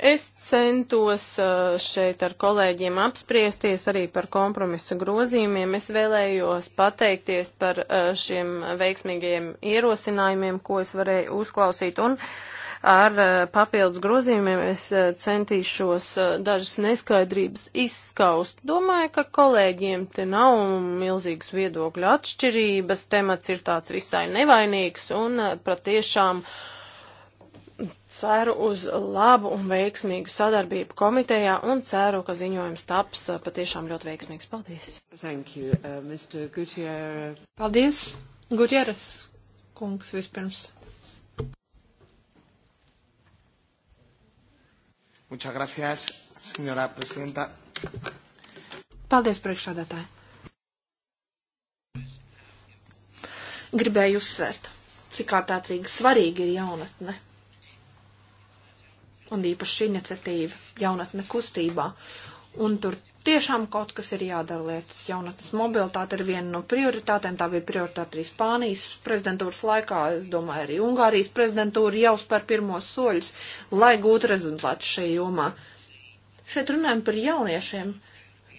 Es centos eh, šeit ar kolēģiem apspriesties arī par kompromisu grozījumiem. Es vēlējos pateikties par eh, šiem veiksmīgajiem ierosinājumiem, ko es varēju uzklausīt. Un ar eh, papildus grozījumiem es centīšos dažas neskaidrības izskaust. Domāju, ka kolēģiem te nav milzīgas viedokļu atšķirības. Temats ir tāds visai nevainīgs un patiešām. Uh, Ceru uz labu un veiksmīgu sadarbību komitejā un ceru, ka ziņojums taps uh, patiešām ļoti veiksmīgs. Paldies! Thank you, uh, Mr. Gutierrez. Paldies, Gutierrez kungs vispirms. Muchas gracias, señora presidenta. Paldies, priekšādātāji. Gribēju uzsvērt, cik ārtācīgi svarīgi ir jaunatne un īpaši iniciatīva jaunatne kustībā. Un tur tiešām kaut kas ir jādara lietas. Jaunatnes mobilitāte ir viena no prioritātēm. Tā bija prioritāte arī Spānijas prezidentūras laikā. Es domāju, arī Ungārijas prezidentūra jau spēr pirmos soļus, lai gūtu rezultātus šajā jomā. Šeit runājam par jauniešiem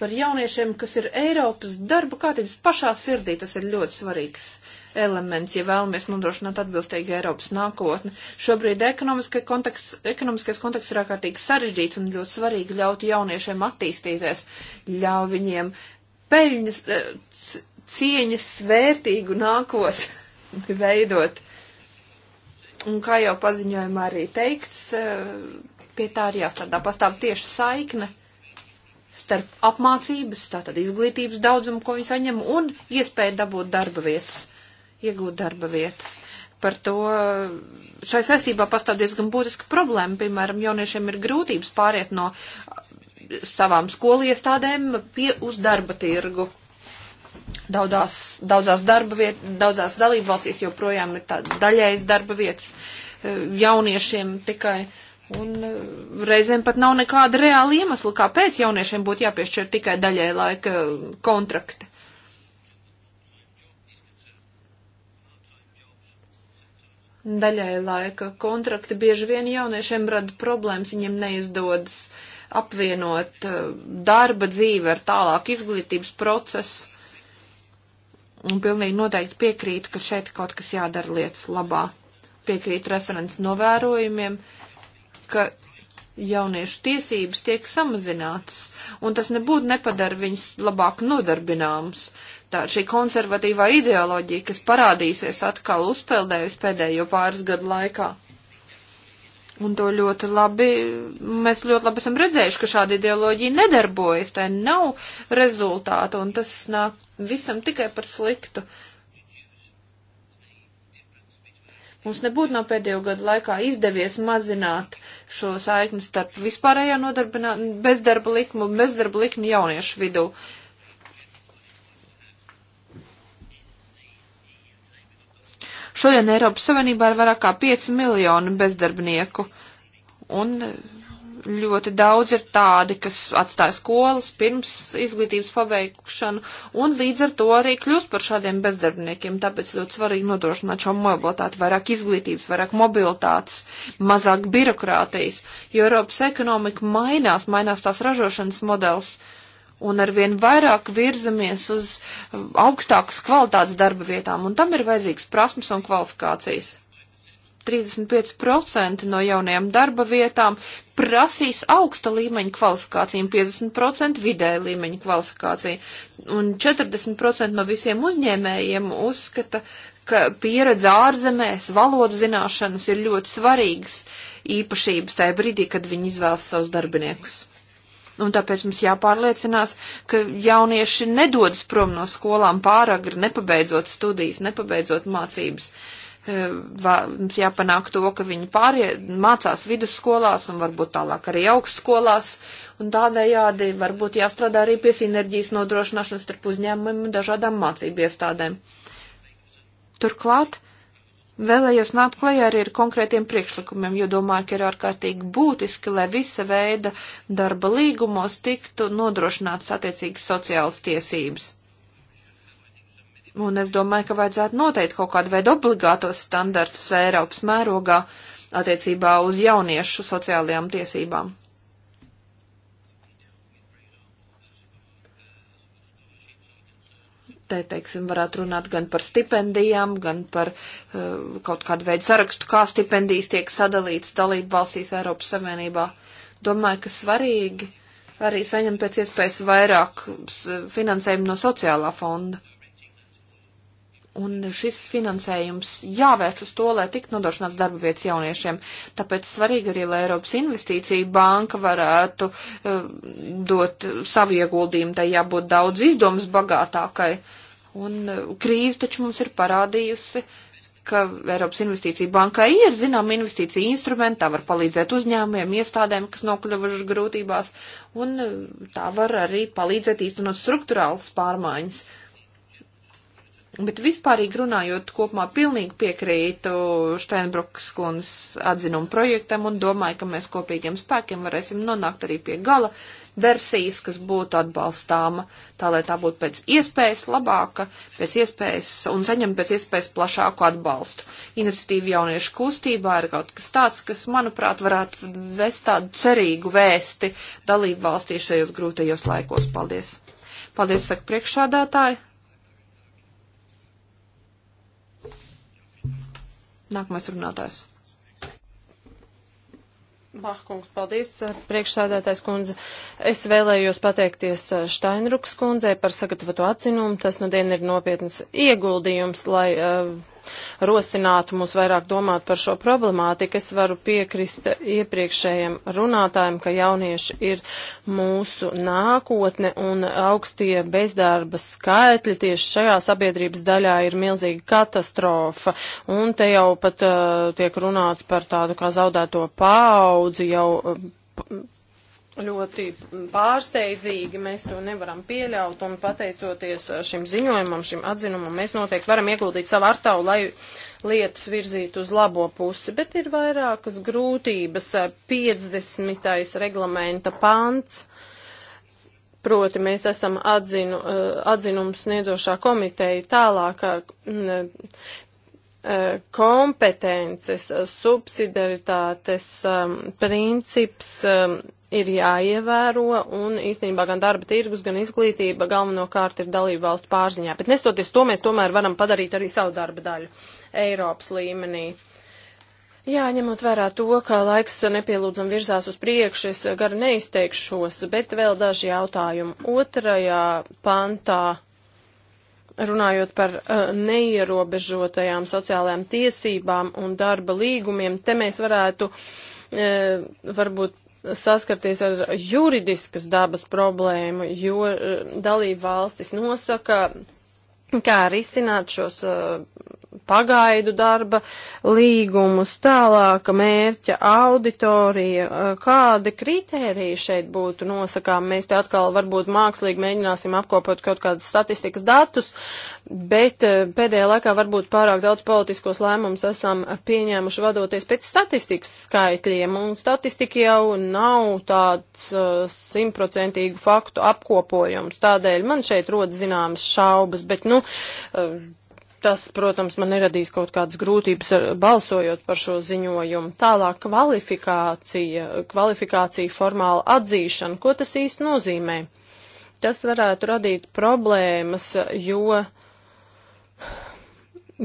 par jauniešiem, kas ir Eiropas darba kārtības pašā sirdī. Tas ir ļoti svarīgs elements, ja vēlamies nodrošināt atbilstīgu Eiropas nākotni. Šobrīd ekonomiskais konteksts, ekonomiskais konteksts ir ārkārtīgi sarežģīts un ļoti svarīgi ļaut jauniešiem attīstīties, ļauj viņiem peļņas, eh, cieņas vērtīgu nākos veidot. Un kā jau paziņojumā arī teikts, eh, pie tā ir jāstrādā. Pastāv tieši saikne starp apmācības, tātad izglītības daudzumu, ko viņi saņem, un iespēju dabūt darba vietas iegūt darba vietas. Par to šai saistībā pastāv diezgan būtiska problēma. Piemēram, jauniešiem ir grūtības pāriet no savām skoliestādēm pie uz darba tirgu. Daudās, daudzās darba viet, daudzās dalībvalstīs joprojām ir tāds daļais darba vietas e, jauniešiem tikai. Un e, reizēm pat nav nekāda reāla iemesla, kāpēc jauniešiem būtu jāpiešķir tikai daļai laika kontrakti. daļai laika kontrakti bieži vien jauniešiem rada problēmas, viņiem neizdodas apvienot eh, darba dzīvi ar tālāk izglītības procesu. Un pilnīgi noteikti piekrītu, ka šeit kaut kas jādara lietas labā. Piekrītu referents novērojumiem, ka jauniešu tiesības tiek samazinātas, un tas nebūtu nepadara viņus labāk nodarbināmus tā šī konservatīvā ideoloģija, kas parādīsies atkal uzpeldējusi pēdējo pāris gadu laikā. Un to ļoti labi, mēs ļoti labi esam redzējuši, ka šāda ideoloģija nedarbojas, tai nav rezultāta, un tas nāk visam tikai par sliktu. Mums nebūtu no pēdējo gadu laikā izdevies mazināt šo saikni starp vispārējā bezdarba likmu un bezdarba likmi jauniešu vidū. Uh, Šodien Eiropas Savienībā ir vairāk kā 5 miljoni bezdarbnieku, un ļoti daudz ir tādi, kas atstāja skolas pirms izglītības pabeigšanu, un līdz ar to arī kļūst par šādiem bezdarbniekiem. Tāpēc ļoti svarīgi nodrošināt šo mobilitāti, vairāk izglītības, vairāk mobilitātes, mazāk birokrātijas, jo Eiropas ekonomika mainās, mainās tās ražošanas modelis un arvien vairāk virzamies uz augstākas kvalitātes darba vietām, un tam ir vajadzīgs prasmes un kvalifikācijas. 35% no jaunajām darba vietām prasīs augsta līmeņa kvalifikāciju, 50% vidēja līmeņa kvalifikāciju, un 40% no visiem uzņēmējiem uzskata, ka pieredze ārzemēs, valodas zināšanas ir ļoti svarīgas īpašības tajā brīdī, kad viņi izvēlas savus darbiniekus un tāpēc mums jāpārliecinās, ka jaunieši nedodas prom no skolām pāragri, nepabeidzot studijas, nepabeidzot mācības. Eh, Vā, mums jāpanāk to, ka viņi pārie mācās vidusskolās un varbūt tālāk arī augstskolās, un tādējādi varbūt jāstrādā arī pie sinerģijas nodrošināšanas starp uzņēmumiem un dažādām mācību iestādēm. Turklāt, uh, Vēlējos nākt klajā arī ar konkrētiem priekšlikumiem, jo domāju, ka ir ārkārtīgi būtiski, lai visa veida darba līgumos tiktu nodrošinātas attiecīgas sociālas tiesības. Un es domāju, ka vajadzētu noteikt kaut kādu veidu obligātos standartus Eiropas mērogā attiecībā uz jauniešu sociālajām tiesībām. Te, teiksim, varētu runāt gan par stipendijām, gan par uh, kaut kādu veidu sarakstu, kā stipendijas tiek sadalītas dalību valstīs Eiropas Savienībā. Domāju, ka svarīgi arī saņemt pēc iespējas vairāk finansējumu no sociālā fonda. Un šis finansējums jāvērš uz to, lai tik nodrošināts darba vietas jauniešiem. Tāpēc svarīgi arī, lai Eiropas investīcija banka varētu uh, dot savu ieguldījumu, tai jābūt daudz izdomas bagātākai. Uh, Un e, krīze taču mums ir parādījusi, ka Eiropas investīcija bankai ir zinām investīcija instrumenti, tā var palīdzēt uzņēmumiem, iestādēm, kas nokļuvuši grūtībās, un e, tā var arī palīdzēt īstenot struktūrāls pārmaiņas. Uh, Bet vispārīgi runājot, kopumā pilnīgi piekrītu Steinbrukas kundas atzinumu projektam un domāju, ka mēs kopīgiem spēkiem varēsim nonākt arī pie gala versijas, kas būtu atbalstāma, tā lai tā būtu pēc iespējas labāka, pēc iespējas un saņem pēc iespējas plašāku atbalstu. Iniciatīva jauniešu kustībā ir kaut kas tāds, kas, manuprāt, varētu vest tādu cerīgu vēsti dalību valstī šajos grūtajos laikos. Paldies! Paldies, saka priekšsādātāji! Nākamais runātājs. Bahkungs, paldies, priekšsādātājs kundze. Es vēlējos pateikties Štainruks eh, kundzei par sagatavotu atzinumu. Tas nu dien ir nopietnas ieguldījums, lai uh, rosinātu mūs vairāk domāt par šo problemātiku. Es varu piekrist iepriekšējiem runātājiem, ka jaunieši ir mūsu nākotne un augstie bezdarba skaitļi tieši šajā sabiedrības daļā ir milzīga katastrofa. Un te jau pat uh, tiek runāts par tādu kā zaudēto paudzi jau. Uh, ļoti pārsteidzīgi, mēs to nevaram pieļaut, un pateicoties uh, šim ziņojumam, šim atzinumam, mēs noteikti varam ieguldīt savu artavu, lai lietas virzītu uz labo pusi, bet ir vairākas grūtības. 50. Uh, reglamenta pants, proti mēs esam atzinu, uh, atzinumu sniedzošā komiteja tālāk kompetences, subsidaritātes um, princips um, ir jāievēro, un īstenībā gan darba tirgus, gan izglītība galvenokārt ir dalību valstu pārziņā. Bet nestoties to, mēs tomēr varam padarīt arī savu darba daļu Eiropas līmenī. Jā, ņemot vērā to, ka laiks nepielūdzam virzās uz priekšu, es gar neizteikšos, bet vēl daži jautājumi. Otrajā pantā, runājot par uh, neierobežotajām sociālajām tiesībām un darba līgumiem, te mēs varētu uh, varbūt saskarties ar juridiskas dabas problēmu, jo eh, dalība valstis nosaka, kā risināt šos uh, pagaidu darba līgumus, tālāka mērķa auditorija, kādi kriteriji šeit būtu nosakām. Mēs te atkal varbūt mākslīgi mēģināsim apkopot kaut kādas statistikas datus, bet pēdējā laikā varbūt pārāk daudz politiskos lēmumus esam pieņēmuši vadoties pēc statistikas skaitļiem, un statistika jau nav tāds simtprocentīgu faktu apkopojums. Tādēļ man šeit rodas zināmas šaubas, bet, nu, Tas, protams, man ir radījis kaut kādas grūtības ar, balsojot par šo ziņojumu. Tālāk kvalifikācija, kvalifikācija formāla atzīšana, ko tas īsti nozīmē? Tas varētu radīt problēmas, jo uh,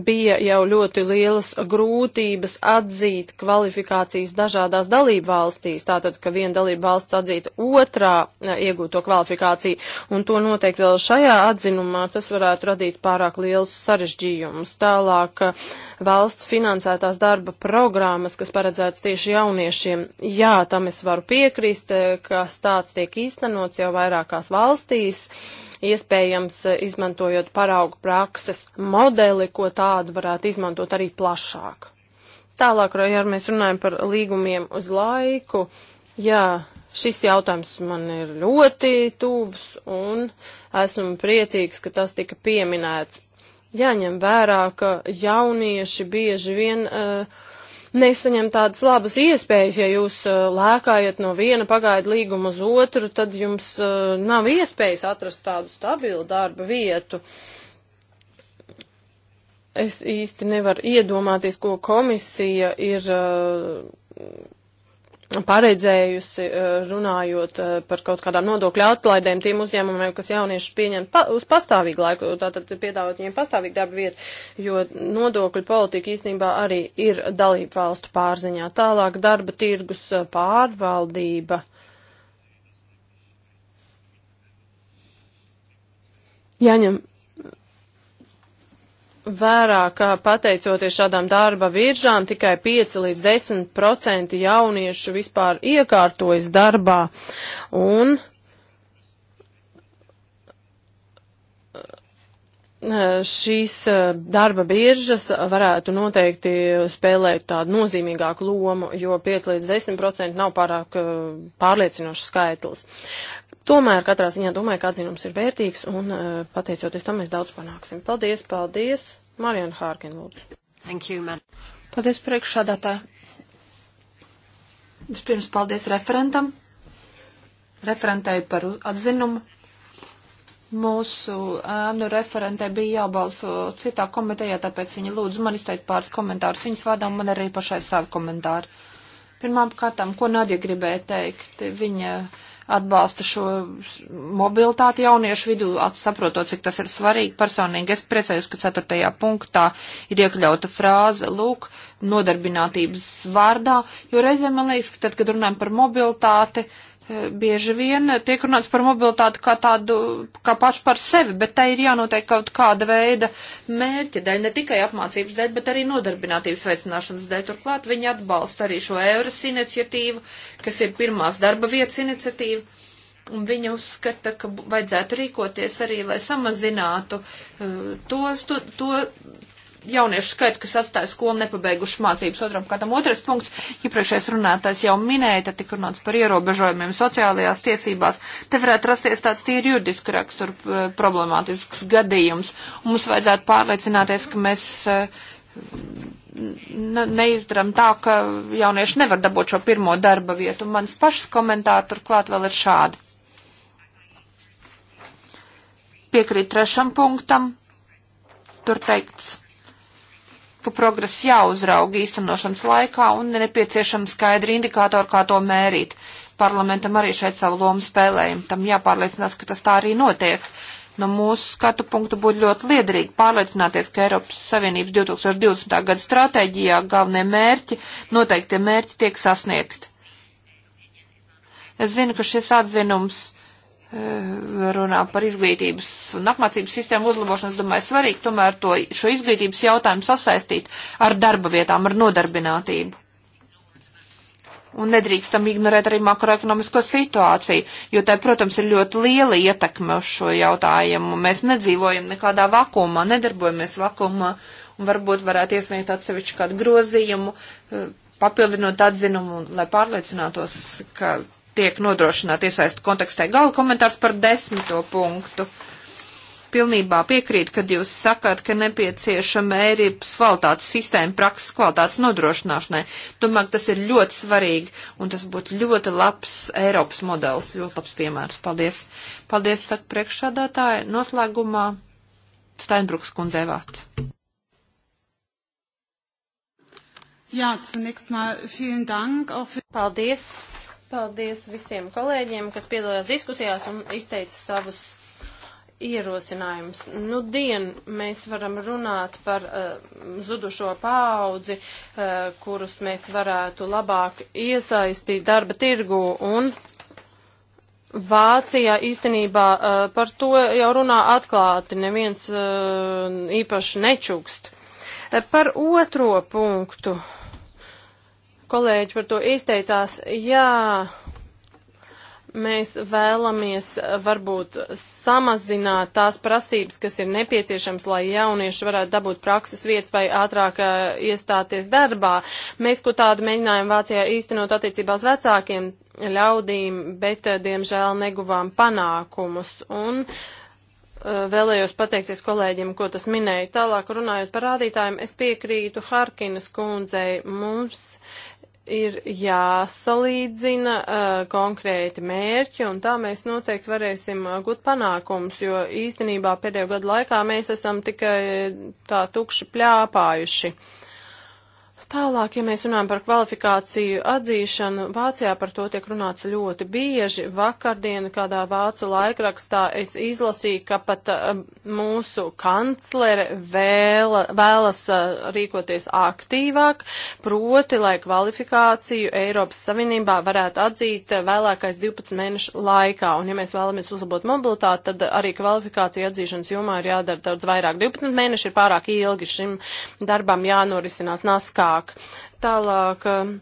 bija jau ļoti lielas grūtības atzīt kvalifikācijas dažādās dalību valstīs, tātad, ka viena dalību valsts atzīta otrā eh, iegūto kvalifikāciju, un to noteikti vēl šajā atzinumā tas varētu radīt pārāk lielus sarežģījumus. Tālāk eh, valsts finansētās darba programmas, kas paredzētas tieši jauniešiem, jā, tam es varu piekrist, eh, ka tāds tiek īstenots jau vairākās valstīs. Uh, iespējams eh, izmantojot paraugu prakses modeli, ko tādu varētu izmantot arī plašāk. Tālāk, ja mēs runājam par līgumiem uz laiku, jā, šis jautājums man ir ļoti tuvs un esmu priecīgs, ka tas tika pieminēts. Jāņem vērā, ka jaunieši bieži vien uh, nesaņem tādas labas iespējas. Ja jūs eh, lēkājat no viena pagaidu līguma uz otru, tad jums eh, nav iespējas atrast tādu stabilu darba vietu. Es īsti nevaru iedomāties, ko komisija ir eh, paredzējusi eh, runājot eh, par kaut kādām nodokļu atlaidēm tiem uzņēmumiem, kas jauniešus pieņem pa, uz pastāvīgu laiku, tātad piedāvāt viņiem pastāvīgu darba vietu, jo nodokļu politika īstenībā arī ir dalību valstu pārziņā. Tālāk darba tirgus eh, pārvaldība. Jāņem vērā, ka pateicoties šādām darba viržām, tikai 5 līdz 10 procenti jauniešu vispār iekārtojas darbā. Un e, šīs e, darba biržas varētu noteikti spēlēt tādu nozīmīgāku lomu, jo 5 līdz 10% nav pārāk e, pārliecinošs skaitlis. Tomēr katrā ziņā domāju, ka atzinums ir vērtīgs un eh, pateicoties tam mēs daudz panāksim. Paldies, paldies. Marijana Hārkin, lūdzu. Thank you, man. Paldies priekšādātā. Vispirms paldies referentam. Referentai par atzinumu. Mūsu ēnu referentē bija jābalso citā komitejā, tāpēc viņa lūdzu man izteikt pāris komentārus viņas vārdā, un man arī pašai savu komentāru. Pirmām kārtām, ko Nadja gribēja teikt, viņa uh, atbalsta šo mobilitāti jauniešu vidū, saprotot, cik tas ir svarīgi. Personīgi es priecājos, ka ceturtajā punktā ir iekļauta frāze, lūk, nodarbinātības vārdā, jo reizēm man liekas, ka tad, kad runājam par mobilitāti, uh, bieži vien tiek runāts par mobilitāti kā tādu, kā pašu par sevi, bet tai ir jānotiek kaut kāda veida mērķa dēļ, ne tikai apmācības dēļ, bet arī nodarbinātības veicināšanas dēļ. Turklāt viņi atbalsta arī šo Eiras iniciatīvu, kas ir pirmās darba vietas iniciatīva. Un viņa uzskata, ka vajadzētu rīkoties arī, lai samazinātu uh, to, to, to jauniešu skaitu, kas atstāja skolu nepabeiguši mācības otram kādam. Otrais punkts, iepriekšējais runātājs jau minēja, tad tik runāts par ierobežojumiem sociālajās tiesībās. Te varētu rasties tāds tīri juridiski rakstur eh, problemātisks gadījums. Mums vajadzētu pārliecināties, ka mēs eh, neizdaram tā, ka jaunieši nevar dabūt šo pirmo darba vietu. Mans pašas komentāri turklāt vēl ir šādi. Piekrīt trešam punktam. Tur teikts ka progress jāuzrauga īstenošanas laikā un nepieciešama skaidra indikātora, kā to mērīt. Parlamentam arī šeit savu lomu spēlējam, tam jāpārliecinās, ka tas tā arī notiek. No mūsu skatu punktu būtu ļoti liederīgi pārliecināties, ka Eiropas Savienības 2020. gada stratēģijā galvenie mērķi, noteiktie mērķi tiek sasniegti. Es zinu, ka šis atzinums Eh, runā par izglītības un apmācības sistēmu uzlabošanu, es domāju, svarīgi tomēr to, šo izglītības jautājumu sasaistīt ar darba vietām, ar nodarbinātību. Un nedrīkstam ignorēt arī makroekonomisko situāciju, jo tai, protams, ir ļoti liela ietekme uz šo jautājumu. Mēs nedzīvojam nekādā vakumā, nedarbojamies vakumā, un varbūt varētu iesniegt atsevišķu kādu grozījumu, eh, papildinot atzinumu, lai pārliecinātos, ka tiek nodrošināta iesaistu kontekstē. Gala komentārs par desmito punktu. Pilnībā piekrīt, kad jūs sakāt, ka nepieciešama ērības kvalitātes sistēma prakses kvalitātes nodrošināšanai. Domāju, tas ir ļoti svarīgi un tas būtu ļoti labs Eiropas modelis, ļoti labs piemērs. Paldies. Paldies, saka priekšsādātāja. Noslēgumā Steinbruks kundzei vārds. Jā, zunächst mal vielen Dank auch für. Paldies Paldies visiem kolēģiem, kas piedalījās diskusijās un izteica savus ierosinājumus. Nu, dien mēs varam runāt par uh, zudušo paudzi, uh, kurus mēs varētu labāk iesaistīt darba tirgu un Vācijā īstenībā uh, par to jau runā atklāti, neviens uh, īpaši nečukst. Par otro punktu. Uh, kolēģi par to izteicās. Jā, mēs vēlamies eh, varbūt samazināt tās prasības, kas ir nepieciešams, lai jaunieši varētu dabūt prakses vietu vai ātrāk uh, iestāties darbā. Mēs ko tādu mēģinājām Vācijā īstenot attiecībā uz vecākiem ļaudīm, bet, uh, diemžēl, neguvām panākumus. Un uh, vēlējos pateikties kolēģiem, ko tas minēja. Tālāk runājot par rādītājiem, es piekrītu Harkinas kundzei. Mums ir jāsalīdzina uh, konkrēti mērķi, un tā mēs noteikti varēsim uh, gūt panākums, jo īstenībā pēdējo gadu laikā mēs esam tikai tā tukši pļāpājuši. Uh, Tālāk, ja mēs runājam par kvalifikāciju atzīšanu, Vācijā par to tiek runāts ļoti bieži. Vakardien kādā vācu laikrakstā es izlasīju, ka pat eh, mūsu kanclere vēla, vēlas eh, rīkoties aktīvāk, proti, lai kvalifikāciju Eiropas Savienībā varētu atzīt eh, vēlākais 12 mēnešu laikā. Un ja mēs vēlamies uzlabot mobilitāti, tad arī kvalifikācija atzīšanas jomā ir jādara daudz vairāk. 12 mēneši ir pārāk ilgi, šim darbam jānorisinās naskā tālāk. Tālāk um,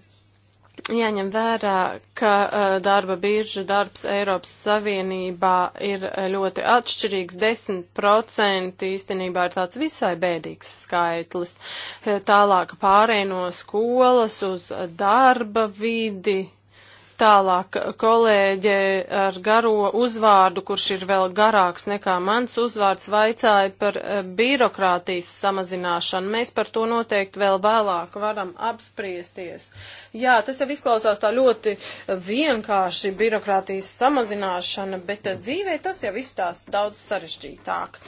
jāņem vērā, ka uh, darba birža darbs Eiropas Savienībā ir uh, ļoti atšķirīgs. 10% īstenībā ir tāds visai bēdīgs skaitlis. Tālāk pārēj no skolas uz darba vidi. Tālāk kolēģe ar garo uzvārdu, kurš ir vēl garāks nekā mans uzvārds, vaicāja par eh, birokrātijas samazināšanu. Mēs par to noteikti vēl vēlāk varam apspriesties. Jā, tas jau izklausās tā ļoti vienkārši birokrātijas samazināšana, bet eh, dzīvē tas jau izstās daudz sarežģītāk.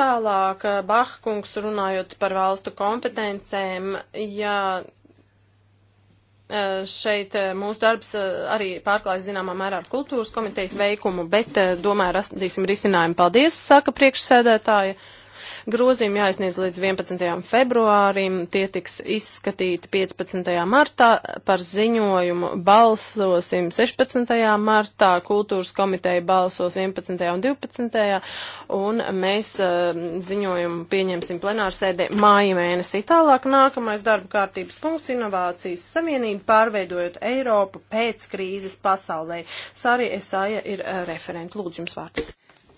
Tālāk, eh, Bahkungs runājot par valstu kompetencēm, jā, Eh, šeit eh, mūsu darbs eh, arī pārklājas zināmā mērā ar kultūras komitejas veikumu, bet domāju, radīsim risinājumu. Paldies, saka priekšsēdētāja. Grozījumi jāizniedz līdz 11. februārim, tie tiks izskatīti 15. martā, par ziņojumu balsosim 16. martā, kultūras komiteja balsos 11. un 12. un mēs uh, ziņojumu pieņemsim plenārsēdē māja mēnesī. Tālāk nākamais darba kārtības punkts - inovācijas savienība pārveidojot Eiropu pēc krīzes pasaulē. Sari Esaja ir eh, referenta. Lūdzu, jums vārds.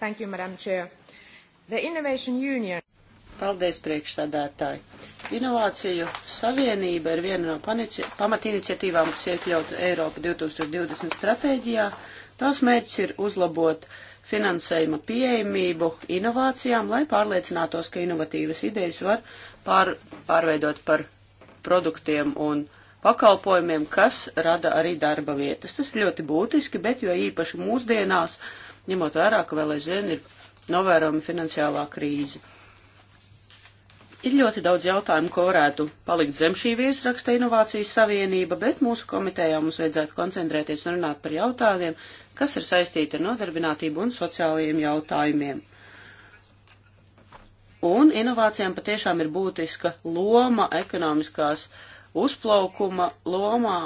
Thank you, Madam Chair. Paldies, priekšstādātāji! Inovāciju savienība ir viena no pamatiniciatīvām, kas iekļauta Eiropa 2020 stratēģijā. Tās mērķis ir uzlabot finansējuma pieejamību inovācijām, lai pārliecinātos, ka inovatīvas idejas var pār, pārveidot par produktiem un pakalpojumiem, kas rada arī darba vietas. Tas ir ļoti būtiski, bet jo īpaši mūsdienās, ņemot vērā, ka vēl aizvien ir novērojama finansiālā krīze. Ir ļoti daudz jautājumu, ko varētu palikt zem šī viesraksta inovācijas savienība, bet mūsu komitejā mums vajadzētu koncentrēties un runāt par jautājumiem, kas ir saistīti ar nodarbinātību un sociālajiem jautājumiem. Un inovācijām patiešām ir būtiska loma ekonomiskās uzplaukuma lomā,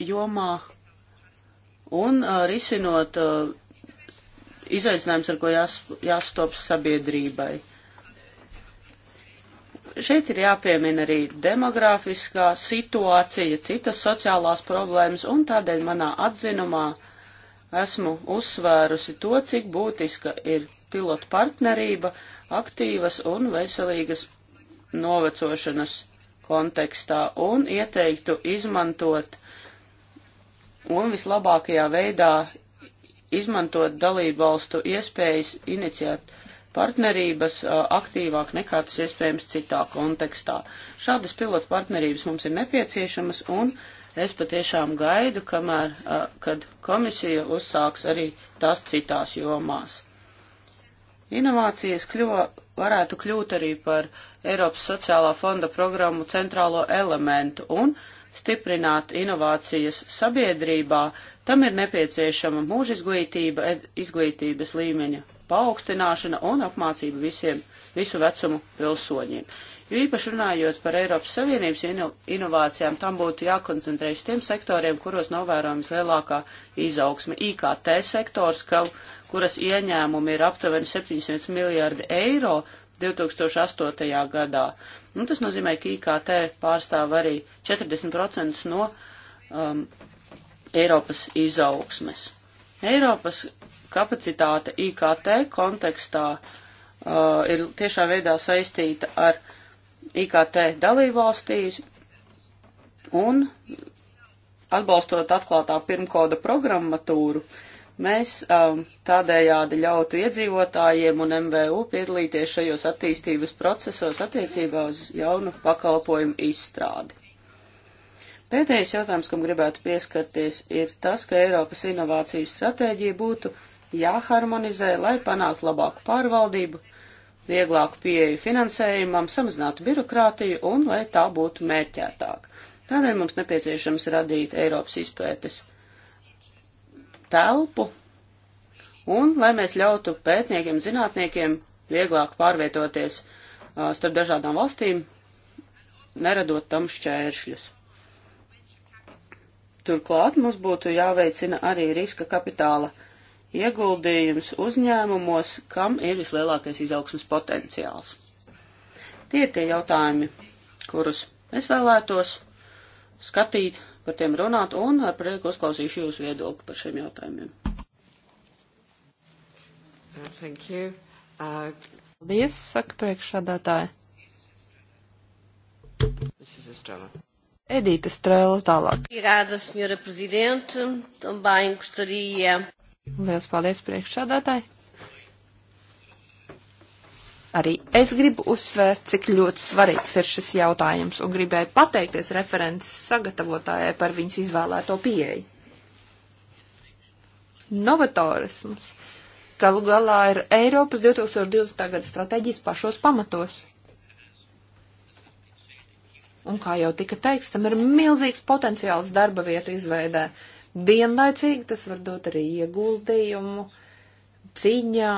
jomā un uh, risinot uh, izaicinājums, ar ko jās, jāstops sabiedrībai. Šeit ir jāpiemina arī demografiskā situācija, citas sociālās problēmas, un tādēļ manā atzinumā esmu uzsvērusi to, cik būtiska ir pilotu partnerība aktīvas un veselīgas novecošanas kontekstā un ieteiktu izmantot un vislabākajā veidā izmantot dalību valstu iespējas iniciēt partnerības aktīvāk nekā tas iespējams citā kontekstā. Šādas pilotu partnerības mums ir nepieciešamas un es patiešām gaidu, kamēr, kad komisija uzsāks arī tās citās jomās. Inovācijas kļuva, varētu kļūt arī par Eiropas sociālā fonda programmu centrālo elementu un stiprināt inovācijas sabiedrībā Tam ir nepieciešama mūža izglītība, ed, izglītības līmeņa paaugstināšana un apmācība visiem visu vecumu pilsoņiem. Jo īpaši runājot par Eiropas Savienības ino, inovācijām, tam būtu jākoncentrējas tiem sektoriem, kuros novērojams lielākā izaugsme. IKT sektors, ka, kuras ieņēmumi ir aptuveni 700 miljārdi eiro, 2008. gadā. Nu, tas nozīmē, ka IKT pārstāv arī 40% no um, Eiropas izaugsmes. Eiropas kapacitāte IKT kontekstā uh, ir tiešā veidā saistīta ar IKT dalībvalstīs un atbalstot atklātā pirmkoda programmatūru, mēs um, tādējādi ļautu iedzīvotājiem un MVU piedalīties šajos attīstības procesos attiecībā uz jaunu pakalpojumu izstrādi. Pēdējais jautājums, kam gribētu pieskarties, ir tas, ka Eiropas inovācijas stratēģija būtu jāharmonizē, lai panāktu labāku pārvaldību, vieglāku pieeju finansējumam, samazinātu birokrātiju un lai tā būtu mērķētāk. Tādēļ mums nepieciešams radīt Eiropas izpētes telpu un lai mēs ļautu pētniekiem, zinātniekiem vieglāk pārvietoties uh, starp dažādām valstīm, neradot tam šķēršļus. Turklāt mums būtu jāveicina arī riska kapitāla ieguldījums uzņēmumos, kam ir vislielākais izaugsmas potenciāls. Tie ir tie jautājumi, kurus es vēlētos skatīt, par tiem runāt un ar prieku uzklausīšu jūsu viedokli par šiem jautājumiem. Uh, thank you. Uh, Paldies, saka priekšsādātāja. This is Estrella. Edita Strēla tālāk. Obrigada, senhora prezidente. Também gostaria. Lielas paldies priekšsādātāji. Arī es gribu uzsvērt, cik ļoti svarīgs ir šis jautājums un gribēju pateikties referents sagatavotājai par viņas izvēlēto pieeju. Novatorisms galu galā ir Eiropas 2020. gada stratēģijas pašos pamatos. Un, kā jau tika teikts, tam ir milzīgs potenciāls darba vietu izveidē. Vienlaicīgi tas var dot arī ieguldījumu cīņā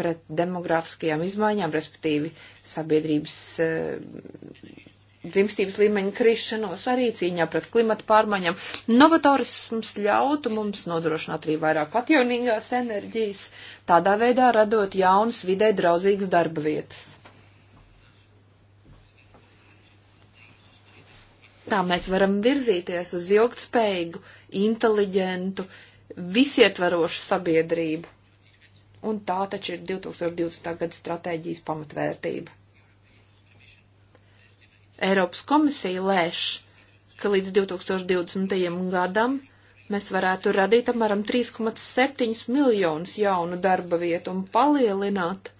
pret demografiskajām izmaiņām, respektīvi sabiedrības eh, dzimstības līmeņa krišanos, arī cīņā pret klimatu pārmaiņām. Novatorisms ļautu mums nodrošināt arī vairāk atjaunīgās enerģijas, tādā veidā radot jaunas vidē draudzīgas darba vietas. Tā mēs varam virzīties uz ilgtspējīgu, inteliģentu, visietvarošu sabiedrību. Un tā taču ir 2020. gada stratēģijas pamatvērtība. Eiropas komisija lēš, ka līdz 2020. gadam mēs varētu radīt apmēram 3,7 miljonus jaunu darba vietu un palielināt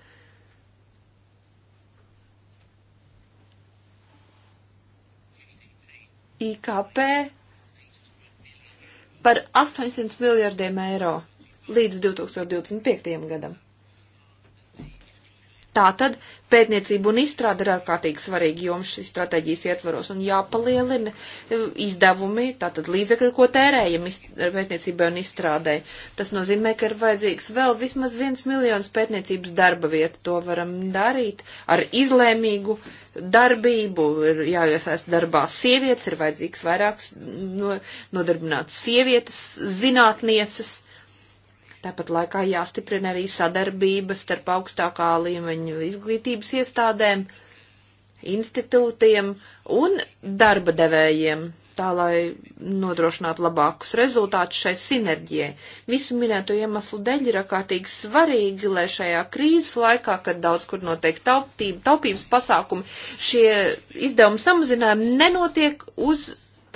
IKP par 800 miljardiem eiro līdz 2025. gadam. Tātad pētniecība un izstrāde ir ārkārtīgi svarīga joma šīs stratēģijas ietvaros un jāpalielina eh, izdevumi, tātad līdzekļi, ko tērējam pētniecībai un izstrādē. Tas nozīmē, ka ir vajadzīgs vēl vismaz viens miljons pētniecības darba vietu. To varam darīt ar izlēmīgu uh, darbību, ir jāiesaist darbā sievietes, ir vajadzīgs vairāks no, nodarbināts sievietes, zinātnieces. Tāpat laikā jāstiprina arī sadarbība starp augstākā līmeņa izglītības iestādēm, institūtiem un darba devējiem tā lai nodrošinātu labākus rezultātus šai sinerģijai. Visu minēto iemeslu dēļ ir ārkārtīgi svarīgi, lai šajā krīzes laikā, kad daudz kur notiek tauptība, taupības pasākumi, šie izdevumu samazinājumi nenotiek uz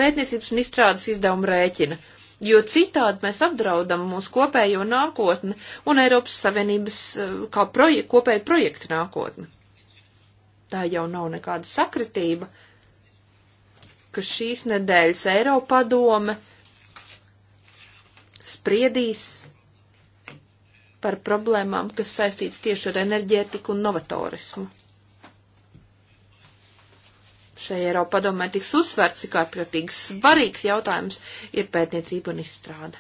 pētniecības un izstrādes izdevumu rēķina, jo citādi mēs apdraudam mūsu kopējo nākotni un Eiropas Savienības eh, kā proje kopēju projektu nākotni. Tā jau nav nekāda sakritība ka šīs nedēļas Eiropadome spriedīs par problēmām, kas saistīts tieši ar enerģētiku un novatorismu. Šajā Eiropadomē tiks uzsvērts, cik ārkārtīgi svarīgs jautājums ir pētniecība un izstrāde.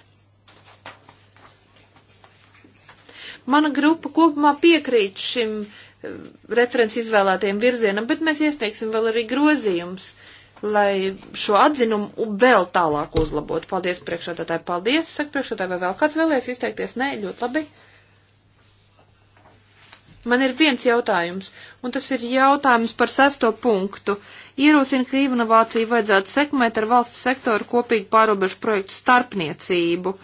Mana grupa kopumā piekrīt šim eh, referents izvēlētajiem virzienam, bet mēs iesniegsim vēl arī grozījumus, uh, lai šo atzinumu vēl tālāk uzlabotu. Paldies priekšādātāji, paldies, saka priekšādātāji, vai vēl kāds vēlēs izteikties? Nē, ļoti labi. Man ir viens jautājums, un tas ir jautājums par sesto punktu. Ierosina, ka inovāciju vajadzētu sekmēt ar valsts sektoru kopīgu pārobežu projektu starpniecību.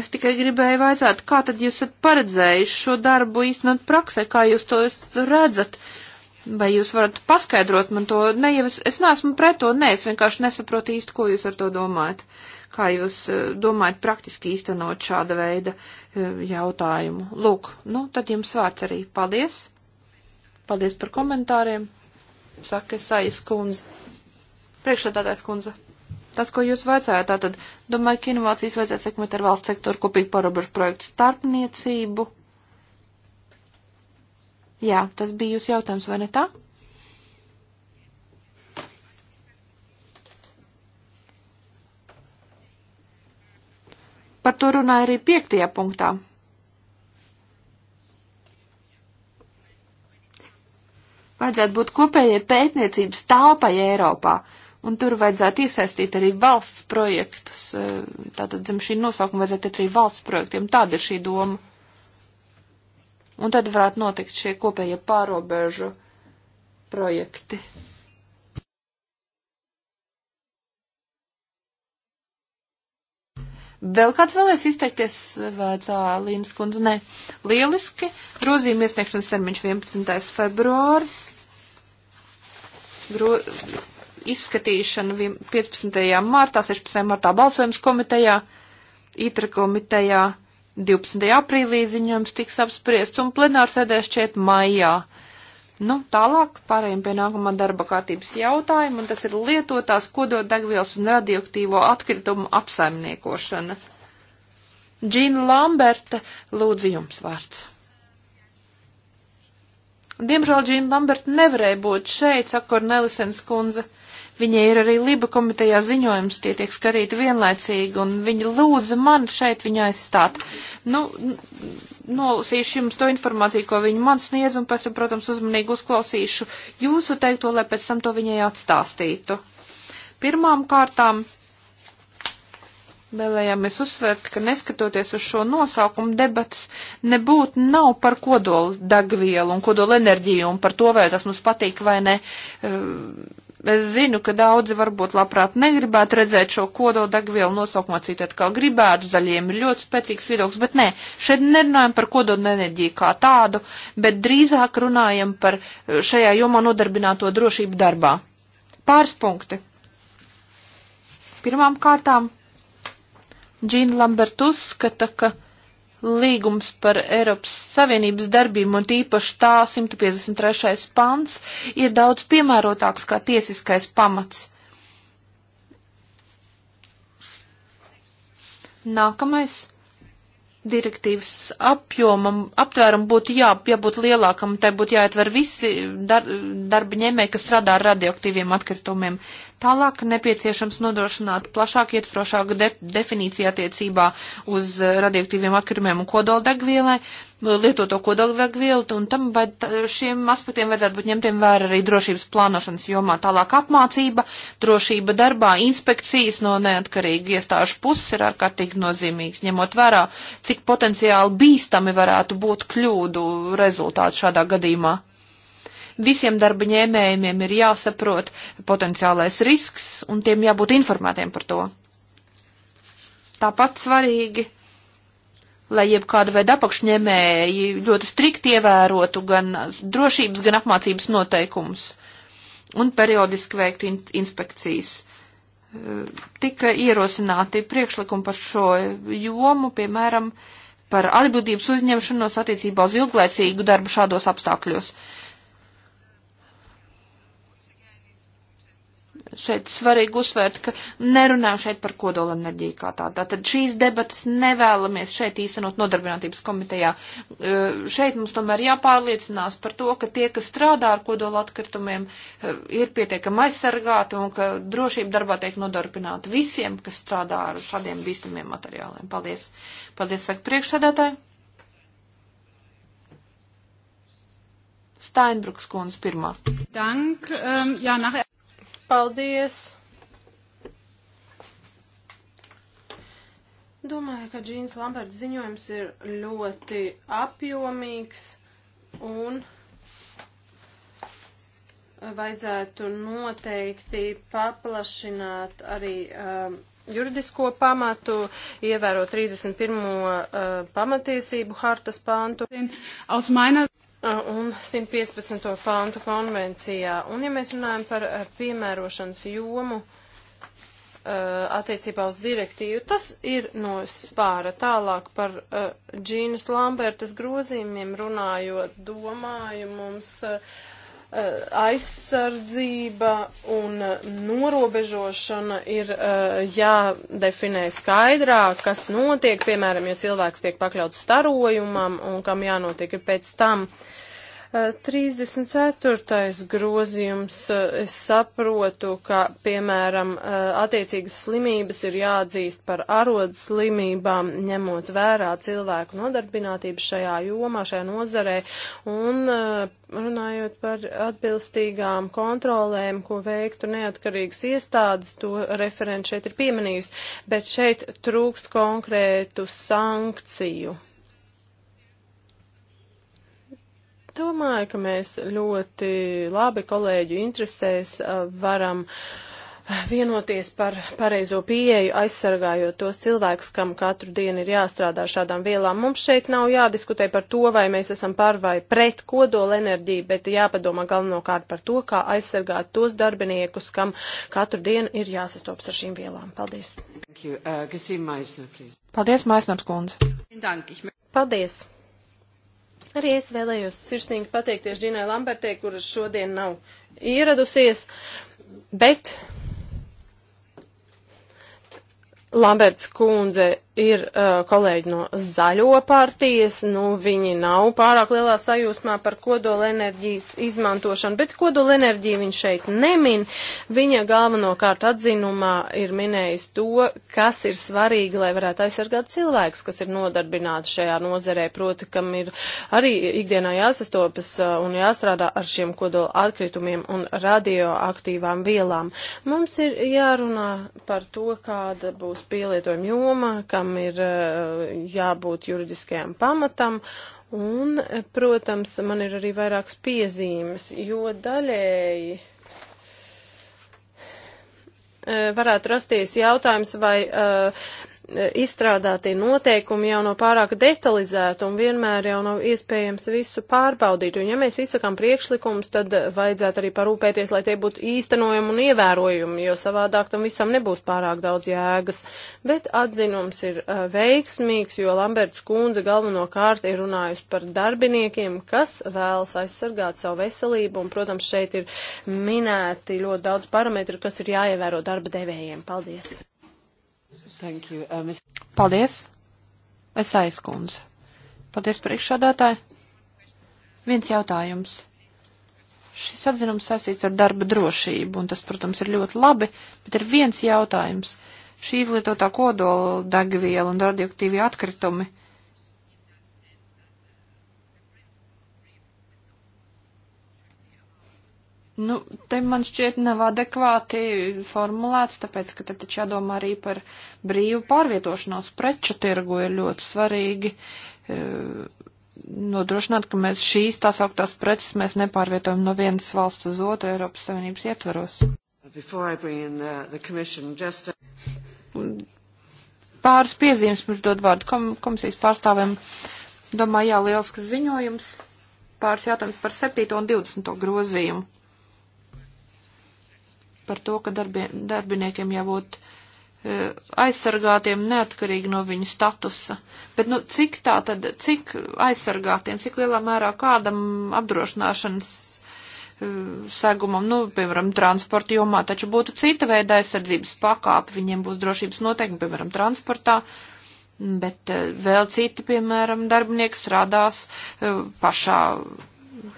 Es tikai gribēju vaicāt, kā tad jūs esat paredzējuši šo darbu īstenot praksē, kā jūs to redzat? Uh, Vai jūs varat paskaidrot man to? Nē, es, es neesmu pret to, nē, es vienkārši nesaprotu īsti, ko jūs ar to domājat. Kā jūs eh, domājat praktiski īstenot šāda veida eh, jautājumu? Lūk, nu, tad jums vārds arī. Paldies! Paldies par komentāriem! Saka Sajas kundze. Priekšsēdātājs kundze. Tas, ko jūs vajadzējāt, tātad, domāju, ka inovācijas vajadzētu sekmēt ar valsts sektoru kopīgi parobežu projektu starpniecību Jā, tas bija jūsu jautājums, vai ne tā? Par to runāja arī piektajā punktā. Vajadzētu būt kopējai pētniecības telpai Eiropā, un tur vajadzētu iesaistīt arī valsts projektus. Tātad zem šī nosaukuma vajadzētu arī valsts projektiem. Tāda ir šī doma. Un tad varētu notikt šie kopējie pārobežu projekti. Vēl kāds vēlēs izteikties, vecā Līnas kundze? Nē, lieliski. Grozījuma iesniegšanas termiņš 11. februāris. Gro... Izskatīšana 15. martā, 16. martā balsojums komitejā, itra komitejā 12. aprīlī ziņojums tiks apspriests un plenārsēdē šķiet maijā. Nu, tālāk pārējiem pie nākamā darba kārtības jautājuma, un tas ir lietotās kododegvielas un radioaktīvo atkritumu apsaimniekošana. Džīna Lamberta, lūdzu jums vārds. Diemžēl Džīna Lamberta nevarēja būt šeit, saka Kornelisens kundze. Uh, Viņai ir arī Liba komitejā ziņojums, tie tiek skatīti vienlaicīgi, un viņa lūdza man šeit viņu aizstāt. Nu, nolasīšu jums to informāciju, ko viņa man sniedz, un pēc tam, protams, uzmanīgi uzklausīšu jūsu teikto, lai pēc tam to viņai atstāstītu. Pirmām kārtām Vēlējāmies uzsvērt, ka neskatoties uz šo nosaukumu debats nebūtu nav par kodolu dagvielu un kodolu enerģiju un par to, vai tas mums patīk vai ne. Ehm, Es zinu, ka daudzi varbūt labprāt negribētu redzēt šo kododegvielu nosaukumā citēt, kā gribētu, zaļiem ir ļoti spēcīgs viedoklis, bet nē, šeit nerunājam par kododenerģiju kā tādu, bet drīzāk runājam par šajā jomā nodarbināto drošību darbā. Pāris punkti. Pirmām kārtām, Džīna Lamberts uzskata, ka Līgums par Eiropas Savienības darbību un tīpaši tā 153. pants ir daudz piemērotāks kā tiesiskais pamats. Nākamais direktīvas apjomam, aptvērumu būtu jā, jābūt lielākam, tai būtu jāietver visi dar, darba ņēmēji, kas strādā ar radioaktīviem atkritumiem. Tālāk nepieciešams nodrošināt plašāk ietfrošāku de definīciju attiecībā uz radioaktīviem atkritumiem un kodoldegvielai, lietoto kodoldegvielu, un tam vai šiem aspektiem vajadzētu būt ņemtiem vērā arī drošības plānošanas jomā. Tālāk apmācība, drošība darbā, inspekcijas no neatkarīgi iestāžu puses ir ārkārtīgi nozīmīgs, ņemot vērā, cik potenciāli bīstami varētu būt kļūdu rezultāti šādā gadījumā. Visiem darba ņēmējiem ir jāsaprot potenciālais risks un tiem jābūt informētiem par to. Tāpat svarīgi, lai jebkāda veida apakšņēmēji ļoti strikti ievērotu gan drošības, gan apmācības noteikumus un periodiski veiktu in inspekcijas tika ierosināti priekšlikumi par šo jomu, piemēram, par atbildības uzņemšanos attiecībā uz ilglaicīgu darbu šādos apstākļos. šeit svarīgi uzsvērt, ka nerunājam šeit par kodolenerģiju kā tādu. Tātad šīs debatas nevēlamies šeit īstenot nodarbinātības komitejā. Šeit mums tomēr jāpārliecinās par to, ka tie, kas strādā ar kodola atkritumiem, ir pietiekami aizsargāti un ka drošība darbā tiek nodarbināta visiem, kas strādā ar šādiem bīstamiem materiāliem. Paldies. Paldies, saka priekšsēdētāji. Steinbruks kundze pirmā. Dank, um, jā, nach Paldies! Domāju, ka Džīns Lamberts ziņojums ir ļoti apjomīgs un vajadzētu noteikti paplašināt arī um, juridisko pamatu, ievērot 31. Uh, pamatiesību hartas pāntu un 115. pāntu konvencijā. Un ja mēs runājam par eh, piemērošanas jomu eh, attiecībā uz direktīvu, tas ir no spāra tālāk par eh, Džīnas Lambertas grozījumiem runājot, domāju, mums. Uh, Eh, aizsardzība un norobežošana ir eh, jādefinē skaidrāk, kas notiek, piemēram, ja cilvēks tiek pakļauts starojumam un kam jānotiek ir pēc tam. Uh, 34. grozījums, es saprotu, ka, piemēram, attiecīgas slimības ir jāatzīst par arodas slimībām, ņemot vērā cilvēku nodarbinātību šajā jomā, šajā nozarē, un eh, runājot par atbilstīgām kontrolēm, ko veiktu neatkarīgas iestādes, to referents šeit ir pieminījis, bet šeit trūkst konkrētu sankciju. Domāju, ka mēs ļoti labi kolēģu interesēs uh, varam uh, vienoties par pareizo pieeju, aizsargājot tos cilvēkus, kam katru dienu ir jāstrādā šādām vielām. Mums šeit nav jādiskutē par to, vai mēs esam par vai pret kodola enerģiju, bet jāpadomā galvenokārt par to, kā aizsargāt tos darbiniekus, kam katru dienu ir jāsastops ar šīm vielām. Paldies. Uh, Paldies, Maisnars kundze. Paldies. Arī es vēlējos sirsnīgi pateikties Džinai Lambertē, kuras šodien nav ieradusies, bet Lamberts kundze ir uh, kolēģi no zaļo partijas, nu viņi nav pārāk lielā sajūsmā par kodolenerģijas izmantošanu, bet kodolenerģiju viņš šeit nemin. Viņa galvenokārt atzinumā ir minējis to, kas ir svarīgi, lai varētu aizsargāt cilvēks, kas ir nodarbināts šajā nozerē, proti, kam ir arī ikdienā jāsastopas uh, un jāstrādā ar šiem kodola atkritumiem un radioaktīvām vielām. Mums ir jārunā par to, kāda būs pielietojuma joma, kā tam ir eh, jābūt juridiskajam pamatam. Un, eh, protams, man ir arī vairākas piezīmes, jo daļēji eh, varētu rasties jautājums, vai uh, E, izstrādātie noteikumi jau nav pārāk detalizēti un vienmēr jau nav iespējams visu pārbaudīt. Un ja mēs izsakām priekšlikumus, tad vajadzētu arī parūpēties, lai tie būtu īstenojumi un ievērojumi, jo savādāk tam visam nebūs pārāk daudz jēgas. Bet atzinums ir uh, veiksmīgs, jo Lamberts kundze galvenokārt ir runājusi par darbiniekiem, kas vēlas aizsargāt savu veselību. Un, protams, šeit ir minēti ļoti daudz parametru, kas ir jāievēro darba devējiem. Paldies! Thank you. Um, uh, es... Paldies. Es aizkundze. Paldies priekšādātāji. Viens jautājums. Šis atzinums saistīts ar darba drošību, un tas, protams, ir ļoti labi, bet ir viens jautājums. Šī izlietotā kodola degviela un radioaktīvie atkritumi Nu, te man šķiet nav adekvāti formulēts, tāpēc, ka te taču jādomā arī par brīvu pārvietošanos preču tirgu ir ļoti svarīgi e, nodrošināt, ka mēs šīs tās augtās preces mēs nepārvietojam no vienas valsts uz otru Eiropas Savienības ietvaros. Uh, just... Pāris piezīmes pirms dod vārdu kom komisijas pārstāvēm. Domāju, jā, liels ziņojums. Pāris jautājums par 7. un 20. grozījumu par to, ka darbi, darbiniekiem jābūt e, aizsargātiem neatkarīgi no viņu statusa. Bet, nu, cik tā tad, cik aizsargātiem, cik lielā mērā kādam apdrošināšanas e, segumam, nu, piemēram, transporta jomā, taču būtu cita veida aizsardzības pakāpe, viņiem būs drošības noteikumi, piemēram, transportā, bet e, vēl citi, piemēram, darbinieki strādās pašā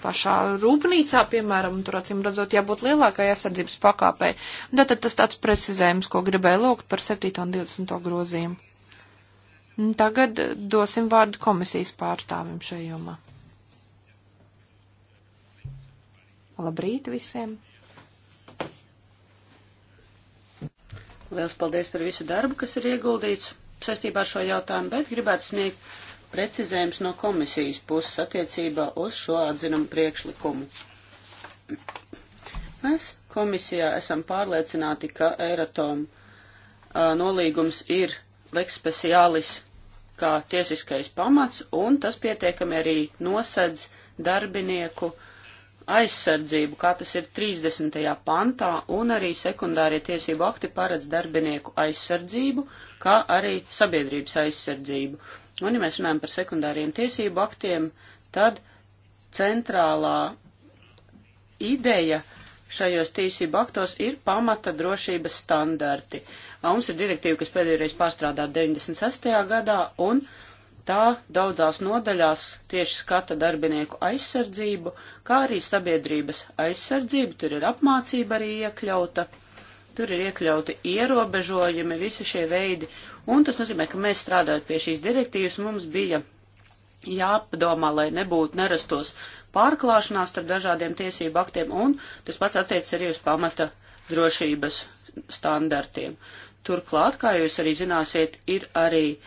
pašā rūpnīcā, piemēram, tur acīm redzot jābūt lielākai aizsardzības pakāpei. Tātad tas tāds precizējums, ko gribēju lūgt par 7. un 20. grozījumu. Tagad eh, dosim vārdu komisijas pārstāvim šajā jomā. Labrīt visiem! Liels paldies par visu darbu, kas ir ieguldīts saistībā ar šo jautājumu, bet gribētu sniegt precizējums no komisijas puses attiecībā uz šo atzinumu priekšlikumu. Mēs komisijā esam pārliecināti, ka Eiratom nolīgums ir leks speciālis kā tiesiskais pamats, un tas pietiekami arī nosedz darbinieku aizsardzību, kā tas ir 30. pantā, un arī sekundārie tiesību akti paredz darbinieku aizsardzību, kā arī sabiedrības aizsardzību. Un, ja mēs runājam par sekundāriem tiesību aktiem, tad centrālā ideja šajos tiesību aktos ir pamata drošības standarti. Mums ir direktīva, kas pēdējoreiz pārstrādāta 96. gadā, un tā daudzās nodaļās tieši skata darbinieku aizsardzību, kā arī sabiedrības aizsardzību, tur ir apmācība arī iekļauta. Tur ir iekļauti ierobežojumi, visi šie veidi. Un tas nozīmē, ka mēs strādājot pie šīs direktīvas, mums bija jāpadomā, lai nebūtu nerastos pārklāšanās starp dažādiem tiesību aktiem, un tas pats attiec arī uz pamata drošības standartiem. Turklāt, kā jūs arī zināsiet, ir arī uh,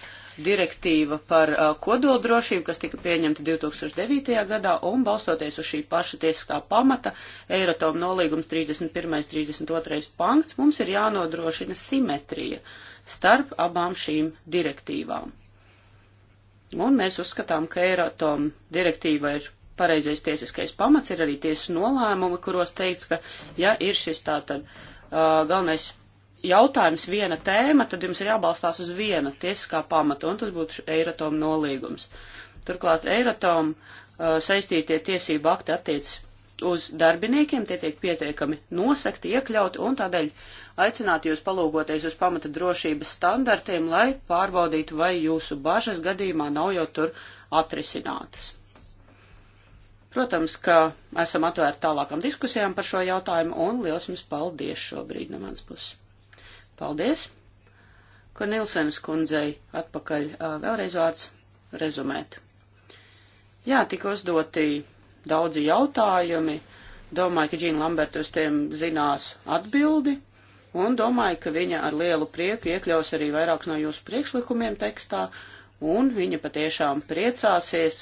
direktīva par uh, kodoldrošību, kas tika pieņemta 2009. gadā, un balstoties uz šī paša tiesiskā pamata, Eiratoma nolīgums 31. 32. punkts, mums ir jānodrošina simetrija starp abām šīm direktīvām. Un mēs uzskatām, ka Eiratom direktīva ir pareizais tiesiskais pamats, ir arī tiesas nolēmumi, kuros teikts, ka ja ir šis tātad uh, galvenais jautājums, viena tēma, tad jums ir jābalstās uz viena tiesiskā pamata, un tas būtu Eiratoma nolīgums. Turklāt Eiratoma uh, saistītie tiesību akti attiecas uz darbiniekiem, tie tiek pietiekami nosakti, iekļauti, un tādēļ aicināt jūs palūgoties uz pamata drošības standartiem, lai pārbaudītu, vai jūsu bažas gadījumā nav jau tur atrisinātas. Protams, ka esam atvērti tālākam diskusijām par šo jautājumu, un liels jums paldies šobrīd no mans puses. Paldies! Kornilsenas kundzei atpakaļ vēlreiz vārds rezumēt. Jā, tika uzdoti daudzi jautājumi. Domāju, ka Džīna Lamberta uz tiem zinās atbildi, un domāju, ka viņa ar lielu prieku iekļaus arī vairākus no jūsu priekšlikumiem tekstā, un viņa patiešām priecāsies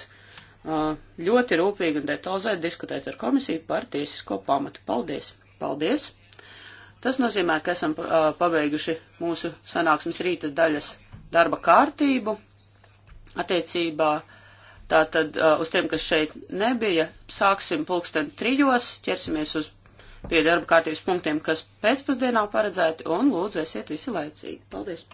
ļoti rūpīgi un detalizēti diskutēt ar komisiju par tiesisko pamatu. Paldies! Paldies! Tas nozīmē, ka esam uh, pabeiguši mūsu sanāksmes rīta daļas darba kārtību attiecībā tātad uh, uz tiem, kas šeit nebija. Sāksim pulksten trijos, ķersimies uz pie darba kārtības punktiem, kas pēcpusdienā paredzēti, un lūdzu esiet visi laicīgi. Paldies!